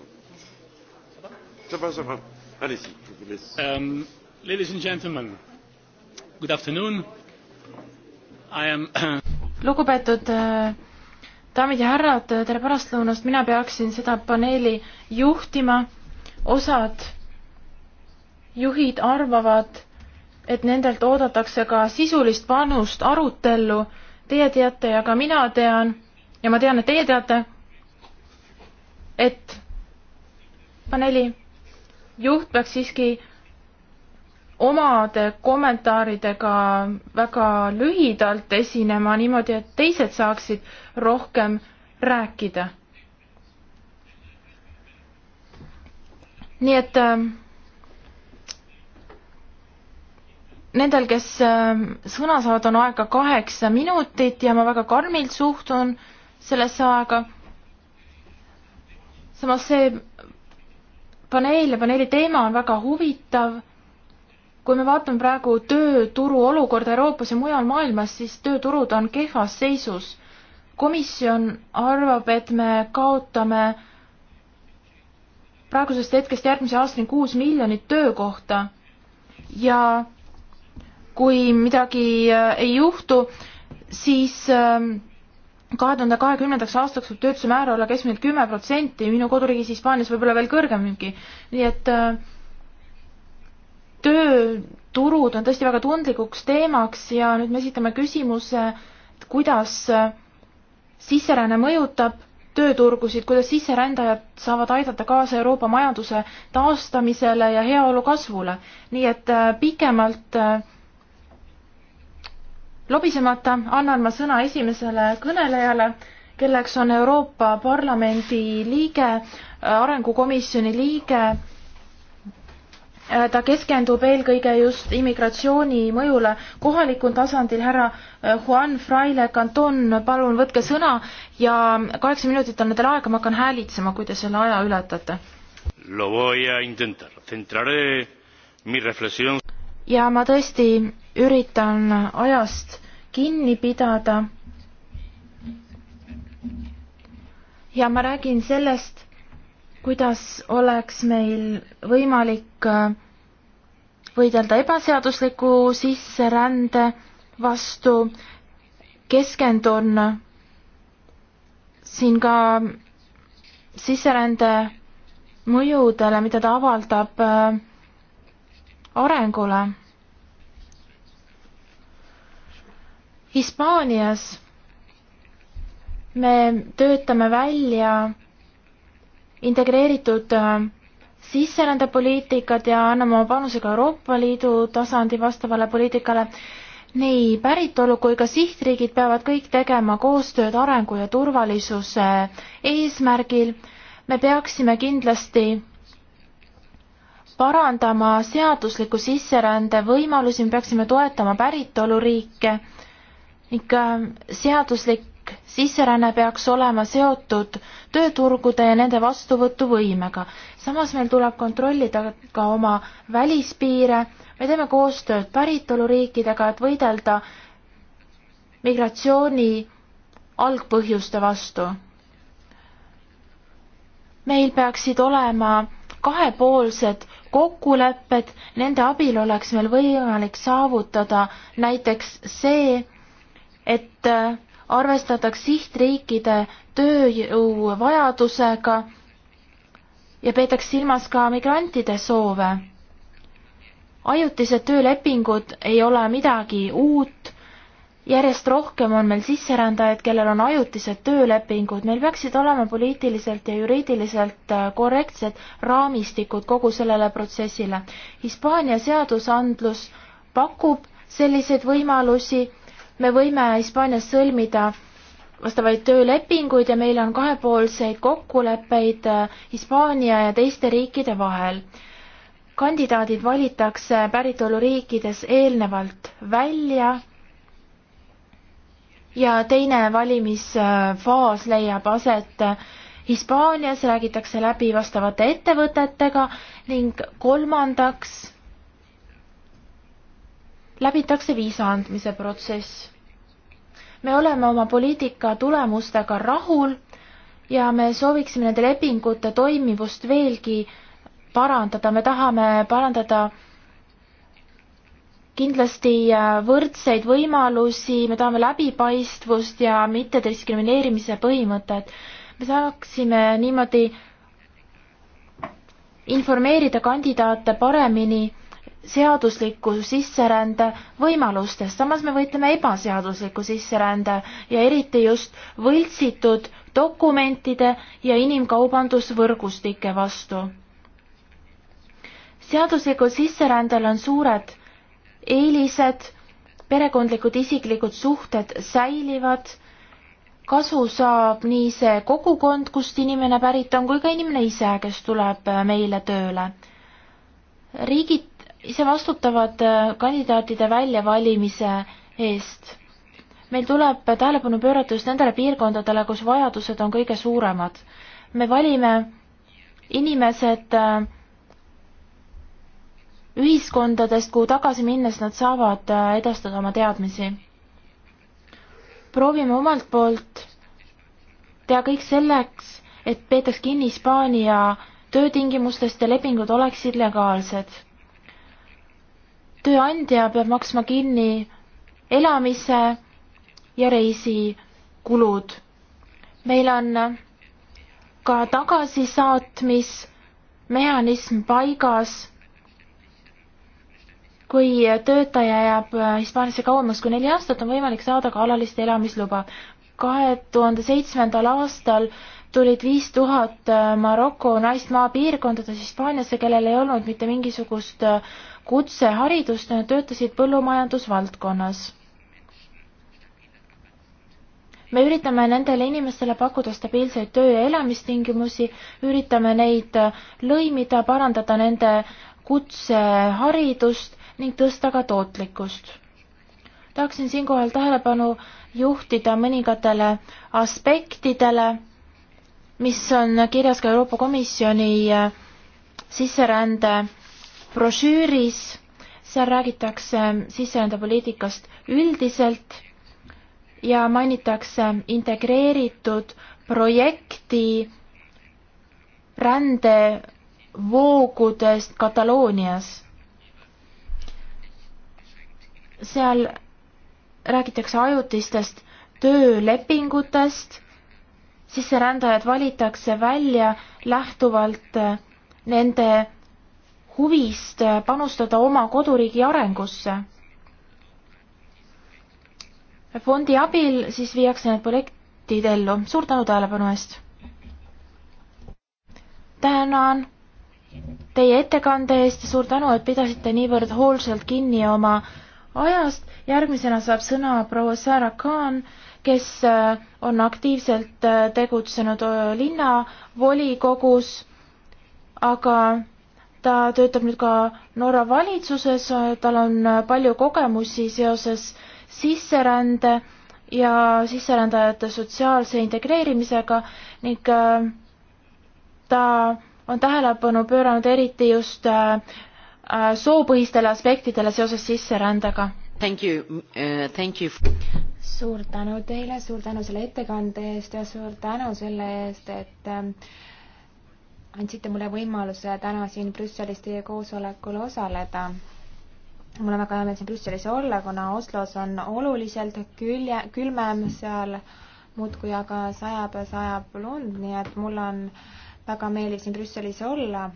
Speaker 1: Ça va, ça va. Allez-y, je vous laisse. Um, ladies and gentlemen, Good afternoon. I am
Speaker 5: [clears throat]
Speaker 2: lugupeetud äh, daamid ja härrad, tere pärastlõunast, mina peaksin seda paneeli juhtima. osad juhid arvavad, et nendelt oodatakse ka sisulist panust arutellu. Teie teate ja ka mina tean ja ma tean, et teie teate, et paneeli juht peaks siiski omade kommentaaridega väga lühidalt esinema niimoodi, et teised saaksid rohkem rääkida. nii et äh, nendel, kes äh, sõna saavad, on aega kaheksa minutit ja ma väga karmilt suhtun sellesse aega. samas see paneel ja paneeli teema on väga huvitav kui me vaatame praegu tööturu olukorda Euroopas ja mujal maailmas, siis tööturud on kehvas seisus. komisjon arvab, et me kaotame praegusest hetkest järgmise aastani kuus miljonit töökohta ja kui midagi äh, ei juhtu, siis ähm, kahe tuhande kahekümnendaks aastaks võib töötuse määr olla keskmiselt kümme protsenti, minu koduriigis Hispaanias võib-olla veel kõrgemgi, nii et äh, tööturud on tõesti väga tundlikuks teemaks ja nüüd me esitame küsimuse, et kuidas sisseränne mõjutab tööturgusid, kuidas sisserändajad saavad aidata kaasa Euroopa majanduse taastamisele ja heaolu kasvule. nii et äh, pikemalt äh, lobisemata annan ma sõna esimesele kõnelejale, kelleks on Euroopa Parlamendi liige, äh, arengukomisjoni liige Äh, ta keskendub eelkõige just immigratsiooni mõjule kohalikul tasandil. härra äh, Juan Fraile Canton, palun võtke sõna ja kaheksa minutit on teil aega, ma hakkan häälitsema, kui te selle aja ületate. ja ma tõesti üritan ajast kinni pidada. ja ma räägin sellest kuidas oleks meil võimalik äh, võidelda ebaseadusliku sisserände vastu. keskendun siin ka sisserände mõjudele, mida ta avaldab äh, arengule. Hispaanias me töötame välja integreeritud äh, sisserändepoliitikat ja anname oma panuse ka Euroopa Liidu tasandi vastavale poliitikale. nii päritolu kui ka sihtriigid peavad kõik tegema koostööd arengu ja turvalisuse eesmärgil. me peaksime kindlasti parandama seadusliku sisserände võimalusi, me peaksime toetama päritoluriike ning äh, seaduslik tark sisseränne peaks olema seotud tööturgude ja nende vastuvõtuvõimega. samas meil tuleb kontrollida ka oma välispiire, me teeme koostööd päritoluriikidega, et võidelda migratsiooni algpõhjuste vastu. meil peaksid olema kahepoolsed kokkulepped, nende abil oleks meil võimalik saavutada näiteks see, et arvestataks sihtriikide tööjõuvajadusega ja peetaks silmas ka migrantide soove. ajutised töölepingud ei ole midagi uut, järjest rohkem on meil sisserändajaid, kellel on ajutised töölepingud, meil peaksid olema poliitiliselt ja juriidiliselt äh, korrektsed raamistikud kogu sellele protsessile. Hispaania seadusandlus pakub selliseid võimalusi me võime Hispaanias sõlmida vastavaid töölepinguid ja meil on kahepoolseid kokkuleppeid äh, Hispaania ja teiste riikide vahel. kandidaadid valitakse päritoluriikides eelnevalt välja ja teine valimisfaas leiab aset Hispaanias räägitakse läbi vastavate ettevõtetega ning kolmandaks läbitakse viisa andmise protsess. me oleme oma poliitika tulemustega rahul ja me sooviksime nende lepingute toimivust veelgi parandada, me tahame parandada kindlasti äh, võrdseid võimalusi, me tahame läbipaistvust ja mittediskrimineerimise põhimõtet. me saaksime niimoodi informeerida kandidaate paremini seadusliku sisserände võimalustest, samas me võitleme ebaseadusliku sisserände ja eriti just võltsitud dokumentide ja inimkaubandusvõrgustike vastu. seaduslikul sisserändel on suured eelised, perekondlikud isiklikud suhted säilivad, kasu saab nii see kogukond, kust inimene pärit on, kui ka inimene ise, kes tuleb meile tööle. riigid ise vastutavad äh, kandidaatide väljavalimise eest. meil tuleb tähelepanu pöörata just nendele piirkondadele, kus vajadused on kõige suuremad. me valime inimesed äh, ühiskondadest, kuhu tagasi minnes nad saavad äh, edastada oma teadmisi. proovime omalt poolt teha kõik selleks, et peetaks kinni Hispaania töötingimustest ja lepingud oleksid legaalsed tööandja peab maksma kinni elamise ja reisikulud. meil on ka tagasisaatmismehhanism paigas. kui töötaja jääb Hispaaniasse kauemaks kui neli aastat, on võimalik saada ka alalist elamisluba. kahe tuhande seitsmendal aastal tulid viis tuhat Maroko naist maapiirkondades Hispaaniasse, kellel ei olnud mitte mingisugust kutseharidust ja nad töötasid põllumajandusvaldkonnas. me üritame nendele inimestele pakkuda stabiilseid töö- ja elamistingimusi, üritame neid lõimida, parandada nende kutseharidust ning tõsta ka tootlikkust. tahaksin siinkohal tähelepanu juhtida mõningatele aspektidele, mis on kirjas ka Euroopa Komisjoni sisserände brošüüris, seal räägitakse sisserändepoliitikast üldiselt ja mainitakse integreeritud projekti rändevoogudest Kataloonias. seal räägitakse ajutistest töölepingutest, sisserändajad valitakse välja lähtuvalt nende huvist äh, panustada oma koduriigi arengusse. fondi abil siis viiakse need projektid ellu. suur tänu tähelepanu eest! tänan teie ettekande eest ja suur tänu, et pidasite niivõrd hoolsalt kinni oma ajast. järgmisena saab sõna proua Sarah Khan, kes äh, on aktiivselt äh, tegutsenud linnavolikogus, aga ta töötab nüüd ka Norra valitsuses, tal on palju kogemusi seoses sisserände ja sisserändajate sotsiaalse integreerimisega ning äh, ta on tähelepanu pööranud eriti just äh, soopõhistele aspektidele seoses sisserändega. Thank you uh,, thank you. suur tänu
Speaker 3: teile, suur tänu selle ettekande eest ja suur tänu selle eest, et andsite mulle võimaluse täna siin Brüsselis teie koosolekul osaleda. mul on väga hea meel siin Brüsselis olla, kuna Oslos on oluliselt külje, külmem, seal muudkui aga sajab ja sajab lund, nii et mul on väga meeldiv siin Brüsselis olla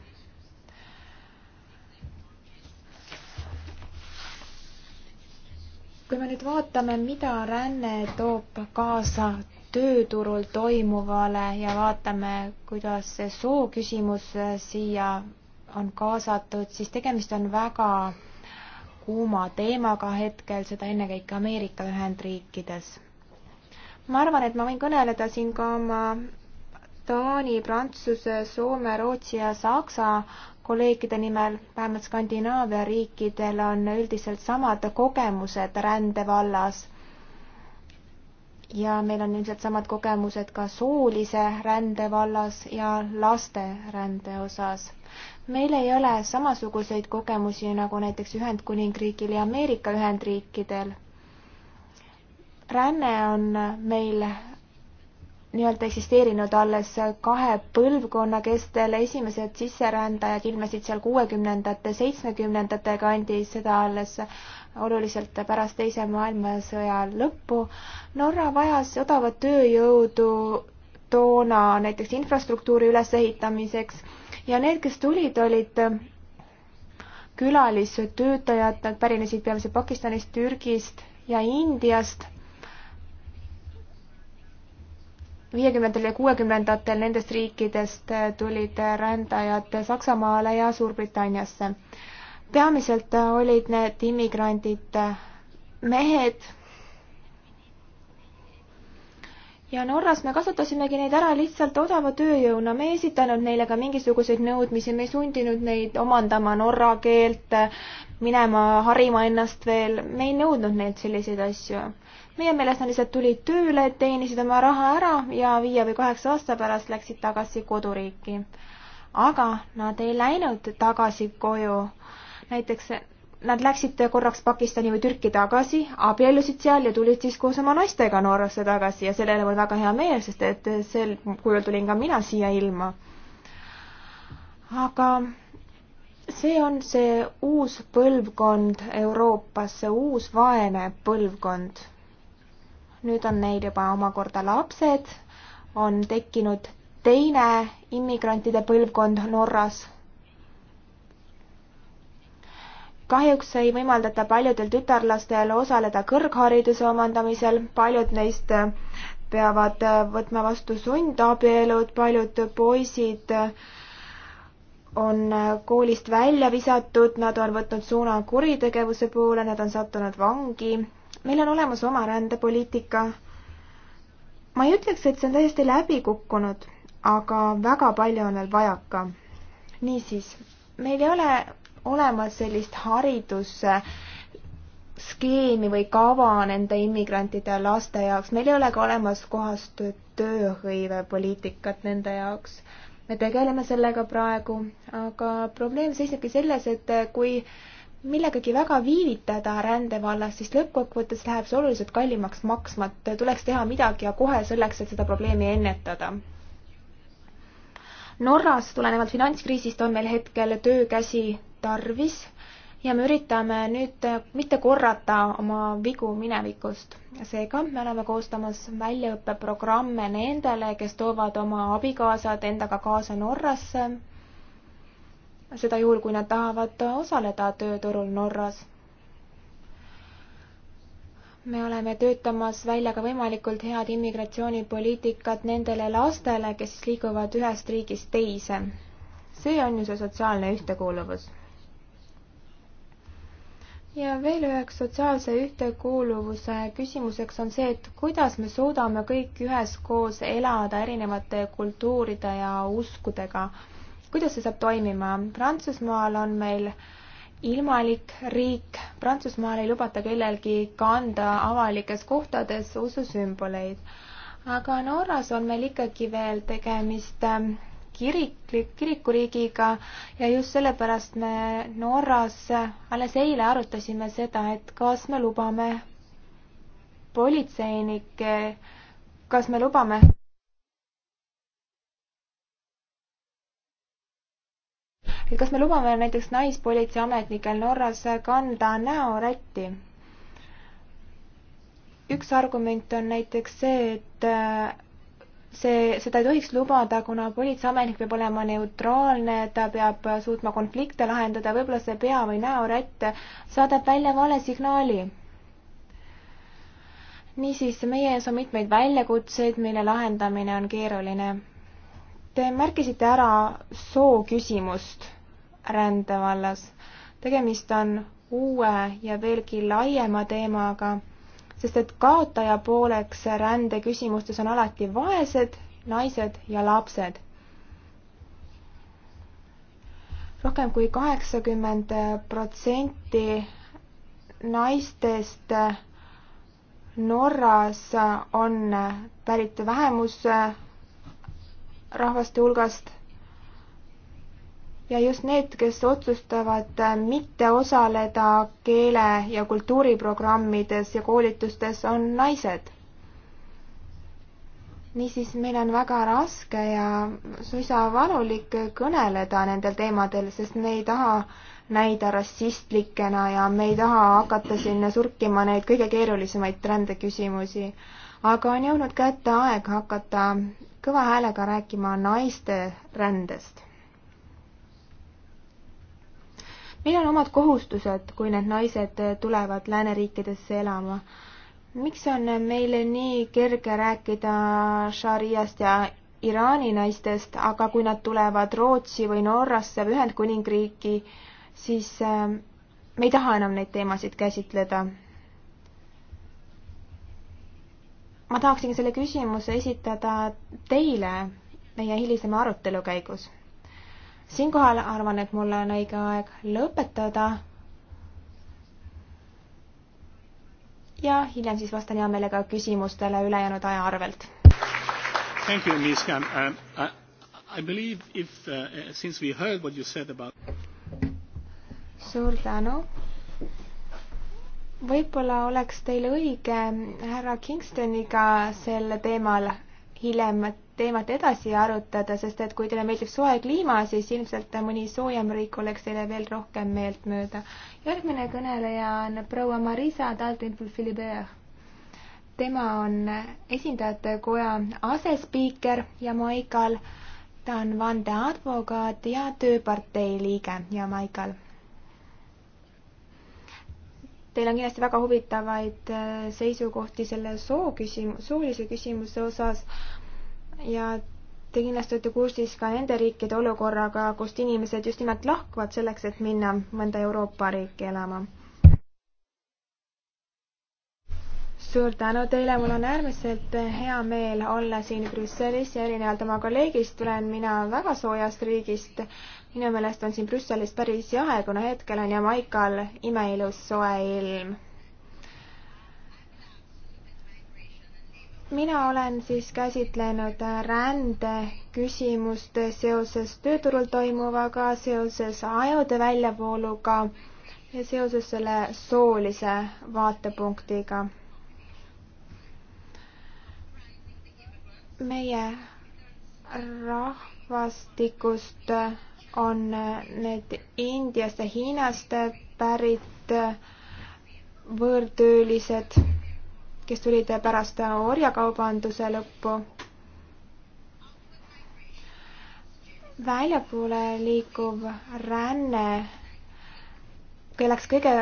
Speaker 3: kui me nüüd vaatame, mida ränne toob kaasa tööturul toimuvale ja vaatame, kuidas see sooküsimus äh, siia on kaasatud, siis tegemist on väga kuuma teemaga hetkel, seda ennekõike Ameerika Ühendriikides. ma arvan, et ma võin kõneleda siin ka oma Taani, Prantsuse, Soome, Rootsi ja Saksa kolleegide nimel, vähemalt Skandinaavia riikidel on üldiselt samad kogemused rände vallas ja meil on ilmselt samad kogemused ka soolise rände vallas ja laste rände osas. meil ei ole samasuguseid kogemusi nagu näiteks Ühendkuningriigil ja Ameerika Ühendriikidel. ränne on meil nii-öelda eksisteerinud alles kahe põlvkonna kestel, esimesed sisserändajad ilmusid seal kuuekümnendate, seitsmekümnendate kandis, seda alles oluliselt pärast Teise maailmasõja lõppu. Norra vajas odavat tööjõudu toona näiteks infrastruktuuri ülesehitamiseks ja need, kes tulid, olid külalistöötajad, nad pärinesid peamiselt Pakistanist, Türgist ja Indiast. viiekümnendatel ja kuuekümnendatel nendest riikidest tulid rändajad Saksamaale ja Suurbritanniasse peamiselt äh, olid need immigrandid äh, mehed. ja Norras me kasutasimegi neid ära lihtsalt odava tööjõuna, me ei esitanud neile ka mingisuguseid nõudmisi, me ei sundinud neid omandama norra keelt, minema harima ennast veel, me ei nõudnud neilt selliseid asju. meie meelest nad lihtsalt tulid tööle, teenisid oma raha ära ja viie või kaheksa aasta pärast läksid tagasi koduriiki. aga nad ei läinud tagasi koju näiteks nad läksid korraks Pakistani või Türki tagasi, abiellusid seal ja tulid siis koos oma naistega Norrasse tagasi ja selle üle mul väga hea meel, sest et sel kujul tulin ka mina siia ilma. aga see on see uus põlvkond Euroopas, see uus vaene põlvkond. nüüd on neil juba omakorda lapsed, on tekkinud teine immigrantide põlvkond Norras kahjuks ei võimaldata paljudel tütarlastel osaleda kõrghariduse omandamisel, paljud neist peavad võtma vastu sundabielud, paljud poisid on koolist välja visatud, nad on võtnud suuna kuritegevuse poole, nad on sattunud vangi. meil on olemas oma rändepoliitika. ma ei ütleks, et see on täiesti läbi kukkunud, aga väga palju on veel vajaka. niisiis, meil ei ole olemas sellist haridusskeemi või kava nende immigrantide laste jaoks, meil ei ole ka olemas kohast tööhõivepoliitikat nende jaoks. me tegeleme sellega praegu, aga probleem seisnebki selles, et kui millegagi väga viivitada rände vallas, siis lõppkokkuvõttes läheb see oluliselt kallimaks maksma, et tuleks teha midagi ja kohe selleks, et seda probleemi ennetada. Norras tulenevalt finantskriisist on meil hetkel töökäsi tarvis ja me üritame nüüd mitte korrata oma vigu minevikust. seega me oleme koostamas väljaõppeprogramme nendele, kes toovad oma abikaasad endaga kaasa Norrasse, seda juhul, kui nad tahavad osaleda tööturul Norras. me oleme töötamas välja ka võimalikult head immigratsioonipoliitikat nendele lastele, kes liiguvad ühest riigist teise. see on ju see sotsiaalne ühtekuuluvus ja veel üheks sotsiaalse ühtekuuluvuse küsimuseks on see, et kuidas me suudame kõik üheskoos elada erinevate kultuuride ja uskudega. kuidas see saab toimima? Prantsusmaal on meil ilmalik riik, Prantsusmaal ei lubata kellelgi kanda avalikes kohtades ususümboleid. aga Norras on meil ikkagi veel tegemist ähm, kiriklik, kirikuriigiga ja just sellepärast me Norras alles eile arutasime seda, et kas me lubame politseinikke, kas me lubame et kas me lubame näiteks naispolitseiametnikel Norras kanda näorätti? üks argument on näiteks see, et see, seda ei tohiks lubada, kuna politseiametnik peab olema neutraalne, ta peab suutma konflikte lahendada, võib-olla see pea- või näorätt saadab välja vale signaali. niisiis, meie ees on mitmeid väljakutseid, mille lahendamine on keeruline. Te märkisite ära soo küsimust rände vallas. tegemist on uue ja veelgi laiema teemaga sest et kaotaja pooleks rändeküsimustes on alati vaesed, naised ja lapsed. rohkem kui kaheksakümmend protsenti naistest Norras on pärit vähemusrahvaste hulgast ja just need, kes otsustavad äh, mitte osaleda keele- ja kultuuriprogrammides ja koolitustes, on naised. niisiis, meil on väga raske ja suisa valulik kõneleda nendel teemadel, sest me ei taha näida rassistlikena ja me ei taha hakata sinna surkima neid kõige keerulisemaid rändeküsimusi. aga on jõudnud kätte aeg hakata kõva häälega rääkima naiste rändest meil on omad kohustused, kui need naised tulevad lääneriikidesse elama. miks on meile nii kerge rääkida šariast ja Iraani naistest, aga kui nad tulevad Rootsi või Norrasse või Ühendkuningriiki, siis ähm, me ei taha enam neid teemasid käsitleda. ma tahaksin selle küsimuse esitada teile meie hilisema arutelu käigus siinkohal arvan, et mul on õige aeg lõpetada. ja hiljem siis vastan hea meelega küsimustele ülejäänud aja arvelt.
Speaker 5: Thank you, Ms Kamm um,. Uh, I, uh, I believe if uh, since we heard what you said about
Speaker 3: suur tänu võib-olla oleks teil õige härra Kingstoniga sel teemal hiljem teemat edasi arutada, sest et kui teile meeldib soe kliima, siis ilmselt mõni soojem riik oleks teile veel rohkem meeltmööda. järgmine kõneleja on proua Marisa Dalton-Filibert. tema on esindajate koja asespiiker Jamaikal. ta on vandeadvokaat ja tööpartei liige Jamaikal Teil on kindlasti väga huvitavaid äh, seisukohti selle soo küsimus, soolise küsimuse osas ja te kindlasti olete kursis ka nende riikide olukorraga, kust inimesed just nimelt lahkuvad selleks, et minna mõnda Euroopa riiki elama. suur tänu teile, mul on äärmiselt hea meel olla siin Brüsselis ja erinevalt oma kolleegist olen mina väga soojast riigist, minu meelest on siin Brüsselis päris jahe, kuna hetkel on Jamaikal imeilus soe ilm. mina olen siis käsitlenud rände küsimust seoses tööturul toimuvaga, seoses ajude väljavooluga ja seoses selle soolise vaatepunktiga meie rahvastikust on äh, need Indiast ja Hiinast pärit äh, võõrtöölised, kes tulid pärast orjakaubanduse lõppu. väljapoole liikuv ränne, kelleks kõige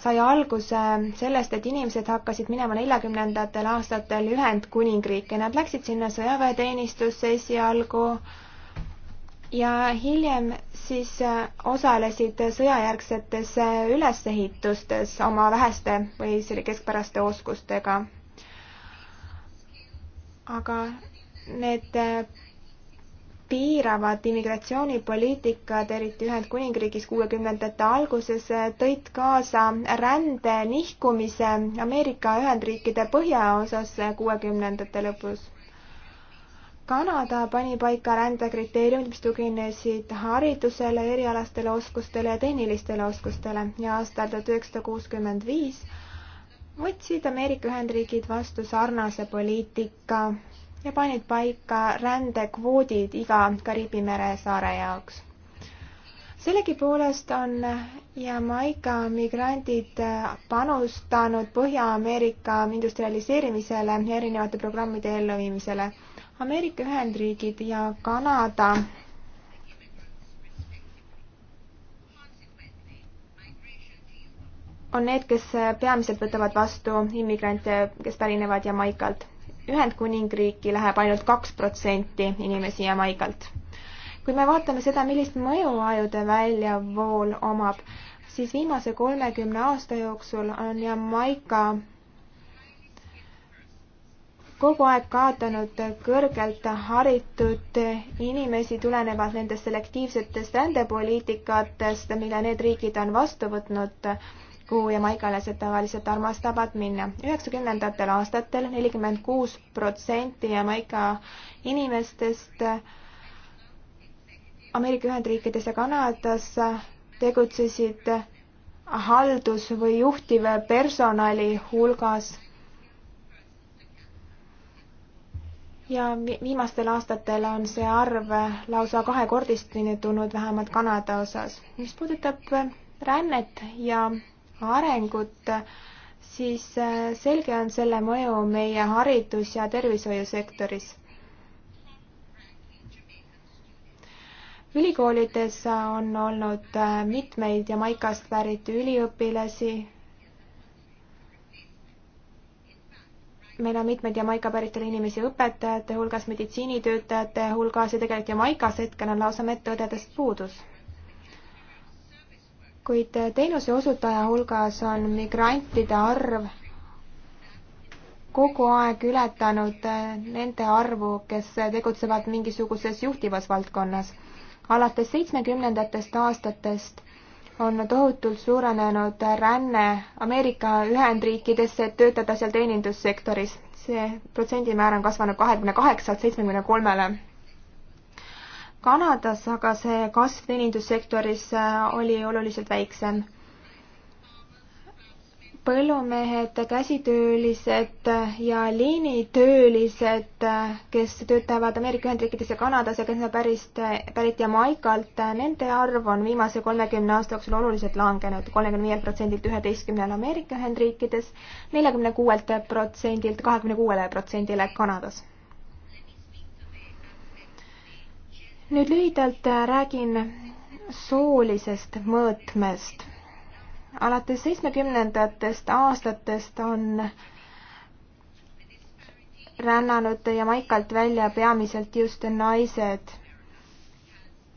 Speaker 3: sai alguse sellest, et inimesed hakkasid minema neljakümnendatel aastatel Ühendkuningriiki, nad läksid sinna sõjaväeteenistusse esialgu äh, ja hiljem siis äh, osalesid sõjajärgsetes äh, ülesehitustes oma väheste või selle keskpäraste oskustega. aga need äh, piiravad immigratsioonipoliitikad, eriti Ühendkuningriigis kuuekümnendate alguses, tõid kaasa rände nihkumise Ameerika Ühendriikide põhjaosas kuuekümnendate lõpus. Kanada pani paika rändekriteeriumid, mis tuginesid haridusele, erialastele oskustele ja tehnilistele oskustele ja aastal tuhat üheksasada kuuskümmend viis võtsid Ameerika Ühendriigid vastu sarnase poliitika ja panid paika rändekvoodid iga Kariibi mere saare jaoks. sellegipoolest on Jamaica migrandid panustanud Põhja-Ameerika industrialiseerimisele ja erinevate programmide elluviimisele Ameerika Ühendriigid ja Kanada on need, kes peamiselt võtavad vastu immigrante, kes pärinevad Jamaikalt. Ühendkuningriiki läheb ainult kaks protsenti inimesi Jamaikalt. kui me vaatame seda, millist mõju ajude väljavool omab, siis viimase kolmekümne aasta jooksul on Jamaika kogu aeg kaotanud kõrgelt haritud inimesi tulenevalt nendest selektiivsetest rändepoliitikatest, mille need riigid on vastu võtnud, kuhu jamaigalased tavaliselt armastavad minna. üheksakümnendatel aastatel nelikümmend kuus protsenti Jamaiga inimestest Ameerika Ühendriikides ja Kanadas tegutsesid haldus- või juhtiv personali hulgas ja viimastel aastatel on see arv lausa kahekordistini tulnud, vähemalt Kanada osas. mis puudutab rännet ja arengut, siis äh, selge on selle mõju meie haridus- ja tervishoiusektoris. ülikoolides on olnud äh, mitmeid Jamaikast pärit üliõpilasi, meil on mitmeid Jamaica päritolu inimesi õpetajate hulgas, meditsiinitöötajate hulgas ja tegelikult Jamaikas hetkel on lausa medõdedest puudus. kuid teenuse osutaja hulgas on migrantide arv kogu aeg ületanud nende arvu, kes tegutsevad mingisuguses juhtivas valdkonnas. alates seitsmekümnendatest aastatest on tohutult suurenenud ränne Ameerika Ühendriikidesse, et töötada seal teenindussektoris. see protsendimäär on kasvanud kahekümne kaheksalt seitsmekümne kolmele. Kanadas aga see kasv teenindussektoris äh, oli oluliselt väiksem põllumehed, käsitöölised ja liinitöölised, kes töötavad Ameerika Ühendriikides ja Kanadas ja kes on pärist, pärit Jamaikalt, nende arv on viimase kolmekümne aasta jooksul oluliselt langenud, kolmekümne viielt protsendilt üheteistkümnele Ameerika Ühendriikides, neljakümne kuuelt protsendilt kahekümne kuuele protsendile Kanadas. nüüd lühidalt räägin soolisest mõõtmest alates seitsmekümnendatest aastatest on rännanud Jamaikalt välja peamiselt just naised.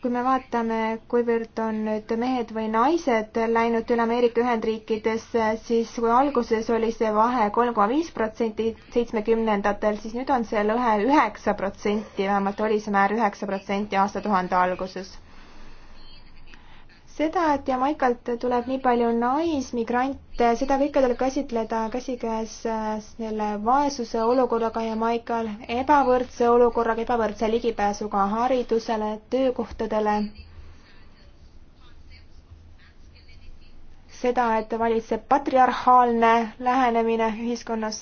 Speaker 3: kui me vaatame, kuivõrd on nüüd mehed või naised läinud üle Ameerika Ühendriikidesse, siis kui alguses oli see vahe kolm koma viis protsenti seitsmekümnendatel, siis nüüd on see lõhe üheksa protsenti, vähemalt oli see määr üheksa protsenti aastatuhande alguses seda, et Jamaikalt tuleb nii palju naismigrante, seda kõike tuleb käsitleda käsikäes äh, selle vaesuse olukorraga Jamaikal, ebavõrdse olukorraga, ebavõrdse ligipääsuga haridusele, töökohtadele. seda, et valitseb patriarhaalne lähenemine ühiskonnas.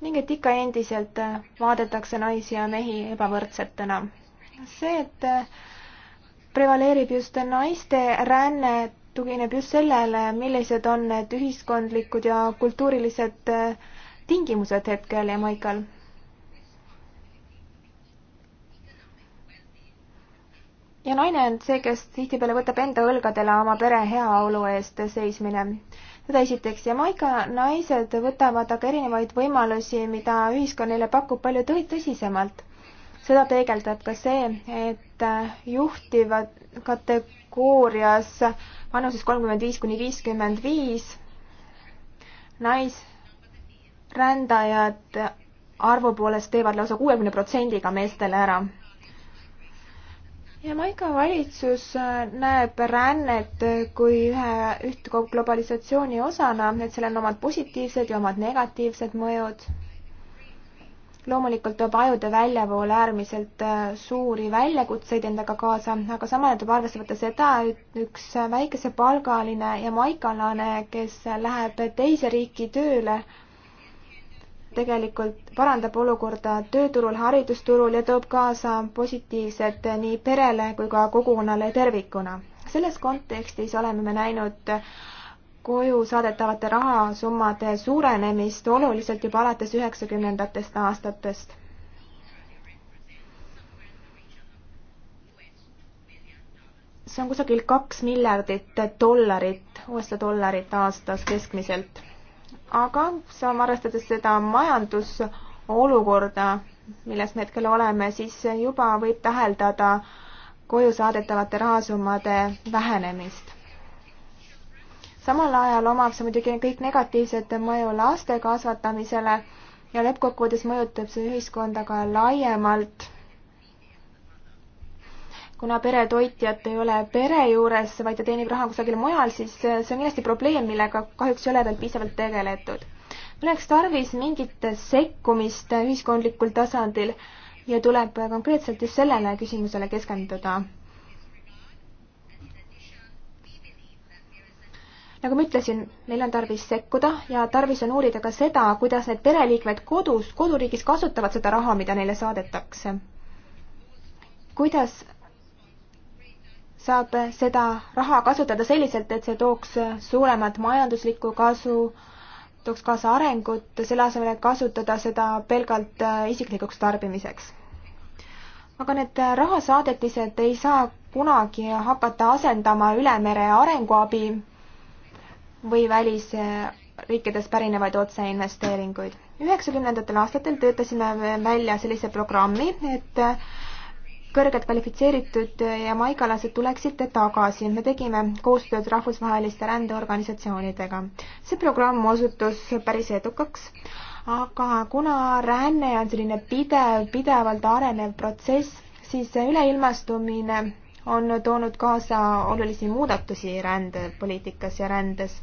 Speaker 3: ning et ikka endiselt äh, vaadetakse naisi ja mehi ebavõrdsetena see, et äh, prevaleerib just naiste ränne, tugineb just sellele, millised on need ühiskondlikud ja kultuurilised äh, tingimused hetkel Jamaikal ja naine on see, kes tihtipeale võtab enda õlgadele oma pere heaolu eest seismine. seda esiteks ja Maika naised võtavad aga erinevaid võimalusi, mida ühiskond neile pakub palju tõsisemalt seda peegeldab ka see, et juhtiva kategoorias vanuses kolmkümmend viis kuni viiskümmend viis naisrändajad arvu poolest teevad lausa kuuekümne protsendiga meestele ära. Jamaica valitsus näeb rännet kui ühe, üht globalisatsiooni osana, et sellel on omad positiivsed ja omad negatiivsed mõjud loomulikult toob ajude väljavool äärmiselt äh, suuri väljakutseid endaga kaasa, aga samal ajal tuleb arvesse võtta seda, et üks väikesepalgaline jamaikalane, kes läheb teise riiki tööle, tegelikult parandab olukorda tööturul, haridusturul ja toob kaasa positiivset nii perele kui ka kogukonnale tervikuna. selles kontekstis oleme me näinud äh, koju saadetavate rahasummade suurenemist oluliselt juba alates üheksakümnendatest aastatest. see on kusagil kaks miljardit dollarit, USA dollarit aastas keskmiselt. aga saame, arvestades seda majandusolukorda, milles me hetkel oleme, siis juba võib täheldada koju saadetavate rahasummade vähenemist samal ajal omab see muidugi kõik negatiivset mõju laste kasvatamisele ja lõppkokkuvõttes mõjutab see ühiskonda ka laiemalt. kuna peretoitjat ei ole pere juures, vaid ta teenib raha kusagil mujal, siis see on kindlasti probleem, millega kahjuks ei ole veel piisavalt tegeletud. oleks tarvis mingit sekkumist ühiskondlikul tasandil ja tuleb konkreetselt just sellele küsimusele keskenduda nagu ma ütlesin, meil on tarvis sekkuda ja tarvis on uurida ka seda, kuidas need pereliikmed kodus, koduriigis kasutavad seda raha, mida neile saadetakse. kuidas saab seda raha kasutada selliselt, et see tooks suuremat majanduslikku kasu, tooks kaasa arengut, selle asemel, et kasutada seda pelgalt äh, isiklikuks tarbimiseks. aga need äh, rahasaadetised ei saa kunagi hakata asendama üle mere arenguabi või välisriikidest pärinevaid otseinvesteeringuid. üheksakümnendatel aastatel töötasime välja sellise programmi, et kõrgelt kvalifitseeritud jamaigalased tuleksid tagasi. me tegime koostööd rahvusvaheliste rändeorganisatsioonidega. see programm osutus päris edukaks, aga kuna ränne on selline pidev, pidevalt arenev protsess, siis üleilmastumine on toonud kaasa olulisi muudatusi rändepoliitikas ja rändes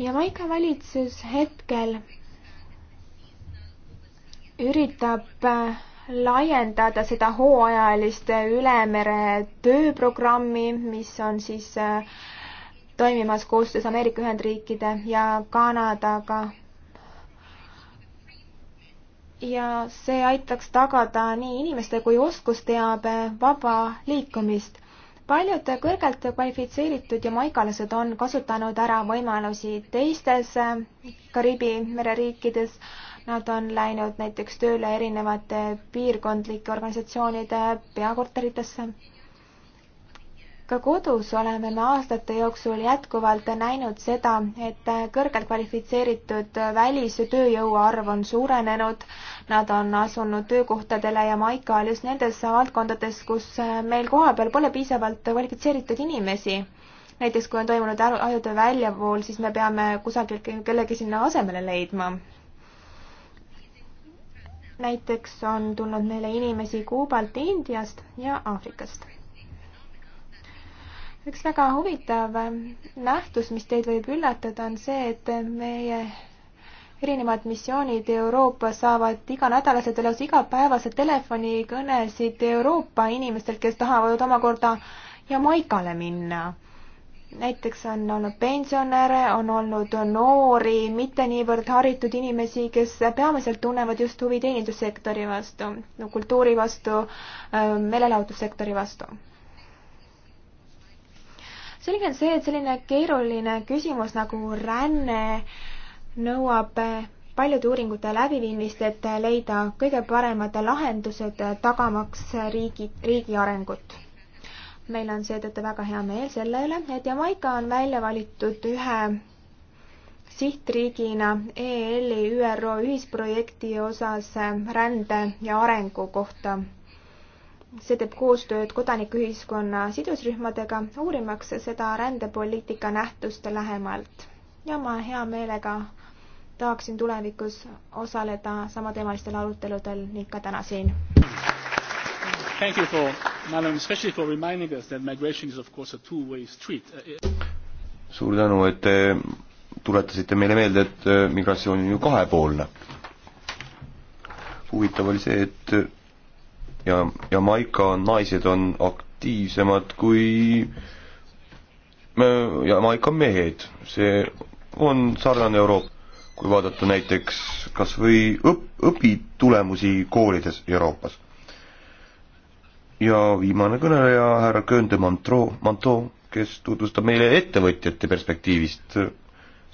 Speaker 3: Jamaica valitsus hetkel üritab äh, laiendada seda hooajalist ülemere tööprogrammi, mis on siis äh, toimimas koostöös Ameerika Ühendriikide ja Kanadaga. ja see aitaks tagada nii inimeste kui oskusteabe vaba liikumist paljud kõrgelt kvalifitseeritud jamaikalased on kasutanud ära võimalusi teistes äh, Kariibi mere riikides. Nad on läinud näiteks tööle erinevate piirkondlike organisatsioonide peakorteritesse ka kodus oleme me aastate jooksul jätkuvalt näinud seda, et kõrgelt kvalifitseeritud välistööjõu arv on suurenenud. Nad on asunud töökohtadele ja maika all just nendes valdkondades, kus meil kohapeal pole piisavalt kvalifitseeritud inimesi. näiteks kui on toimunud ajutöö väljavool, siis me peame kusagilt kellegi sinna asemele leidma näiteks on tulnud meile inimesi Kuubalt, Indiast ja Aafrikast üks väga huvitav nähtus, mis teid võib üllatada, on see, et meie erinevad missioonid Euroopas saavad iganädalaselt ja lausa igapäevaselt telefonikõnesid Euroopa inimestelt, kes tahavad omakorda Jamaikale minna. näiteks on olnud pensionäre, on olnud noori, mitte niivõrd haritud inimesi, kes peamiselt tunnevad just huvi teenindussektori vastu, kultuuri vastu, meelelahutussektori vastu selge on see, et selline keeruline küsimus nagu ränne nõuab paljude uuringute läbiviimist, et leida kõige paremad lahendused, tagamaks riigi, riigi arengut. meil on seetõttu väga hea meel selle üle, et Jamaica on välja valitud ühe sihtriigina EL-i ÜRO ühisprojekti osas rände ja arengu kohta see teeb koostööd kodanikuühiskonna sidusrühmadega, uurimaks seda rändepoliitika nähtust lähemalt. ja ma hea meelega tahaksin tulevikus osaleda samateemalistel aruteludel ning ka täna siin.
Speaker 5: Thank you for, madam, especially for reminding us that migration is of course a two-way street.
Speaker 4: suur tänu, et te tuletasite meile meelde, et äh, migratsioon on ju kahepoolne. huvitav oli see, et ja Jamaica naised on aktiivsemad kui Jamaica mehed, see on sarnane Euroopa, kui vaadata näiteks kas või õp-, õpitulemusi koolides Euroopas. ja viimane kõneleja, härra Köönde Mantro, Manto, kes tutvustab meile ettevõtjate perspektiivist äh,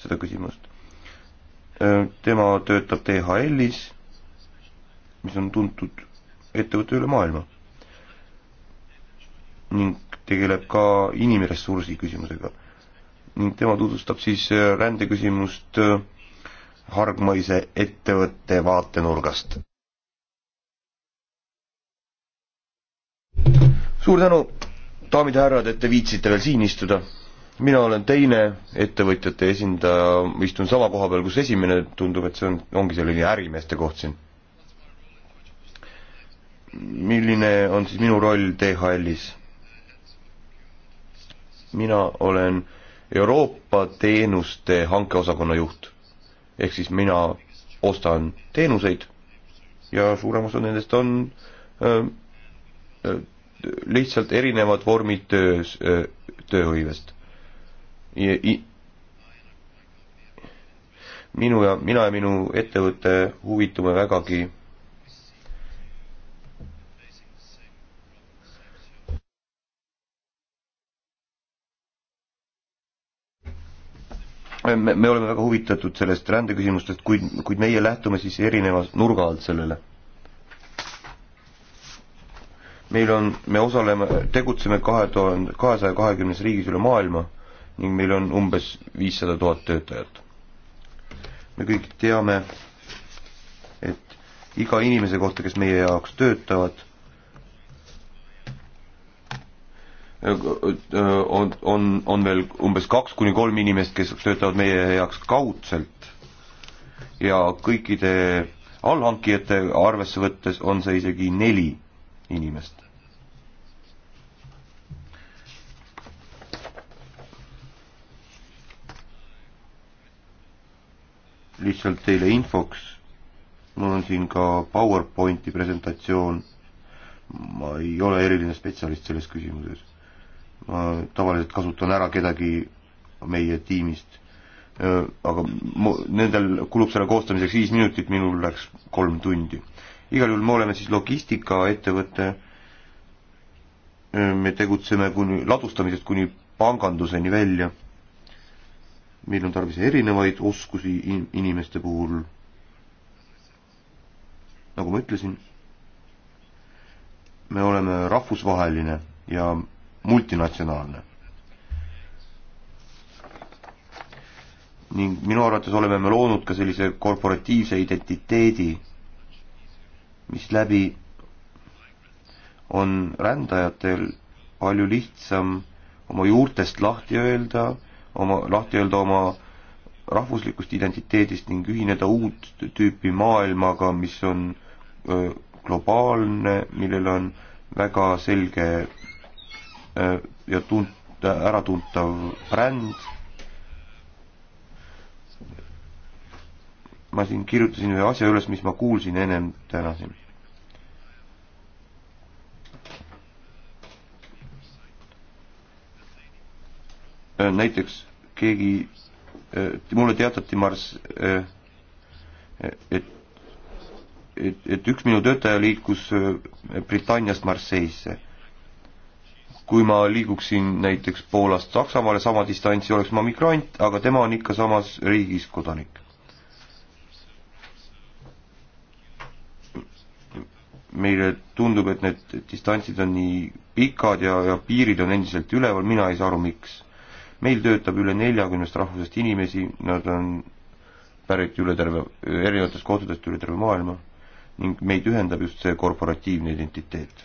Speaker 4: seda küsimust. Äh, tema töötab DHL-is, mis on tuntud ettevõte üle maailma. ning tegeleb ka inimressursi küsimusega. ning tema tutvustab siis äh, rändeküsimust äh, hargmaise ettevõtte vaatenurgast. suur tänu, daamid ja härrad, et te viitsite veel siin istuda mina olen teine ettevõtjate esindaja, istun sama koha peal, kus esimene, tundub, et see on, ongi selline ärimeeste koht siin milline on siis minu roll DHL-is? mina olen Euroopa teenuste hankeosakonna juht. ehk siis mina ostan teenuseid ja suurem osa nendest on öö, öö, lihtsalt erinevad vormid töös, tööhõivest. minu ja, mina ja minu ettevõte huvitume vägagi me, me oleme väga huvitatud sellest rändeküsimustest, kuid, kuid meie lähtume siis erineva nurga alt sellele. meil on, me osaleme, tegutseme kahe tuhande, kahesaja kahekümnes riigis üle maailma ning meil on umbes viissada tuhat töötajat. me kõik teame, et iga inimese kohta, kes meie jaoks töötavad on, on, on veel umbes kaks kuni kolm inimest, kes töötavad meie heaks kaudselt ja kõikide allhankijate arvesse võttes on see isegi neli inimest. lihtsalt teile infoks, mul on siin ka PowerPointi presentatsioon, ma ei ole eriline spetsialist selles küsimuses ma tavaliselt kasutan ära kedagi meie tiimist. aga mu, nendel kulub selle koostamiseks viis minutit, minul läks kolm tundi. igal juhul me oleme siis logistikaettevõte, me tegutseme kuni, ladustamisest kuni panganduseni välja. meil on tarvis erinevaid oskusi in, inimeste puhul. nagu ma ütlesin, me oleme rahvusvaheline ja multinatsionaalne. ning minu arvates oleme me loonud ka sellise korporatiivse identiteedi, mis läbi on rändajatel palju lihtsam oma juurtest lahti öelda, oma, lahti öelda oma rahvuslikust identiteedist ning ühineda uut tüüpi maailmaga, mis on öö, globaalne, millel on väga selge Äh, ja tunt-, äratuntav bränd. ma siin kirjutasin ühe asja üles, mis ma kuulsin ennem täna siin äh, näiteks keegi, äh, mulle teatati, Mars, et, et, et üks minu töötaja liikus Britanniast Marseille'sse kui ma liiguksin näiteks Poolast Saksamaale sama distantsi, oleks ma migrant, aga tema on ikka samas riigis kodanik. meile tundub, et need distantsid on nii pikad ja, ja piirid on endiselt üleval, mina ei saa aru, miks. meil töötab üle neljakümnest rahvusest inimesi, nad on pärit üle terve, erinevatest kohtadest üle terve maailma ning meid ühendab just see korporatiivne identiteet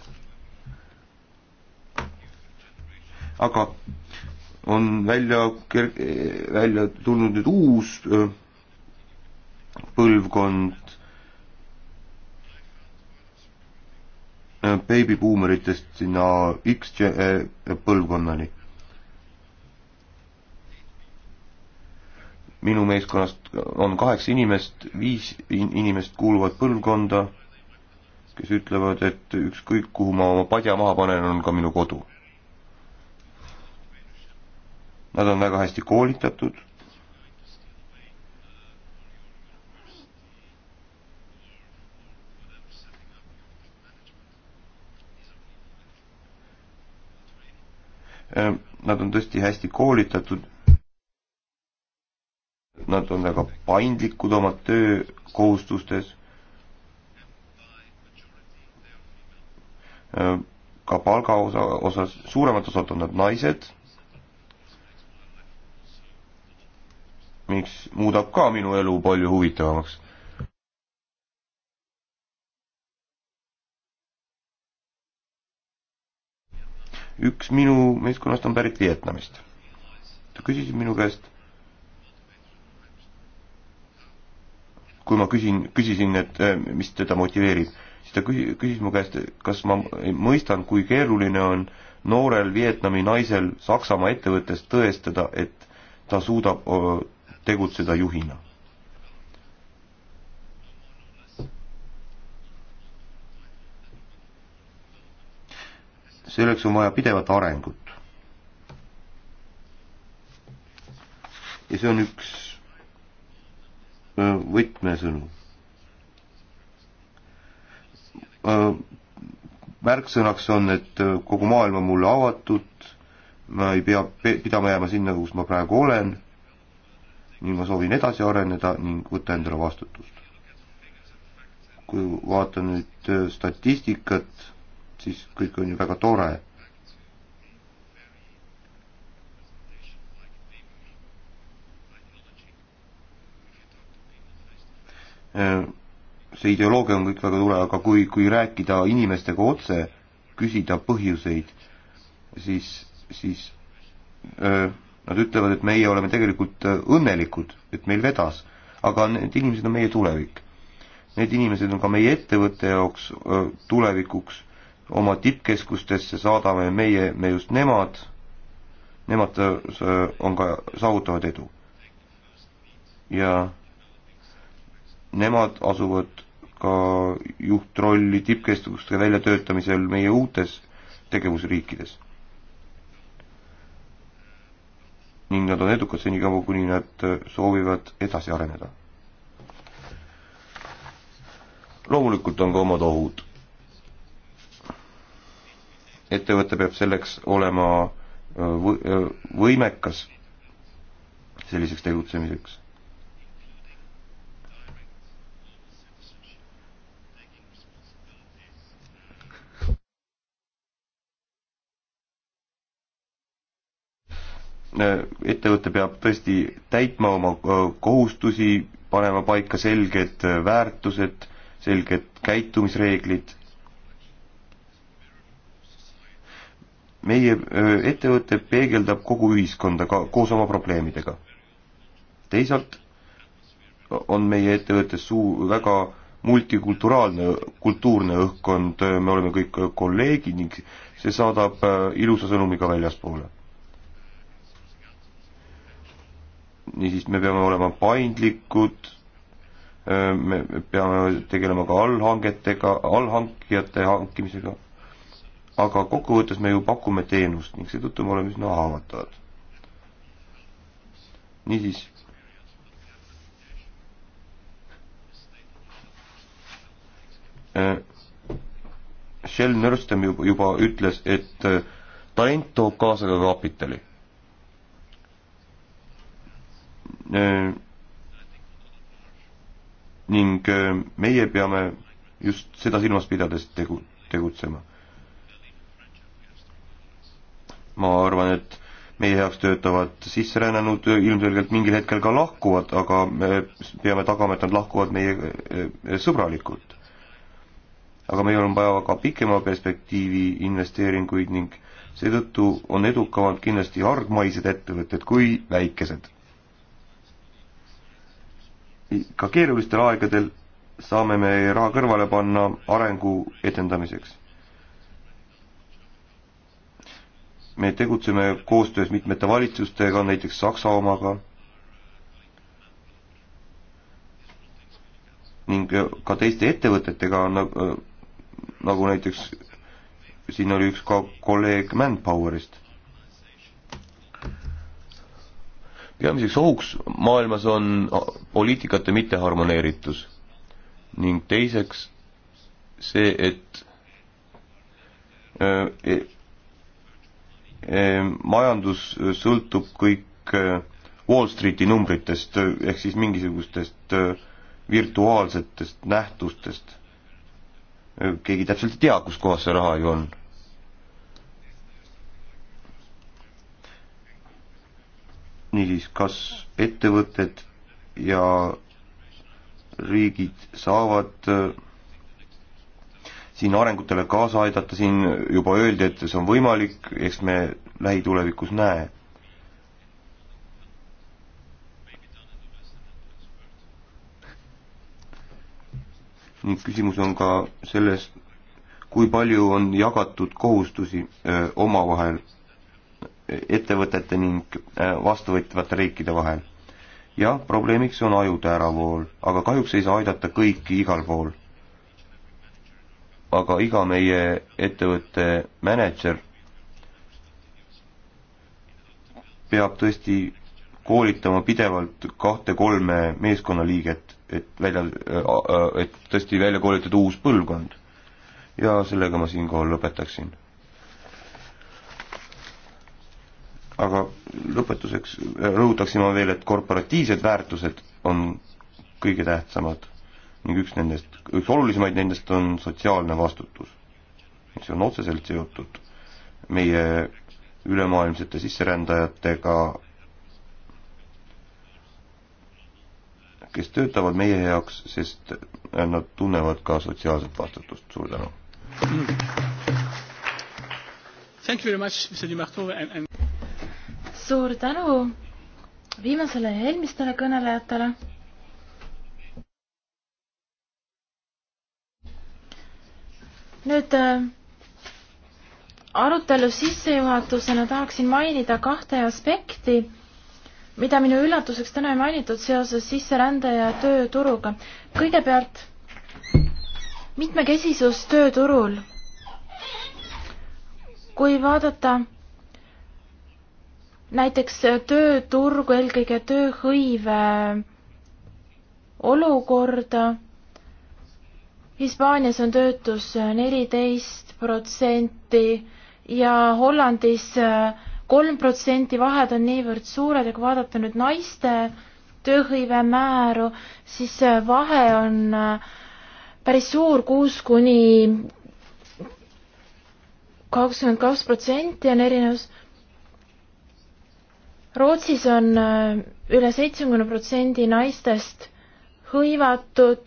Speaker 4: aga on välja, välja tulnud nüüd uus äh, põlvkond äh, beebibuumeritest sinna X äh, põlvkonnani. minu meeskonnast on kaheksa inimest, viis inimest kuuluvad põlvkonda, kes ütlevad, et ükskõik, kuhu ma oma padja maha panen, on ka minu kodu nad on väga hästi koolitatud. Nad on tõesti hästi koolitatud. Nad on väga paindlikud oma töökohustustes. ka palga osa, osas suuremat osalt on nad naised mis muudab ka minu elu palju huvitavamaks üks minu meeskonnast on pärit Vietnamist. ta küsis minu käest, kui ma küsin, küsisin, et eh, mis teda motiveerib, siis ta küsis, küsis mu käest, kas ma mõistan, kui keeruline on noorel Vietnami naisel Saksamaa ettevõttes tõestada, et ta suudab tegutseda juhina. selleks on vaja pidevat arengut. ja see on üks võtmesõnu. märksõnaks on, et kogu maailm on mulle avatud, ma ei pea pidama jääma sinna, kus ma praegu olen ning ma soovin edasi areneda ning võtta endale vastutust. kui vaatan nüüd äh, statistikat, siis kõik on ju väga tore. Äh, see ideoloogia on kõik väga tore, aga kui, kui rääkida inimestega otse, küsida põhjuseid, siis, siis öö, äh, Nad ütlevad, et meie oleme tegelikult äh, õnnelikud, et meil vedas, aga need inimesed on meie tulevik. Need inimesed on ka meie ettevõtte jaoks äh, tulevikuks, oma tippkeskustesse saadame meie, me just nemad, nemad äh, on ka, saavutavad edu. ja nemad asuvad ka juhtrolli tippkeskuste väljatöötamisel meie uutes tegevusriikides ning nad on edukad senikaua, kuni nad äh, soovivad edasi areneda. loomulikult on ka omad ohud. ettevõte peab selleks olema äh, äh, võimekas selliseks tegutsemiseks Äh, ettevõte peab tõesti täitma oma äh, kohustusi, panema paika selged äh, väärtused, selged käitumisreeglid. meie ettevõte peegeldab kogu ühiskonda ka koos oma probleemidega. teisalt on meie ettevõttes suu-, väga multikulturaalne, kultuurne õhkkond, me oleme kõik kolleegid ning see saadab ilusa sõnumi ka väljaspoole niisiis, me peame olema paindlikud, äh, me peame tegelema ka allhangetega, allhankijate hankimisega, aga kokkuvõttes me ju pakume teenust ning seetõttu me oleme üsna haavatavad. niisiis, äh, Shell Nurstam juba, juba ütles, et äh, talent toob kaasa ka kapitali Äh, ning äh, meie peame just seda silmas pidades tegu, tegutsema. ma arvan, et meie heaks töötavad sisserännanud ilmselgelt mingil hetkel ka lahkuvad, aga me peame tagama, et nad lahkuvad meie äh, sõbralikult. aga meil on vaja ka pikema perspektiivi investeeringuid ning seetõttu on edukamad kindlasti hargmaised ettevõtted kui väikesed ka keerulistel aegadel saame me raha kõrvale panna arengu edendamiseks. me tegutseme koostöös mitmete valitsustega, näiteks Saksa omaga ning ka teiste ettevõtetega, nagu näiteks siin oli üks ka kolleeg Manpowerist peamiseks ohuks maailmas on poliitikate mitteharmoneeritus ning teiseks see, et äh, äh, majandus sõltub kõik äh, Wall Streeti numbritest ehk siis mingisugustest äh, virtuaalsetest nähtustest. keegi täpselt ei tea, kus kohas see raha ju on niisiis, kas ettevõtted ja riigid saavad äh, siin arengutele kaasa aidata, siin juba öeldi, et see on võimalik, eks me lähitulevikus näe. ning küsimus on ka selles, kui palju on jagatud kohustusi öö, äh, omavahel ettevõtete ning äh, vastuvõtvate riikide vahel. jah, probleemiks on ajude äravool, aga kahjuks ei saa aidata kõiki igal pool. aga iga meie ettevõtte mänedžer peab tõesti koolitama pidevalt kahte-kolme meeskonnaliiget, et välja, äh, äh, et tõesti välja koolitada uus põlvkond. ja sellega ma siinkohal lõpetaksin aga lõpetuseks rõhutaksin ma veel, et korporatiivsed väärtused on kõige tähtsamad ning üks nendest, üks olulisemaid nendest on sotsiaalne vastutus, mis on otseselt seotud meie ülemaailmsete sisserändajatega, kes töötavad meie heaks, sest nad tunnevad ka sotsiaalset vastutust, suur tänu.
Speaker 5: Thank you very much, Mr Di Marto and, and
Speaker 2: suur tänu viimasele ja eelmistele kõnelejatele. nüüd äh, arutelu sissejuhatusena tahaksin mainida kahte aspekti, mida minu üllatuseks täna ei mainitud seoses sisserände ja tööturuga. kõigepealt mitmekesisus tööturul. kui vaadata näiteks tööturgu, eelkõige tööhõive olukorda. Hispaanias on töötus neliteist protsenti ja Hollandis kolm protsenti, vahed on niivõrd suured ja kui vaadata nüüd naiste tööhõive määru, siis vahe on päris suur, kuus kuni kakskümmend kaks protsenti on erinevus Rootsis on äh, üle seitsmekümne protsendi naistest hõivatud,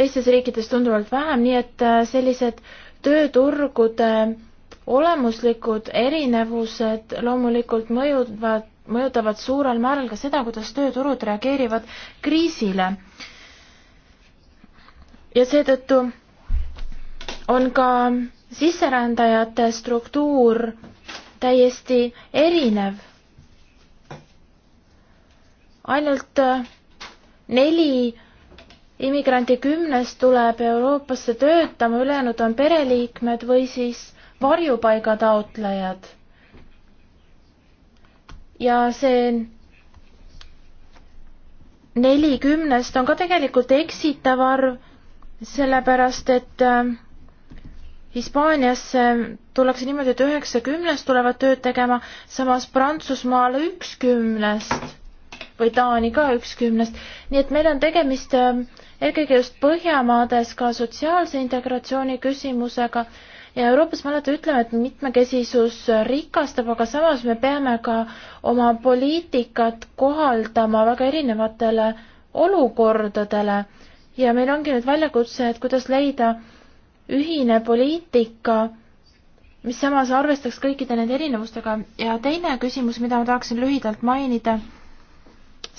Speaker 2: teistes riikides tunduvalt vähem, nii et äh, sellised tööturgude olemuslikud erinevused loomulikult mõjuvad, mõjutavad suurel määral ka seda, kuidas tööturud reageerivad kriisile. ja seetõttu on ka sisserändajate struktuur täiesti erinev ainult äh, neli immigranti kümnest tuleb Euroopasse töötama, ülejäänud on pereliikmed või siis varjupaiga taotlejad. ja see neli kümnest on ka tegelikult eksitav arv, sellepärast et äh, Hispaaniasse tullakse niimoodi, et üheksa kümnest tulevad tööd tegema, samas Prantsusmaale üks kümnest või Taani ka üks kümnest. nii et meil on tegemist ähm, eelkõige just Põhjamaades ka sotsiaalse integratsiooni küsimusega ja Euroopas me alati ütleme, et mitmekesisus rikastab, aga samas me peame ka oma poliitikat kohaldama väga erinevatele olukordadele ja meil ongi nüüd väljakutse, et kuidas leida ühine poliitika, mis samas arvestaks kõikide nende erinevustega ja teine küsimus, mida ma tahaksin lühidalt mainida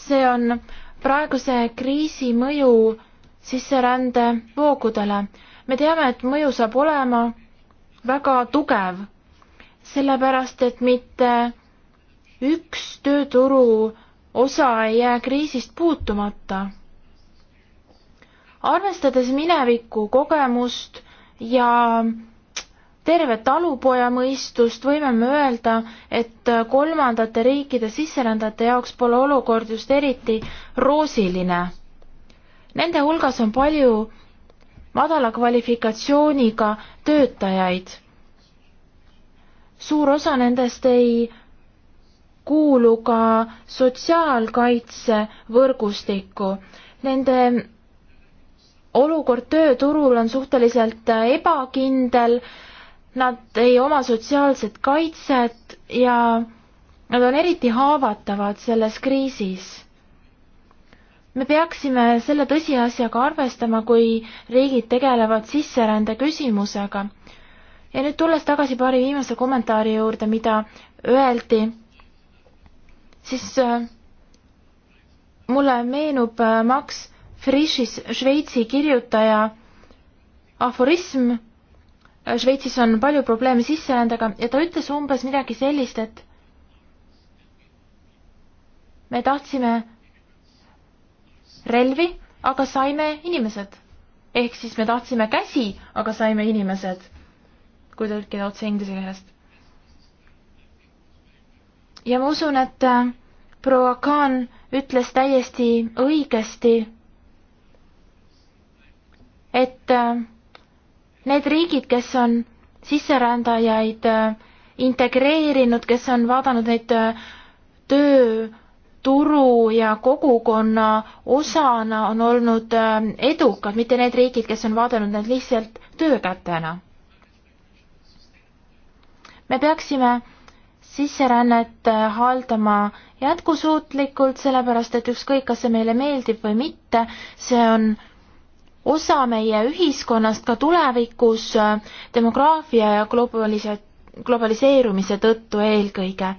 Speaker 2: see on praeguse kriisi mõju sisserände voogudele. me teame, et mõju saab olema väga tugev, sellepärast et mitte üks tööturu osa ei jää kriisist puutumata. arvestades mineviku kogemust ja terve talupojamõistust võime me öelda, et kolmandate riikide sisserändajate jaoks pole olukord just eriti roosiline. Nende hulgas on palju madala kvalifikatsiooniga töötajaid. suur osa nendest ei kuulu ka sotsiaalkaitsevõrgustikku. Nende olukord tööturul on suhteliselt ebakindel nad ei oma sotsiaalset kaitset ja nad on eriti haavatavad selles kriisis. me peaksime selle tõsiasjaga arvestama, kui riigid tegelevad sisserände küsimusega. ja nüüd tulles tagasi paari viimase kommentaari juurde, mida öeldi, siis äh, mulle meenub äh, Max Frischis Šveitsi kirjutaja aforism Šveitsis on palju probleeme sisserändega ja ta ütles umbes midagi sellist, et me tahtsime relvi, aga saime inimesed. ehk siis me tahtsime käsi, aga saime inimesed, kui tõlkida otse inglise keelest. ja ma usun, et äh, proua Khan ütles täiesti õigesti, et äh, Need riigid, kes on sisserändajaid äh, integreerinud, kes on vaadanud neid äh, tööturu ja kogukonna osana, on olnud äh, edukad, mitte need riigid, kes on vaadanud neid lihtsalt töökätena. me peaksime sisserännet haldama jätkusuutlikult, sellepärast et ükskõik, kas see meile meeldib või mitte, see on osa meie ühiskonnast ka tulevikus äh, demograafia ja globalise, globaliseerumise tõttu eelkõige.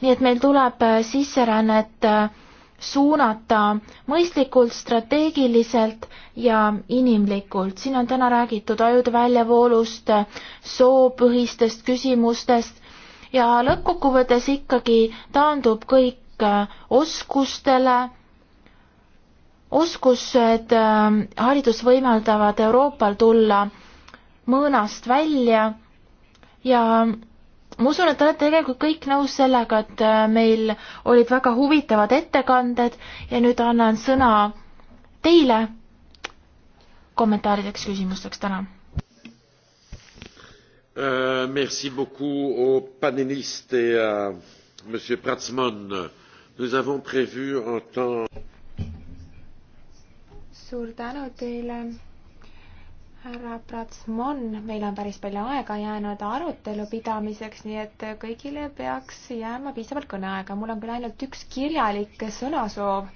Speaker 2: nii et meil tuleb äh, sisserännet äh, suunata mõistlikult, strateegiliselt ja inimlikult. siin on täna räägitud ajude väljavoolust, soopõhistest küsimustest ja lõppkokkuvõttes ikkagi taandub kõik oskustele oskused, ähm, haridus võimaldavad Euroopal tulla mõõnast välja ja ma usun, et te olete tegelikult kõik nõus sellega, et äh, meil olid väga huvitavad ettekanded ja nüüd annan sõna teile kommentaarideks, küsimusteks täna
Speaker 1: Uh, äh, merci beaucoup aux panélistes et à m. creutzmann. nous avons prévu un temps
Speaker 3: suur tänu teile, härra Pratsmon, meil on päris palju aega jäänud arutelu pidamiseks, nii et kõigile peaks jääma piisavalt kõneaega, mul on küll ainult üks kirjalik sõnasoov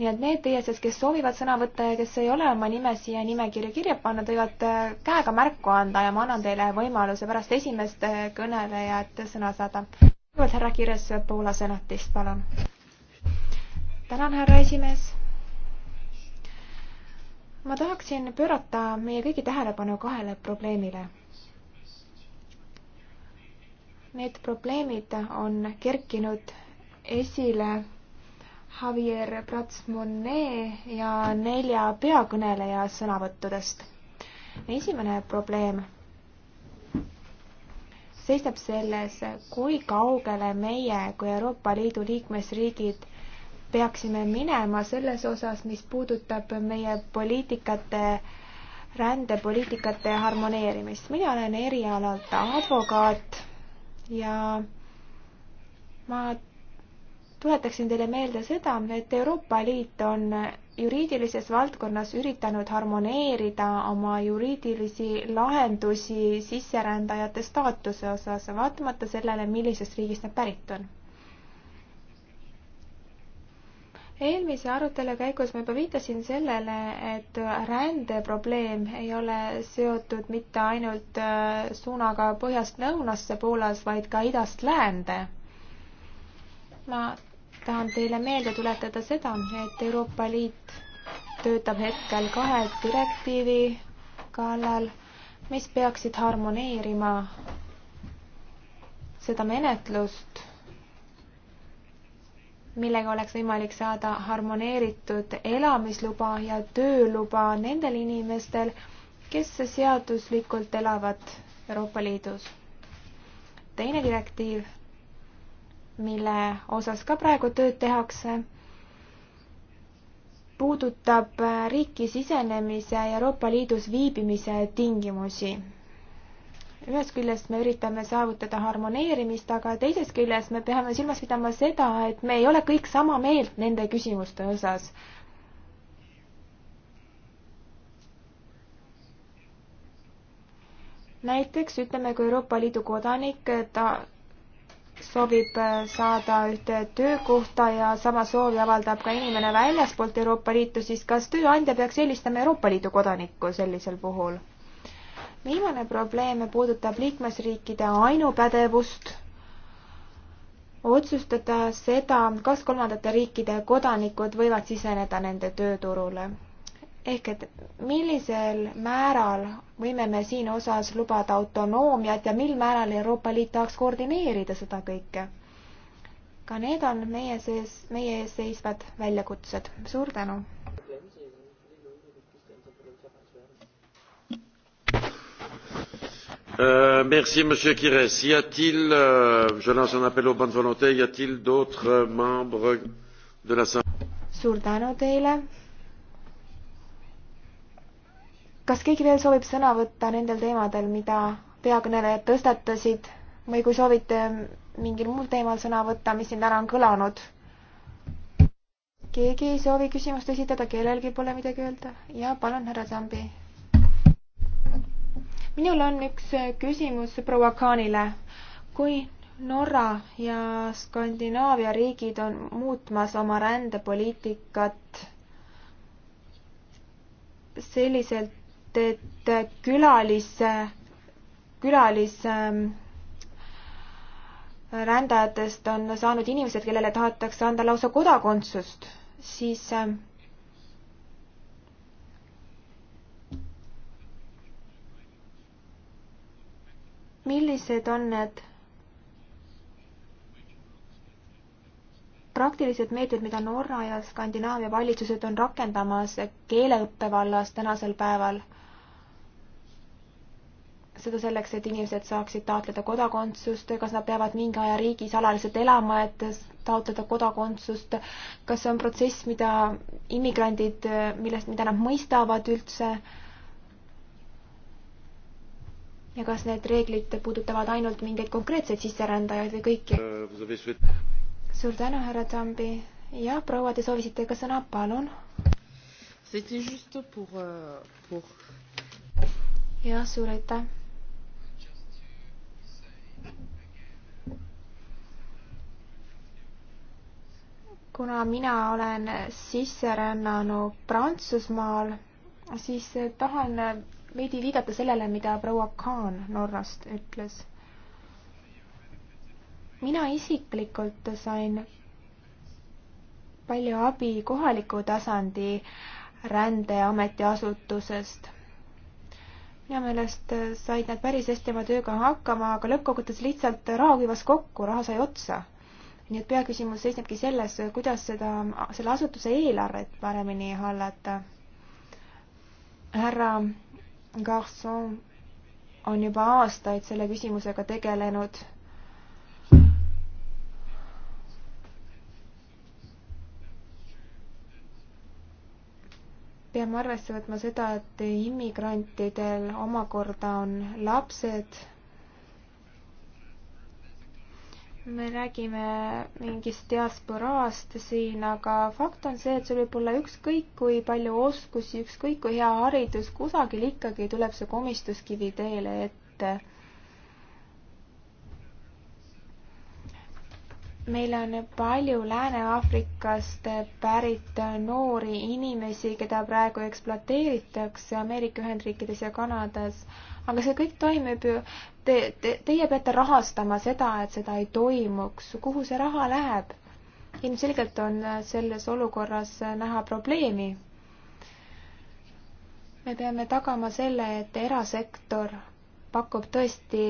Speaker 3: nii et need teie seas, kes soovivad sõna võtta ja kes ei ole oma nime siia nimekirja kirja pannud, võivad äh, käega märku anda ja ma annan teile võimaluse pärast esimest äh, kõnelejat sõna saada. kõigepealt härra Kires Poola senatist, palun. tänan, härra esimees ma tahaksin pöörata meie kõigi tähelepanu kahele probleemile. Need probleemid on kerkinud esile Javier Prats-Monet ja nelja peakõneleja sõnavõttudest. esimene probleem seisneb selles, kui kaugele meie kui Euroopa Liidu liikmesriigid peaksime minema selles osas, mis puudutab meie poliitikate, rändepoliitikate harmoneerimist. mina olen erialalt advokaat ja ma tuletaksin teile meelde seda, et Euroopa Liit on juriidilises valdkonnas üritanud harmoneerida oma juriidilisi lahendusi sisserändajate staatuse osas, vaatamata sellele, millisest riigist nad pärit on. eelmise arutelu käigus ma juba viitasin sellele, et rändeprobleem ei ole seotud mitte ainult äh, suunaga põhjast lõunasse Poolas, vaid ka idast läände. ma tahan teile meelde tuletada seda, et Euroopa Liit töötab hetkel kahe direktiivi kallal, mis peaksid harmoneerima seda menetlust millega oleks võimalik saada harmoneeritud elamisluba ja tööluba nendel inimestel, kes seaduslikult elavad Euroopa Liidus. teine direktiiv, mille osas ka praegu tööd tehakse, puudutab riiki sisenemise ja Euroopa Liidus viibimise tingimusi ühest küljest me üritame saavutada harmoneerimist, aga teisest küljest me peame silmas pidama seda, et me ei ole kõik sama meelt nende küsimuste osas. näiteks ütleme, kui Euroopa Liidu kodanik, ta soovib saada ühte töökohta ja sama soovi avaldab ka inimene väljaspoolt Euroopa Liitu, siis kas tööandja peaks eelistama Euroopa Liidu kodanikku sellisel puhul? viimane probleem puudutab liikmesriikide ainupädevust otsustada seda, kas kolmandate riikide kodanikud võivad siseneda nende tööturule. ehk et millisel määral võime me siin osas lubada autonoomiat ja mil määral Euroopa Liit tahaks koordineerida seda kõike? ka need on meie sees, meie ees seisvad väljakutsed. suur tänu!
Speaker 1: Euh, merci monsieur Kires. Y a-t-il, euh, je lance un appel aux bonnes volontés, y a-t-il d'autres membres de l'Assemblée
Speaker 3: suur tänu teile. kas keegi veel soovib sõna võtta nendel teemadel, mida peakõnelejad tõstatasid või kui soovite mingil muul teemal sõna võtta, mis siin täna on kõlanud? keegi ei soovi küsimust esitada, kellelgi pole midagi öelda? jaa, palun, härra Zambi minul on üks äh, küsimus proua Kaanile. kui Norra ja Skandinaavia riigid on muutmas oma rändepoliitikat selliselt, et külalise, äh, külalise ähm, rändajatest on saanud inimesed, kellele tahetakse anda lausa kodakondsust, siis ähm, millised on need praktilised meetmed, mida Norra ja Skandinaavia valitsused on rakendamas keeleõppe vallas tänasel päeval? seda selleks, et inimesed saaksid taotleda kodakondsust, kas nad peavad mingi aja riigis alaliselt elama, et taotleda kodakondsust, kas see on protsess, mida immigrandid, millest, mida nad mõistavad üldse ja kas need reeglid puudutavad ainult mingeid konkreetseid sisserändajaid või kõiki?
Speaker 1: Äh,
Speaker 3: suur tänu, härra Tambi. jah, proua, te soovisite ka sõna, palun.
Speaker 2: Euh, jah,
Speaker 3: suur aitäh. kuna mina olen sisse rännanud Prantsusmaal, siis tahan veidi viidata sellele, mida proua Kaan Norrast ütles. mina isiklikult sain palju abi kohaliku tasandi rändeametiasutusest. minu meelest said nad päris hästi oma tööga hakkama, aga lõppkokkuvõttes lihtsalt raha kuivas kokku, raha sai otsa. nii et peaküsimus seisnebki selles, kuidas seda, selle asutuse eelarvet paremini hallata. härra Garçon on juba aastaid selle küsimusega tegelenud. peame arvesse võtma seda, et immigrantidel omakorda on lapsed me räägime mingist diasporaast siin, aga fakt on see, et sul võib olla ükskõik kui palju oskusi, ükskõik kui hea haridus, kusagil ikkagi tuleb see komistuskivi teele ette. meil on palju Lääne-Aafrikast pärit noori inimesi, keda praegu ekspluateeritakse Ameerika Ühendriikides ja Kanadas aga see kõik toimib ju, te, te, teie peate rahastama seda, et seda ei toimuks, kuhu see raha läheb? ilmselgelt on selles olukorras näha probleemi. me peame tagama selle, et erasektor pakub tõesti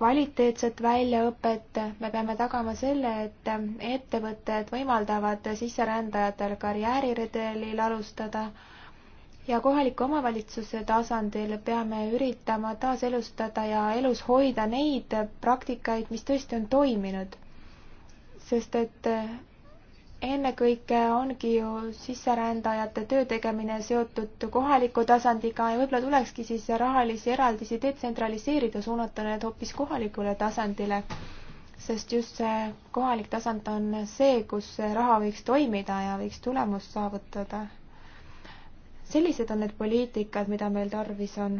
Speaker 3: kvaliteetset väljaõpet, me peame tagama selle, et ettevõtted võimaldavad sisserändajatel karjääriredelil alustada ja kohaliku omavalitsuse tasandil peame üritama taaselustada ja elus hoida neid praktikaid, mis tõesti on toiminud. sest et ennekõike ongi ju sisserändajate töö tegemine seotud kohaliku tasandiga ja võib-olla tulekski siis rahalisi eraldisi detsentraliseerida, suunata need hoopis kohalikule tasandile. sest just see kohalik tasand on see, kus see raha võiks toimida ja võiks tulemust saavutada sellised on need poliitikad, mida meil tarvis on.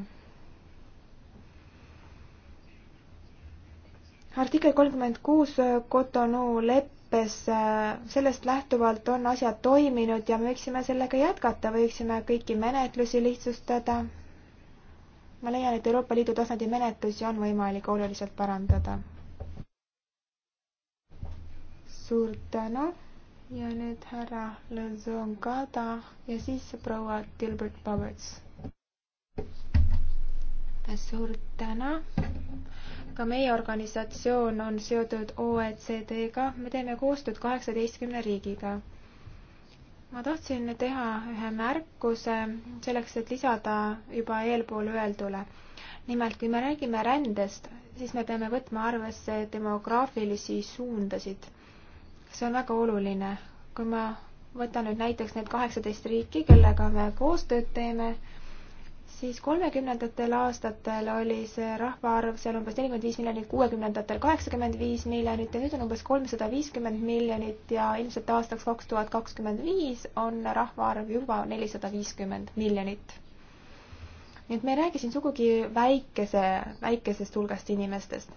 Speaker 3: artikkel kolmkümmend kuus Cotonou leppes, äh, sellest lähtuvalt on asjad toiminud ja me võiksime sellega jätkata, võiksime kõiki menetlusi lihtsustada. ma leian, et Euroopa Liidu tasandi menetlusi on võimalik oluliselt parandada. suur tänu no ja nüüd härra Lenzon Gada ja siis proua Gilbert Bowers. suur tänu. ka meie organisatsioon on seotud OECD-ga, me teeme koostööd kaheksateistkümne riigiga ma tahtsin teha ühe märkuse selleks, et lisada juba eelpool öeldule. nimelt, kui me räägime rändest, siis me peame võtma arvesse demograafilisi suundasid see on väga oluline. kui ma võtan nüüd näiteks need kaheksateist riiki, kellega me koostööd teeme, siis kolmekümnendatel aastatel oli see rahvaarv seal umbes nelikümmend viis miljonit, kuuekümnendatel kaheksakümmend viis miljonit ja nüüd on umbes kolmsada viiskümmend miljonit ja ilmselt aastaks kaks tuhat kakskümmend viis on rahvaarv juba nelisada viiskümmend miljonit. nii et me ei räägi siin sugugi väikese, väikesest hulgast inimestest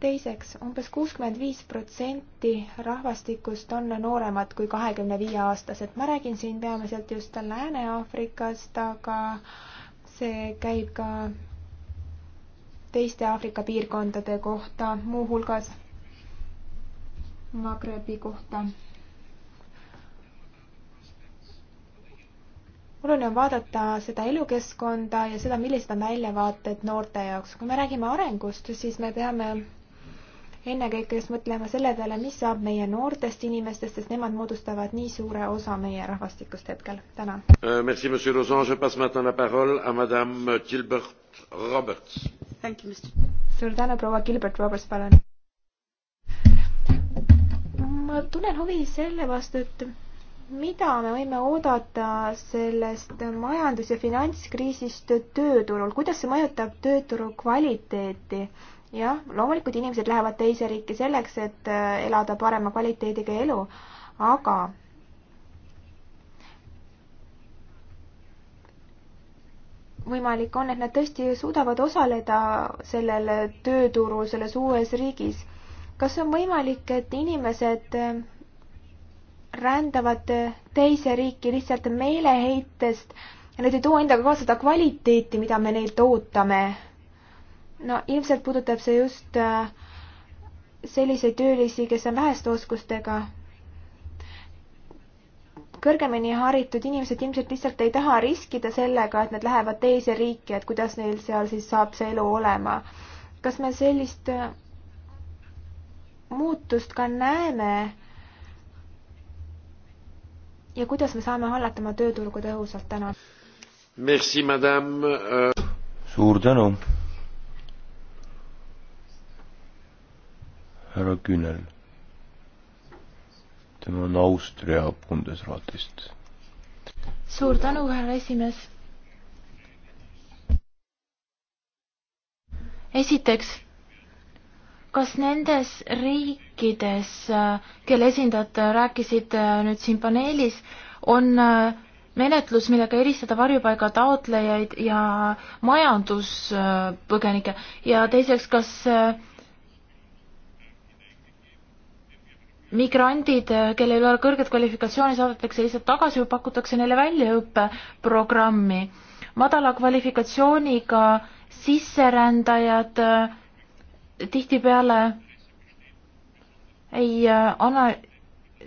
Speaker 3: teiseks umbes, umbes kuuskümmend viis protsenti rahvastikust on nooremad kui kahekümne viie aastased. ma räägin siin peamiselt just Lääne-Aafrikast, aga see käib ka teiste Aafrika piirkondade kohta, muuhulgas Magrebi kohta. oluline on vaadata seda elukeskkonda ja seda, millised on väljavaated noorte jaoks. kui me räägime arengust, siis me peame ennekõike just mõtlema selle peale, mis saab meie noortest inimestest, sest nemad moodustavad nii suure osa meie rahvastikust hetkel. tänan.
Speaker 1: Euh, merci, monsieur Lausanne, je passe maintenant la parole à madame Gilbert Roberts.
Speaker 3: suur tänu, proua Gilbert Roberts, palun. ma tunnen huvi selle vastu, et mida me võime oodata sellest majandus- ja finantskriisist tööturul, kuidas see mõjutab tööturu kvaliteeti? jah, loomulikult inimesed lähevad teise riiki selleks, et äh, elada parema kvaliteediga elu, aga võimalik on, et nad tõesti suudavad osaleda sellel tööturul selles uues riigis. kas on võimalik, et inimesed äh, rändavad teise riiki lihtsalt meeleheitest ja nad ei too endaga kaasa seda kvaliteeti, mida me neilt ootame no ilmselt puudutab see just äh, selliseid töölisi, kes on väheste oskustega. kõrgemini haritud inimesed ilmselt lihtsalt ei taha riskida sellega, et nad lähevad teise riiki, et kuidas neil seal siis saab see elu olema. kas me sellist äh, muutust ka näeme? ja kuidas me saame hallata oma tööturgu tõhusalt täna?
Speaker 4: suur tänu härra Künel. tema on Austria Bundesratist.
Speaker 2: suur tänu, härra esimees. esiteks, kas nendes riikides, kelle esindajad rääkisid äh, nüüd siin paneelis, on äh, menetlus, millega eristada varjupaiga taotlejaid ja majanduspõgenikke äh, ja teiseks, kas migrandid, äh, kellel ei ole kõrget kvalifikatsiooni, saadetakse lihtsalt tagasi või pakutakse neile väljaõppeprogrammi. madala kvalifikatsiooniga sisserändajad äh, tihtipeale ei äh, anna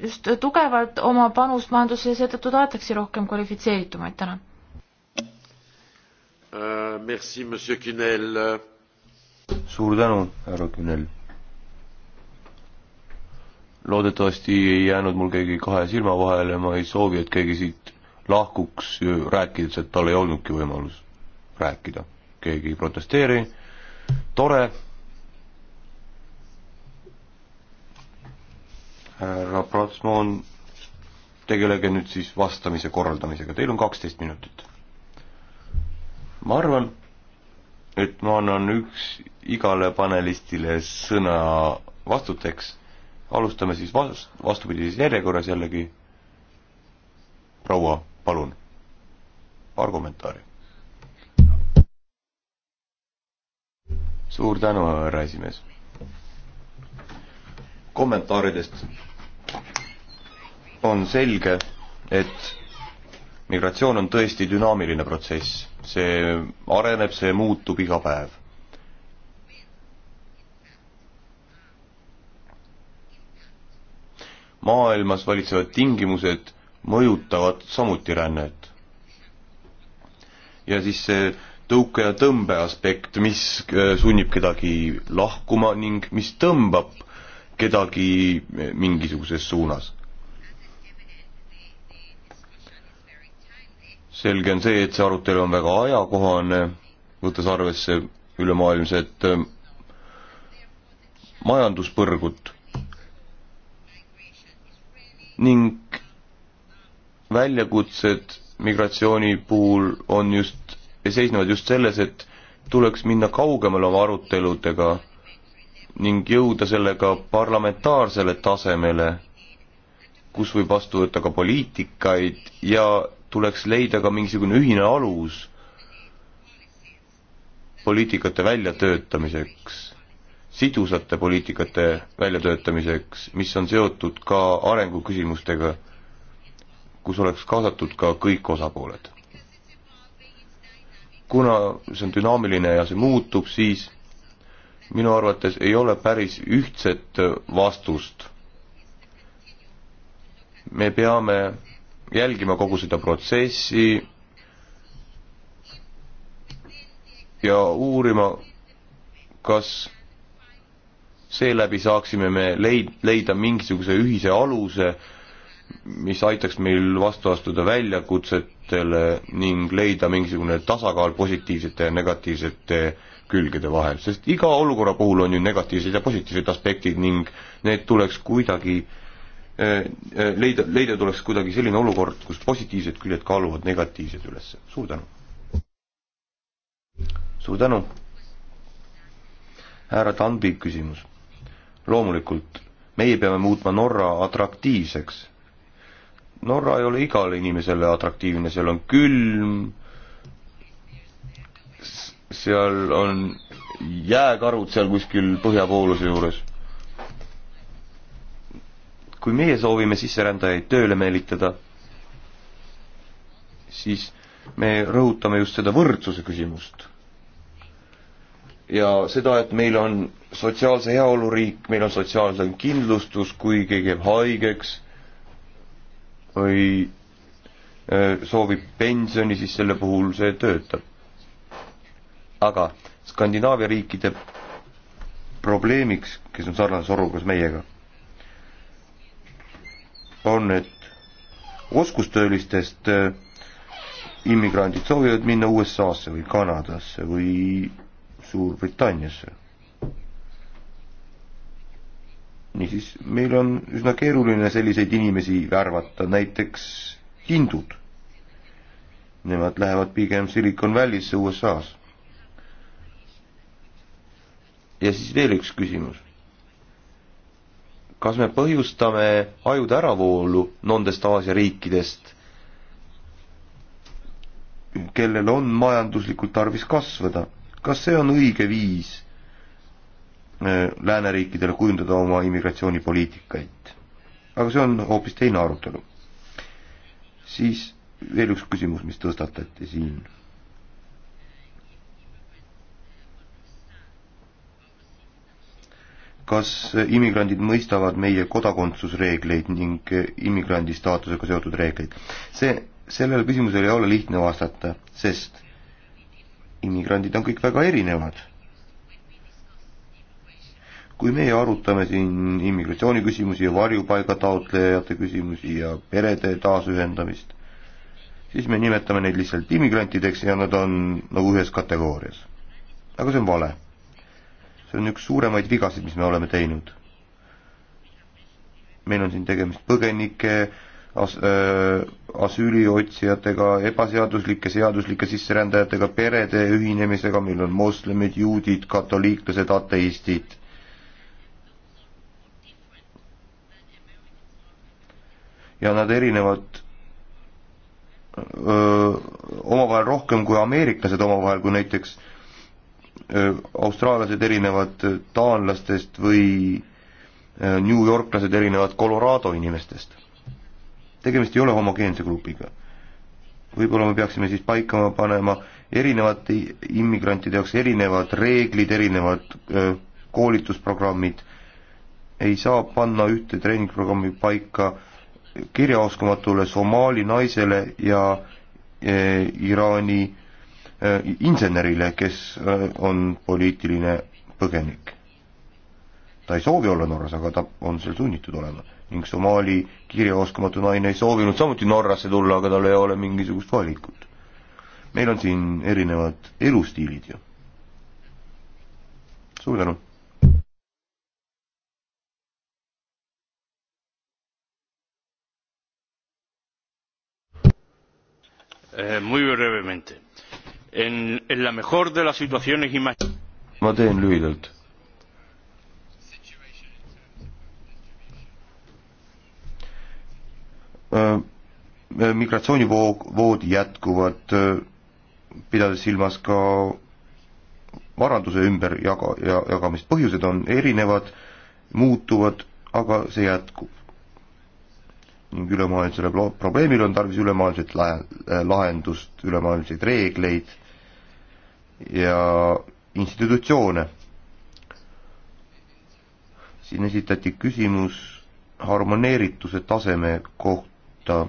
Speaker 2: just tugevalt oma panust majandusse ja seetõttu tahetakse rohkem kvalifitseeritumaid täna
Speaker 1: uh,. Merci, monsieur Künel.
Speaker 4: suur tänu, härra Künel loodetavasti ei jäänud mul keegi kahe silma vahele, ma ei soovi, et keegi siit lahkuks, rääkides, et tal ei olnudki võimalus rääkida. keegi ei protesteeri, tore. härra Prantsusmaa, tegelege nüüd siis vastamise korraldamisega, teil on kaksteist minutit. ma arvan, et ma annan üks igale panelistile sõna vastuteks alustame siis vast-, vastupidises järjekorras jällegi. proua, palun, paar kommentaari. suur tänu, härra esimees. kommentaaridest on selge, et migratsioon on tõesti dünaamiline protsess, see areneb, see muutub iga päev maailmas valitsevad tingimused mõjutavad samuti rännet. ja siis see tõuke ja tõmbe aspekt, mis äh, sunnib kedagi lahkuma ning mis tõmbab kedagi äh, mingisuguses suunas. selge on see, et see arutelu on väga ajakohane, võttes arvesse ülemaailmset äh, majanduspõrgut ning väljakutsed migratsiooni puhul on just, seisnevad just selles, et tuleks minna kaugemale oma aruteludega ning jõuda sellega parlamentaarsele tasemele, kus võib vastu võtta ka poliitikaid ja tuleks leida ka mingisugune ühine alus poliitikate väljatöötamiseks sidusate poliitikate väljatöötamiseks, mis on seotud ka arenguküsimustega, kus oleks kaasatud ka kõik osapooled. kuna see on dünaamiline ja see muutub, siis minu arvates ei ole päris ühtset vastust. me peame jälgima kogu seda protsessi ja uurima, kas seeläbi saaksime me leid-, leida mingisuguse ühise aluse, mis aitaks meil vastu astuda väljakutsetele ning leida mingisugune tasakaal positiivsete ja negatiivsete külgede vahel, sest iga olukorra puhul on ju negatiivsed ja positiivsed aspektid ning need tuleks kuidagi eh, eh, leida, leida tuleks kuidagi selline olukord, kus positiivsed küljed kaaluvad negatiivsed üles. suur tänu! suur tänu! härra Tambi küsimus loomulikult meie peame muutma Norra atraktiivseks. Norra ei ole igale inimesele atraktiivne, seal on külm, seal on jääkarud seal kuskil põhjapooluse juures. kui meie soovime sisserändajaid tööle meelitada, siis me rõhutame just seda võrdsuse küsimust ja seda, et meil on sotsiaalse heaolu riik, meil on sotsiaalne kindlustus, kui keegi jääb haigeks või äh, soovib pensioni, siis selle puhul see töötab. aga Skandinaavia riikide probleemiks, kes on sarnases olukorras meiega, on, et oskustöölistest äh, immigrandid soovivad minna USA-sse või Kanadasse või Suurbritanniasse. niisiis, meil on üsna keeruline selliseid inimesi värvata, näiteks hindud. Nemad lähevad pigem Silicon Valley'sse USA-s. ja siis veel üks küsimus. kas me põhjustame ajude äravoolu nendest Aasia riikidest kellel on majanduslikult tarvis kasvada kas see on õige viis äh, lääneriikidele kujundada oma immigratsioonipoliitikaid? aga see on hoopis teine arutelu. siis veel üks küsimus, mis tõstatati siin. kas immigrandid mõistavad meie kodakondsusreegleid ning immigrandi staatusega seotud reegleid? see, sellele küsimusele ei ole lihtne vastata, sest immigrandid on kõik väga erinevad. kui meie arutame siin immigratsiooniküsimusi ja varjupaiga taotlejate küsimusi ja perede taasühendamist, siis me nimetame neid lihtsalt immigrantideks ja nad on nagu ühes kategoorias. aga see on vale. see on üks suuremaid vigasid, mis me oleme teinud. meil on siin tegemist põgenike, as-, äh, asüüliotsijatega, ebaseaduslike, seaduslike sisserändajatega, perede ühinemisega, meil on moslemid, juudid, katoliiklased, ateistid. ja nad erinevad öö, äh, omavahel rohkem kui ameeriklased omavahel, kui näiteks öö, äh, austraallased erinevad taanlastest või öö, New Yorklased erinevad Colorado inimestest tegemist ei ole homogeense grupiga. võib-olla me peaksime siis paika panema erinevate immigrantide jaoks erinevad reeglid, erinevad öö, koolitusprogrammid, ei saa panna ühte treeningprogrammi paika kirjaoskamatule Somaali naisele ja e, Iraani e, insenerile, kes e, on poliitiline põgenik. ta ei soovi olla Norras, aga ta on seal sunnitud olema ning Somaali kirjaoskamatu naine ei soovinud samuti Norrasse tulla, aga tal ei ole mingisugust valikut. meil on siin erinevad elustiilid ju. suur tänu! Eh, muy brevemente en, en la mejor de las situaciones ma teen lühidalt Äh, äh, migratsioonivood jätkuvad, äh, pidades silmas ka varanduse ümber jaga, ja jagamist, põhjused on erinevad, muutuvad, aga see jätkub. ning ülemaailmsele probleemile on tarvis ülemaailmset lahendust, ülemaailmseid reegleid ja institutsioone. siin esitati küsimus harmoneerituse taseme kohta kohta,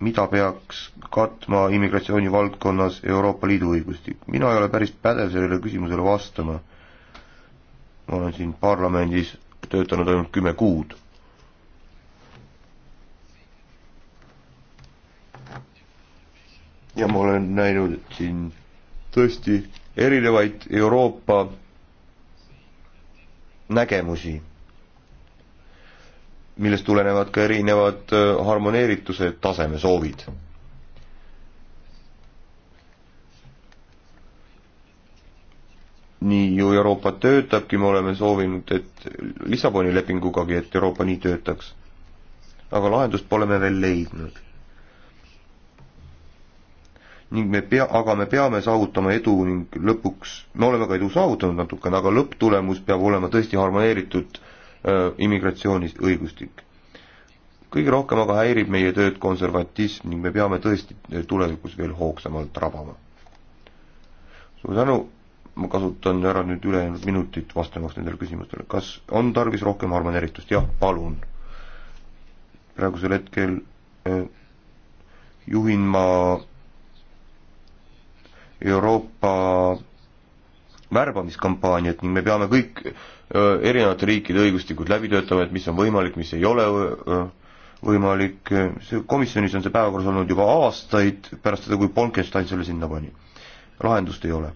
Speaker 4: mida peaks katma immigratsiooni valdkonnas Euroopa Liidu õigustik. mina ei ole päris pädev sellele küsimusele vastama. ma olen siin parlamendis töötanud ainult kümme kuud. ja ma olen näinud siin tõesti erinevaid Euroopa nägemusi millest tulenevad ka erinevad harmoneerituse taseme soovid. nii ju Euroopa töötabki, me oleme soovinud, et Lissaboni lepingugagi, et Euroopa nii töötaks. aga lahendust pole me veel leidnud. ning me pea, aga me peame saavutama edu ning lõpuks, me oleme ka edu saavutanud natukene, aga lõpptulemus peab olema tõesti harmoneeritud äh, Äh, immigratsioonis õigustik. kõige rohkem aga häirib meie tööd konservatism ning me peame tõesti äh, tulevikus veel hoogsamalt rabama. suur tänu, ma kasutan ära nüüd ülejäänud minutit vastamaks nendele küsimustele, kas on tarvis rohkem harmoneeritust, jah, palun. praegusel hetkel äh, juhin ma Euroopa värbamiskampaaniat ning me peame kõik erinevate riikide õigustikud läbi töötama, et mis on võimalik, mis ei ole võimalik, see komisjonis on see päevakorras olnud juba aastaid, pärast seda, kui Bolkestein selle sinna pani. lahendust ei ole.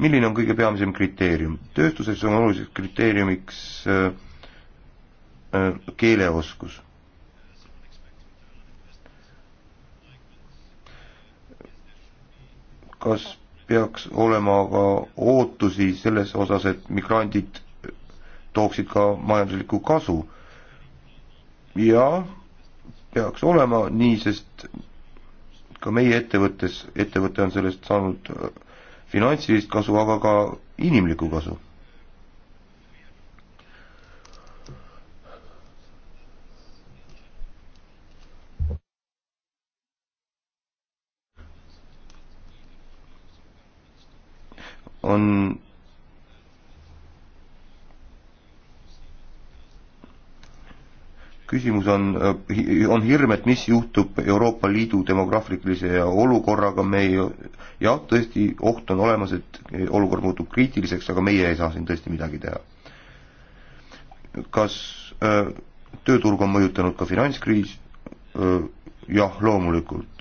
Speaker 4: milline on kõige peamisem kriteerium? tööstuses on oluliseks kriteeriumiks keeleoskus kas peaks olema ka ootusi selles osas, et migrandid tooksid ka majanduslikku kasu? jaa, peaks olema nii, sest ka meie ettevõttes, ettevõte on sellest saanud äh, finantsilist kasu, aga ka inimlikku kasu on küsimus on, on hirm, et mis juhtub Euroopa Liidu demograafilise olukorraga, me ei, jah, tõesti, oht on olemas, et olukord muutub kriitiliseks, aga meie ei saa siin tõesti midagi teha. kas öö, äh, tööturg on mõjutanud ka finantskriis? Äh, jah, loomulikult.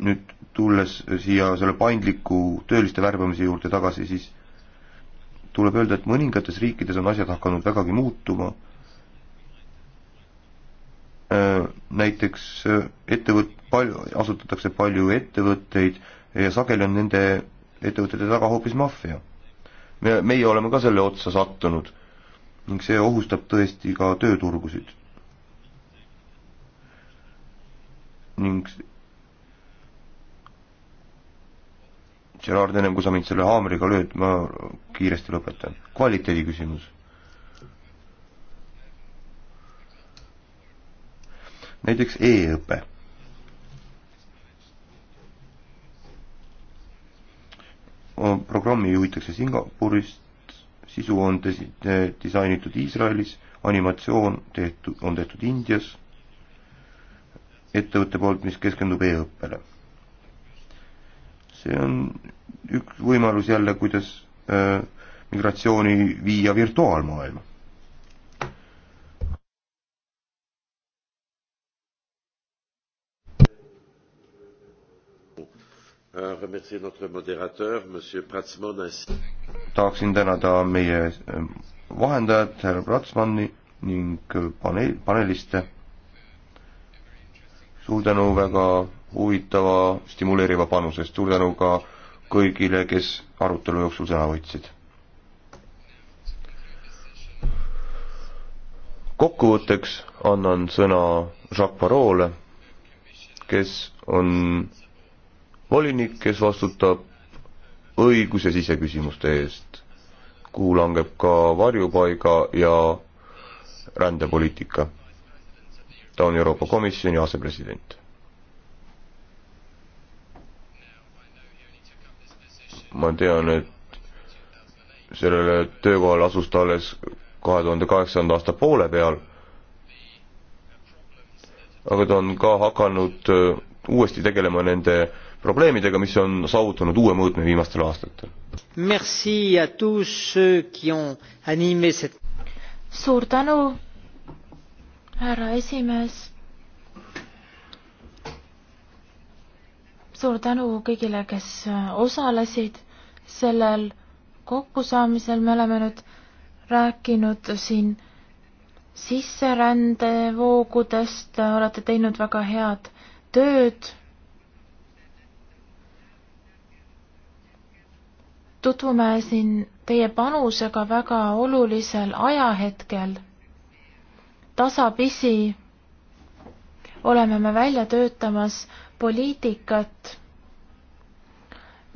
Speaker 4: nüüd tulles siia selle paindliku tööliste värbamise juurde tagasi, siis tuleb öelda, et mõningates riikides on asjad hakanud vägagi muutuma. Äh, näiteks äh, ettevõt-, palju, asutatakse palju ettevõtteid ja sageli on nende ettevõtete taga hoopis maffia. me, meie oleme ka selle otsa sattunud ning see ohustab tõesti ka tööturgusid. ning Gerard, ennem kui sa mind selle haamriga lööd, ma kiiresti lõpetan. kvaliteedi küsimus. näiteks e-õpe. programmi juhitakse Singapurist, sisu on desi-, disainitud Iisraelis, animatsioon tehtud, on tehtud Indias, ettevõtte poolt, mis keskendub e-õppele see on üks võimalus jälle, kuidas äh, migratsiooni viia virtuaalmaailma. Euh, tahaksin tänada meie ähm, vahendajat, härra Pratsmanni ning äh, paneel, paneliste. suur tänu väga huvitava stimuleeriva panuse eest, suur tänu ka kõigile, kes arutelu jooksul sõna võtsid. kokkuvõtteks annan sõna Jacques Barrole, kes on volinik, kes vastutab õigus- ja siseküsimuste eest, kuhu langeb ka varjupaiga ja rändepoliitika. ta on Euroopa Komisjoni asepresident. ma tean, et sellele töökohale asus ta alles kahe tuhande kaheksanda aasta poole peal, aga ta on ka hakanud äh, uuesti tegelema nende probleemidega, mis on saavutanud uue mõõtme viimastel aastatel.
Speaker 2: suur tänu, härra esimees suur tänu kõigile, kes äh, osalesid sellel kokkusaamisel, me oleme nüüd rääkinud siin sisserändevoogudest, olete teinud väga head tööd. tutvume siin teie panusega väga olulisel ajahetkel. tasapisi oleme me välja töötamas poliitikat,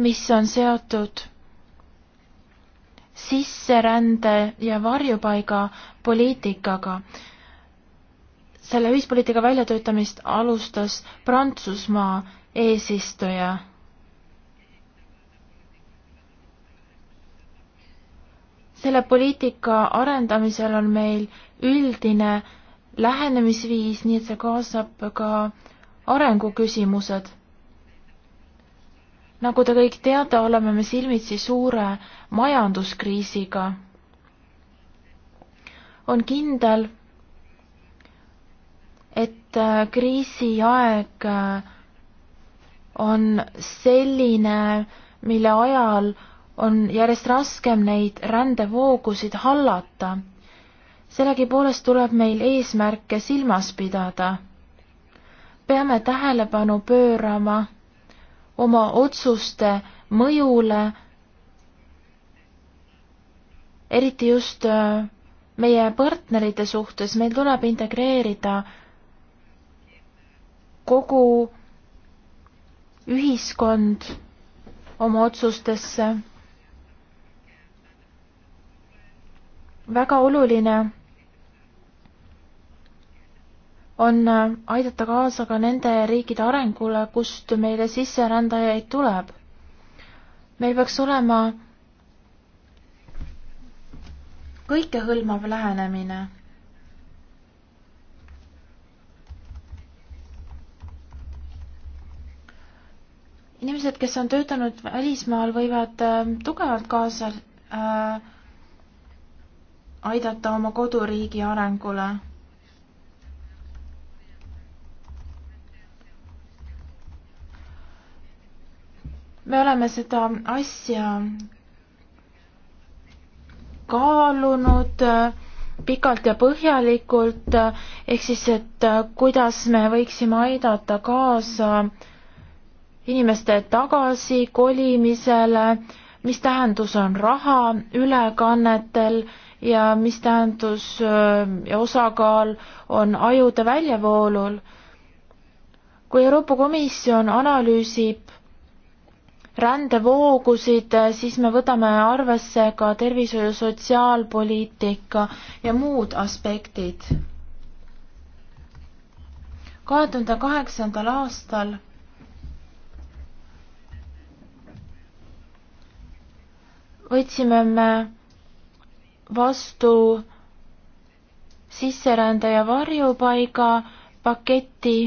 Speaker 2: mis on seotud sisserände ja varjupaiga poliitikaga. selle ühispoliitika väljatöötamist alustas Prantsusmaa eesistuja. selle poliitika arendamisel on meil üldine lähenemisviis, nii et see kaasab ka äh, arenguküsimused. nagu te kõik teate, oleme me silmitsi suure majanduskriisiga. on kindel, et äh, kriisiaeg äh, on selline, mille ajal on järjest raskem neid rändevoogusid hallata. sellegipoolest tuleb meil eesmärke silmas pidada peame tähelepanu pöörama oma otsuste mõjule, eriti just äh, meie partnerite suhtes, meil tuleb integreerida kogu ühiskond oma otsustesse. väga oluline on äh, aidata kaasa ka nende riikide arengule, kust meile sisserändajaid tuleb. meil peaks olema kõikehõlmav lähenemine. inimesed, kes on töötanud välismaal, võivad äh, tugevalt kaasa äh, aidata oma koduriigi arengule me oleme seda asja kaalunud äh, pikalt ja põhjalikult, äh, ehk siis, et äh, kuidas me võiksime aidata kaasa inimeste tagasikolimisele, mis tähendus on raha ülekannetel ja mis tähendus ja osakaal on ajude väljavoolul. kui Euroopa Komisjon analüüsib rändevoogusid, siis me võtame arvesse ka tervishoiu, sotsiaalpoliitika ja muud aspektid. kahe tuhande kaheksandal aastal võtsime me vastu sisserände ja varjupaiga paketi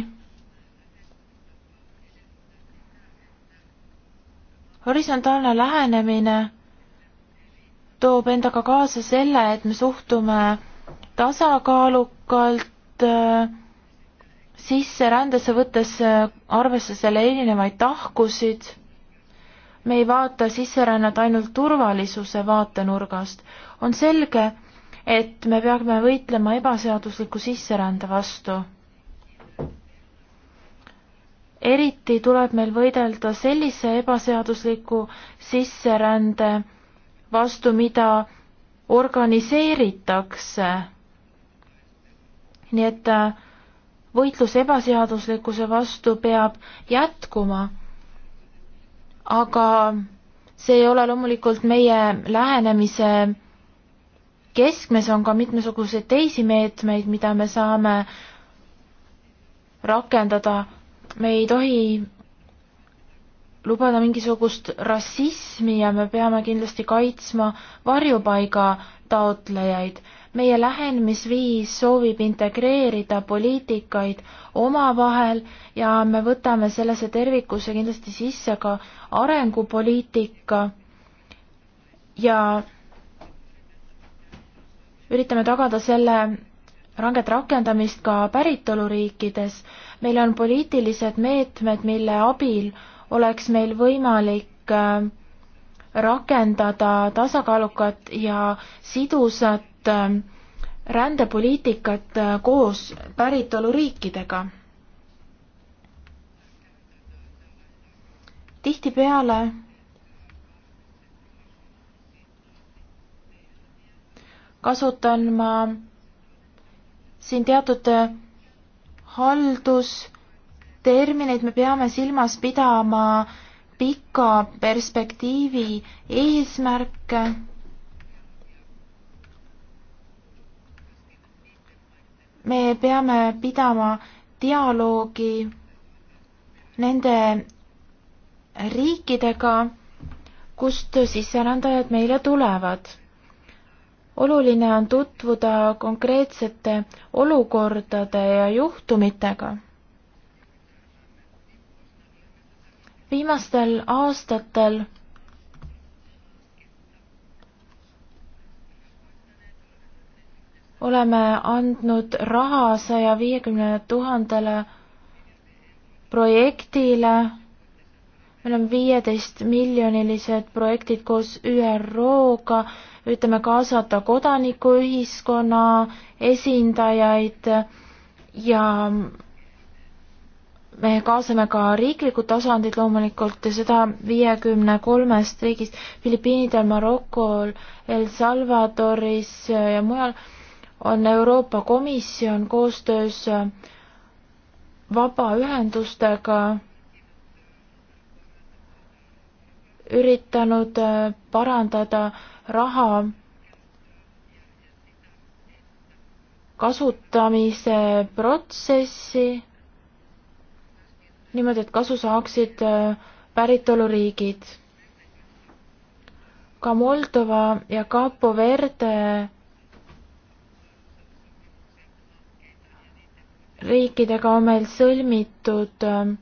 Speaker 2: horisontaalne lähenemine toob endaga kaasa selle, et me suhtume tasakaalukalt äh, sisserändesse, võttes äh, arvesse selle erinevaid tahkusid. me ei vaata sisserännet ainult turvalisuse vaatenurgast. on selge, et me peame võitlema ebaseadusliku sisserände vastu eriti tuleb meil võidelda sellise ebaseadusliku sisserände vastu, mida organiseeritakse. nii et äh, võitlus ebaseaduslikkuse vastu peab jätkuma. aga see ei ole loomulikult meie lähenemise keskmes, on ka mitmesuguseid teisi meetmeid, mida me saame rakendada me ei tohi lubada mingisugust rassismi ja me peame kindlasti kaitsma varjupaiga taotlejaid. meie lähenemisviis soovib integreerida poliitikaid omavahel ja me võtame sellesse tervikusse kindlasti sisse ka arengupoliitika ja üritame tagada selle ranget rakendamist ka päritoluriikides. meil on poliitilised meetmed, mille abil oleks meil võimalik äh, rakendada tasakaalukat ja sidusat äh, rändepoliitikat äh, koos päritoluriikidega. tihtipeale kasutan ma siin teatud äh, haldustermineid me peame silmas pidama pika perspektiivi eesmärke. me peame pidama dialoogi nende riikidega, kust sisserändajad meile tulevad oluline on tutvuda konkreetsete olukordade ja juhtumitega. viimastel aastatel oleme andnud raha saja viiekümne tuhandele projektile meil on viieteist miljonilised projektid koos ÜRO-ga, ütleme kaasata kodanikuühiskonna esindajaid ja me kaasame ka riiklikud tasandid loomulikult ja seda viiekümne kolmest riigist Filipiinidel, Marokol, El Salvadoris ja mujal on Euroopa Komisjon koostöös vabaühendustega üritanud äh, parandada raha kasutamise protsessi niimoodi, et kasu saaksid äh, päritoluriigid. ka Moldova ja Capo Verde riikidega on meil sõlmitud äh,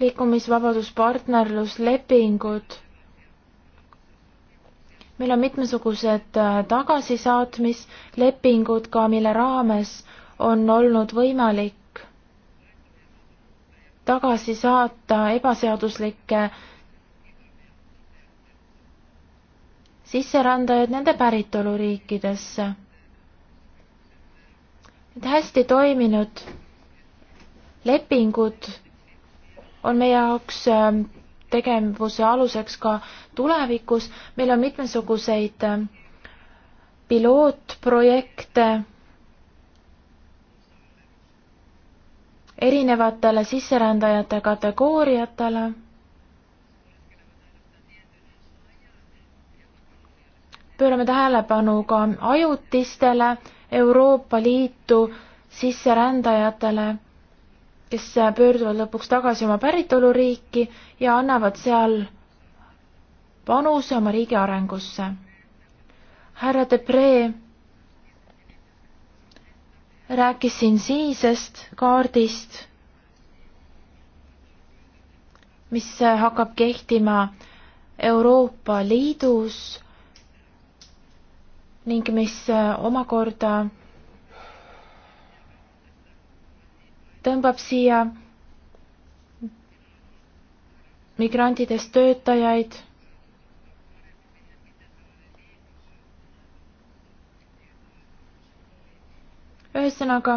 Speaker 2: liikumisvabaduspartnerluslepingud. meil on mitmesugused äh, tagasisaatmislepingud ka, mille raames on olnud võimalik tagasi saata ebaseaduslikke sisserändajaid nende päritoluriikidesse. et hästi toiminud lepingud on meie jaoks ähm, tegevuse aluseks ka tulevikus. meil on mitmesuguseid ähm, pilootprojekte erinevatele sisserändajate kategooriatele. pöörame tähelepanu ka ajutistele Euroopa Liitu sisserändajatele kes pöörduvad lõpuks tagasi oma päritoluriiki ja annavad seal panuse oma riigi arengusse. härra Depree rääkis siin siisest kaardist, mis hakkab kehtima Euroopa Liidus ning mis omakorda tõmbab siia migrantidest töötajaid. ühesõnaga,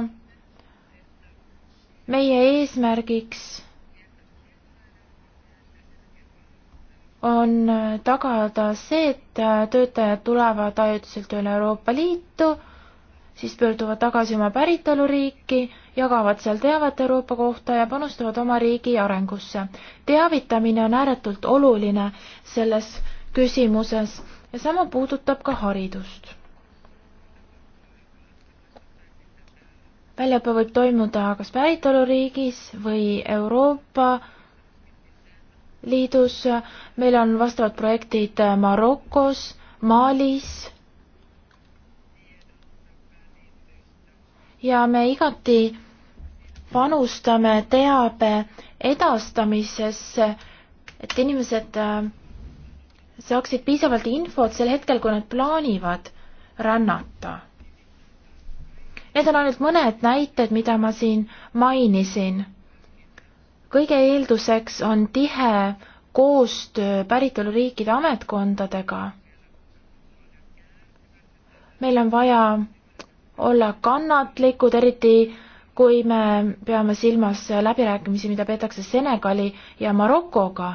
Speaker 2: meie eesmärgiks on tagada see, et töötajad tulevad ajutiselt üle Euroopa Liitu siis pöörduvad tagasi oma päritoluriiki, jagavad seal teavet Euroopa kohta ja panustavad oma riigi arengusse. teavitamine on ääretult oluline selles küsimuses ja sama puudutab ka haridust. väljaõpe võib toimuda kas päritoluriigis või Euroopa Liidus, meil on vastavad projektid Marokos, Malis ja me igati panustame teabe edastamisesse, et inimesed äh, saaksid piisavalt infot sel hetkel, kui nad plaanivad rännata. Need on ainult mõned näited, mida ma siin mainisin. kõige eelduseks on tihe koostöö päritoluriikide ametkondadega. meil on vaja olla kannatlikud, eriti kui me peame silmas läbirääkimisi, mida peetakse Senegali ja Marokoga.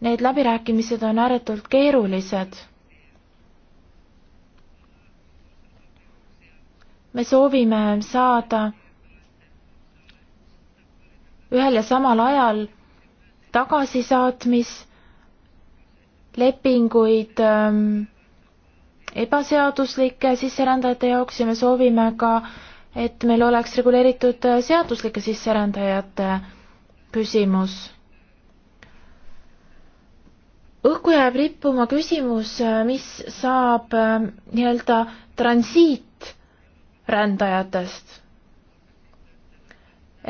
Speaker 2: Need läbirääkimised on ääretult keerulised. me soovime saada ühel ja samal ajal tagasisaatmislepinguid ähm, ebaseaduslike sisserändajate jaoks ja me soovime ka, et meil oleks reguleeritud äh, seaduslike sisserändajate küsimus. õhku jääb rippuma küsimus, äh, mis saab äh, nii-öelda transiiträndajatest.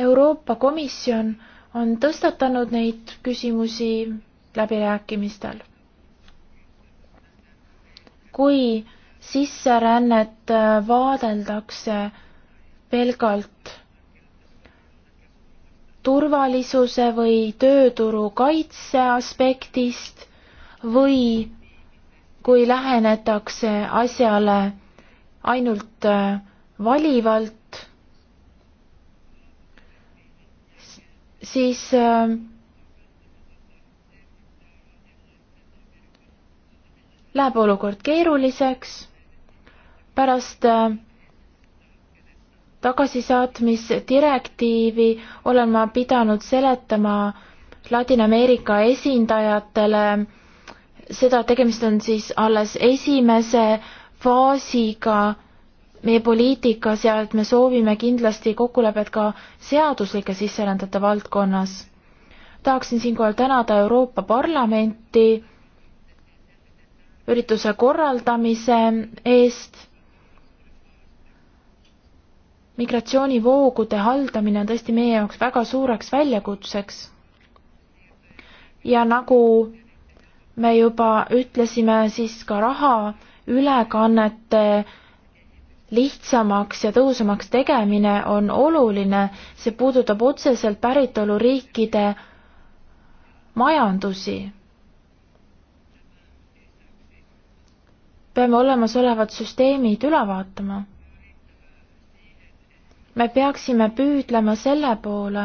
Speaker 2: Euroopa Komisjon on tõstatanud neid küsimusi läbirääkimistel kui sisserännet äh, vaadeldakse pelgalt turvalisuse või tööturu kaitse aspektist või kui lähenetakse asjale ainult äh, valivalt, siis äh, läheb olukord keeruliseks, pärast äh, tagasisaatmisdirektiivi olen ma pidanud seletama Ladina-Ameerika esindajatele seda, tegemist on siis alles esimese faasiga meie poliitikas ja et me soovime kindlasti kokkulepet ka seaduslike sisserändajate valdkonnas. tahaksin siinkohal tänada Euroopa Parlamenti ürituse korraldamise eest. migratsioonivoogude haldamine on tõesti meie jaoks väga suureks väljakutseks. ja nagu me juba ütlesime, siis ka raha ülekannete lihtsamaks ja tõhusamaks tegemine on oluline, see puudutab otseselt päritoluriikide majandusi peame olemasolevad süsteemid üle vaatama. me peaksime püüdlema selle poole,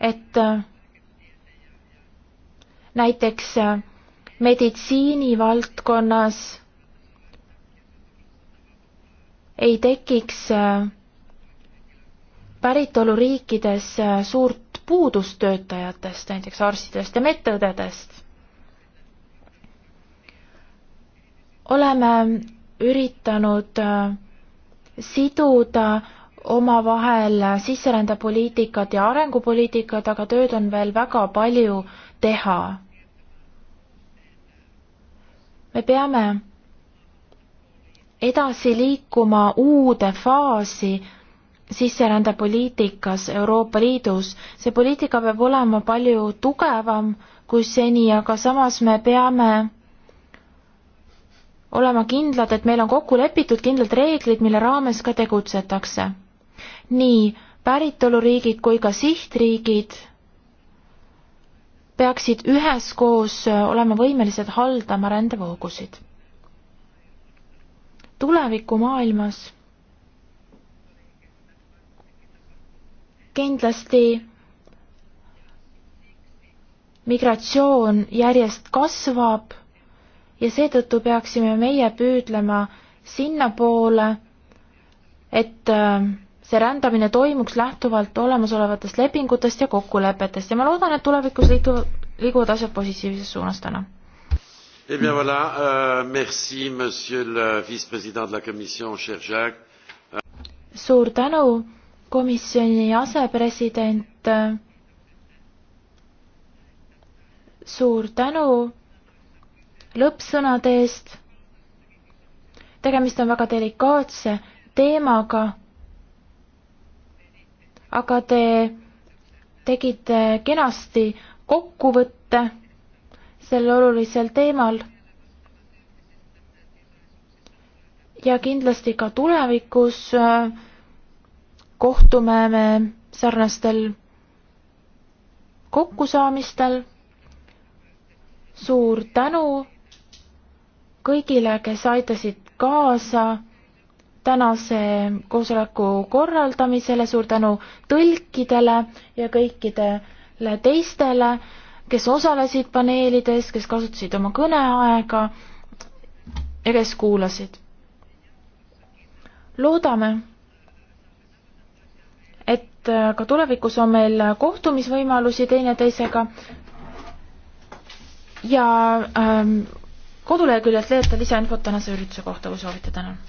Speaker 2: et äh, näiteks äh, meditsiinivaldkonnas ei tekiks äh, päritoluriikides suurt puudus töötajatest, näiteks arstidest ja medõdedest. oleme üritanud äh, siduda omavahel sisserändepoliitikat ja arengupoliitikat, aga tööd on veel väga palju teha. me peame edasi liikuma uude faasi sisserändepoliitikas Euroopa Liidus. see poliitika peab olema palju tugevam kui seni, aga samas me peame olema kindlad, et meil on kokku lepitud kindlad reeglid, mille raames ka tegutsetakse. nii päritoluriigid kui ka sihtriigid peaksid üheskoos olema võimelised haldama rändevoogusid. tuleviku maailmas kindlasti migratsioon järjest kasvab ja seetõttu peaksime meie püüdlema sinnapoole, et äh, see rändamine toimuks lähtuvalt olemasolevatest lepingutest ja kokkulepetest ja ma loodan, et tulevikus liitu, liiguvad asjad positiivses suunas täna.
Speaker 1: Eh bien voilà, euh, merci monsieur le vice-président de la commission, cher Jacques.
Speaker 2: Suur tänu komisjoni asepresident, suur tänu lõppsõnade eest. tegemist on väga delikaatse teemaga, aga te tegite kenasti kokkuvõtte sel olulisel teemal ja kindlasti ka tulevikus äh, kohtume me sarnastel kokkusaamistel. suur tänu kõigile, kes aitasid kaasa tänase koosoleku korraldamisele, suur tänu tõlkidele ja kõikidele teistele, kes osalesid paneelides, kes kasutasid oma kõneaega ja kes kuulasid. loodame et äh, ka tulevikus on meil kohtumisvõimalusi teineteisega ja ähm, koduleheküljelt leiate lisainfot tänase ürituse kohta, kui soovite, tänan.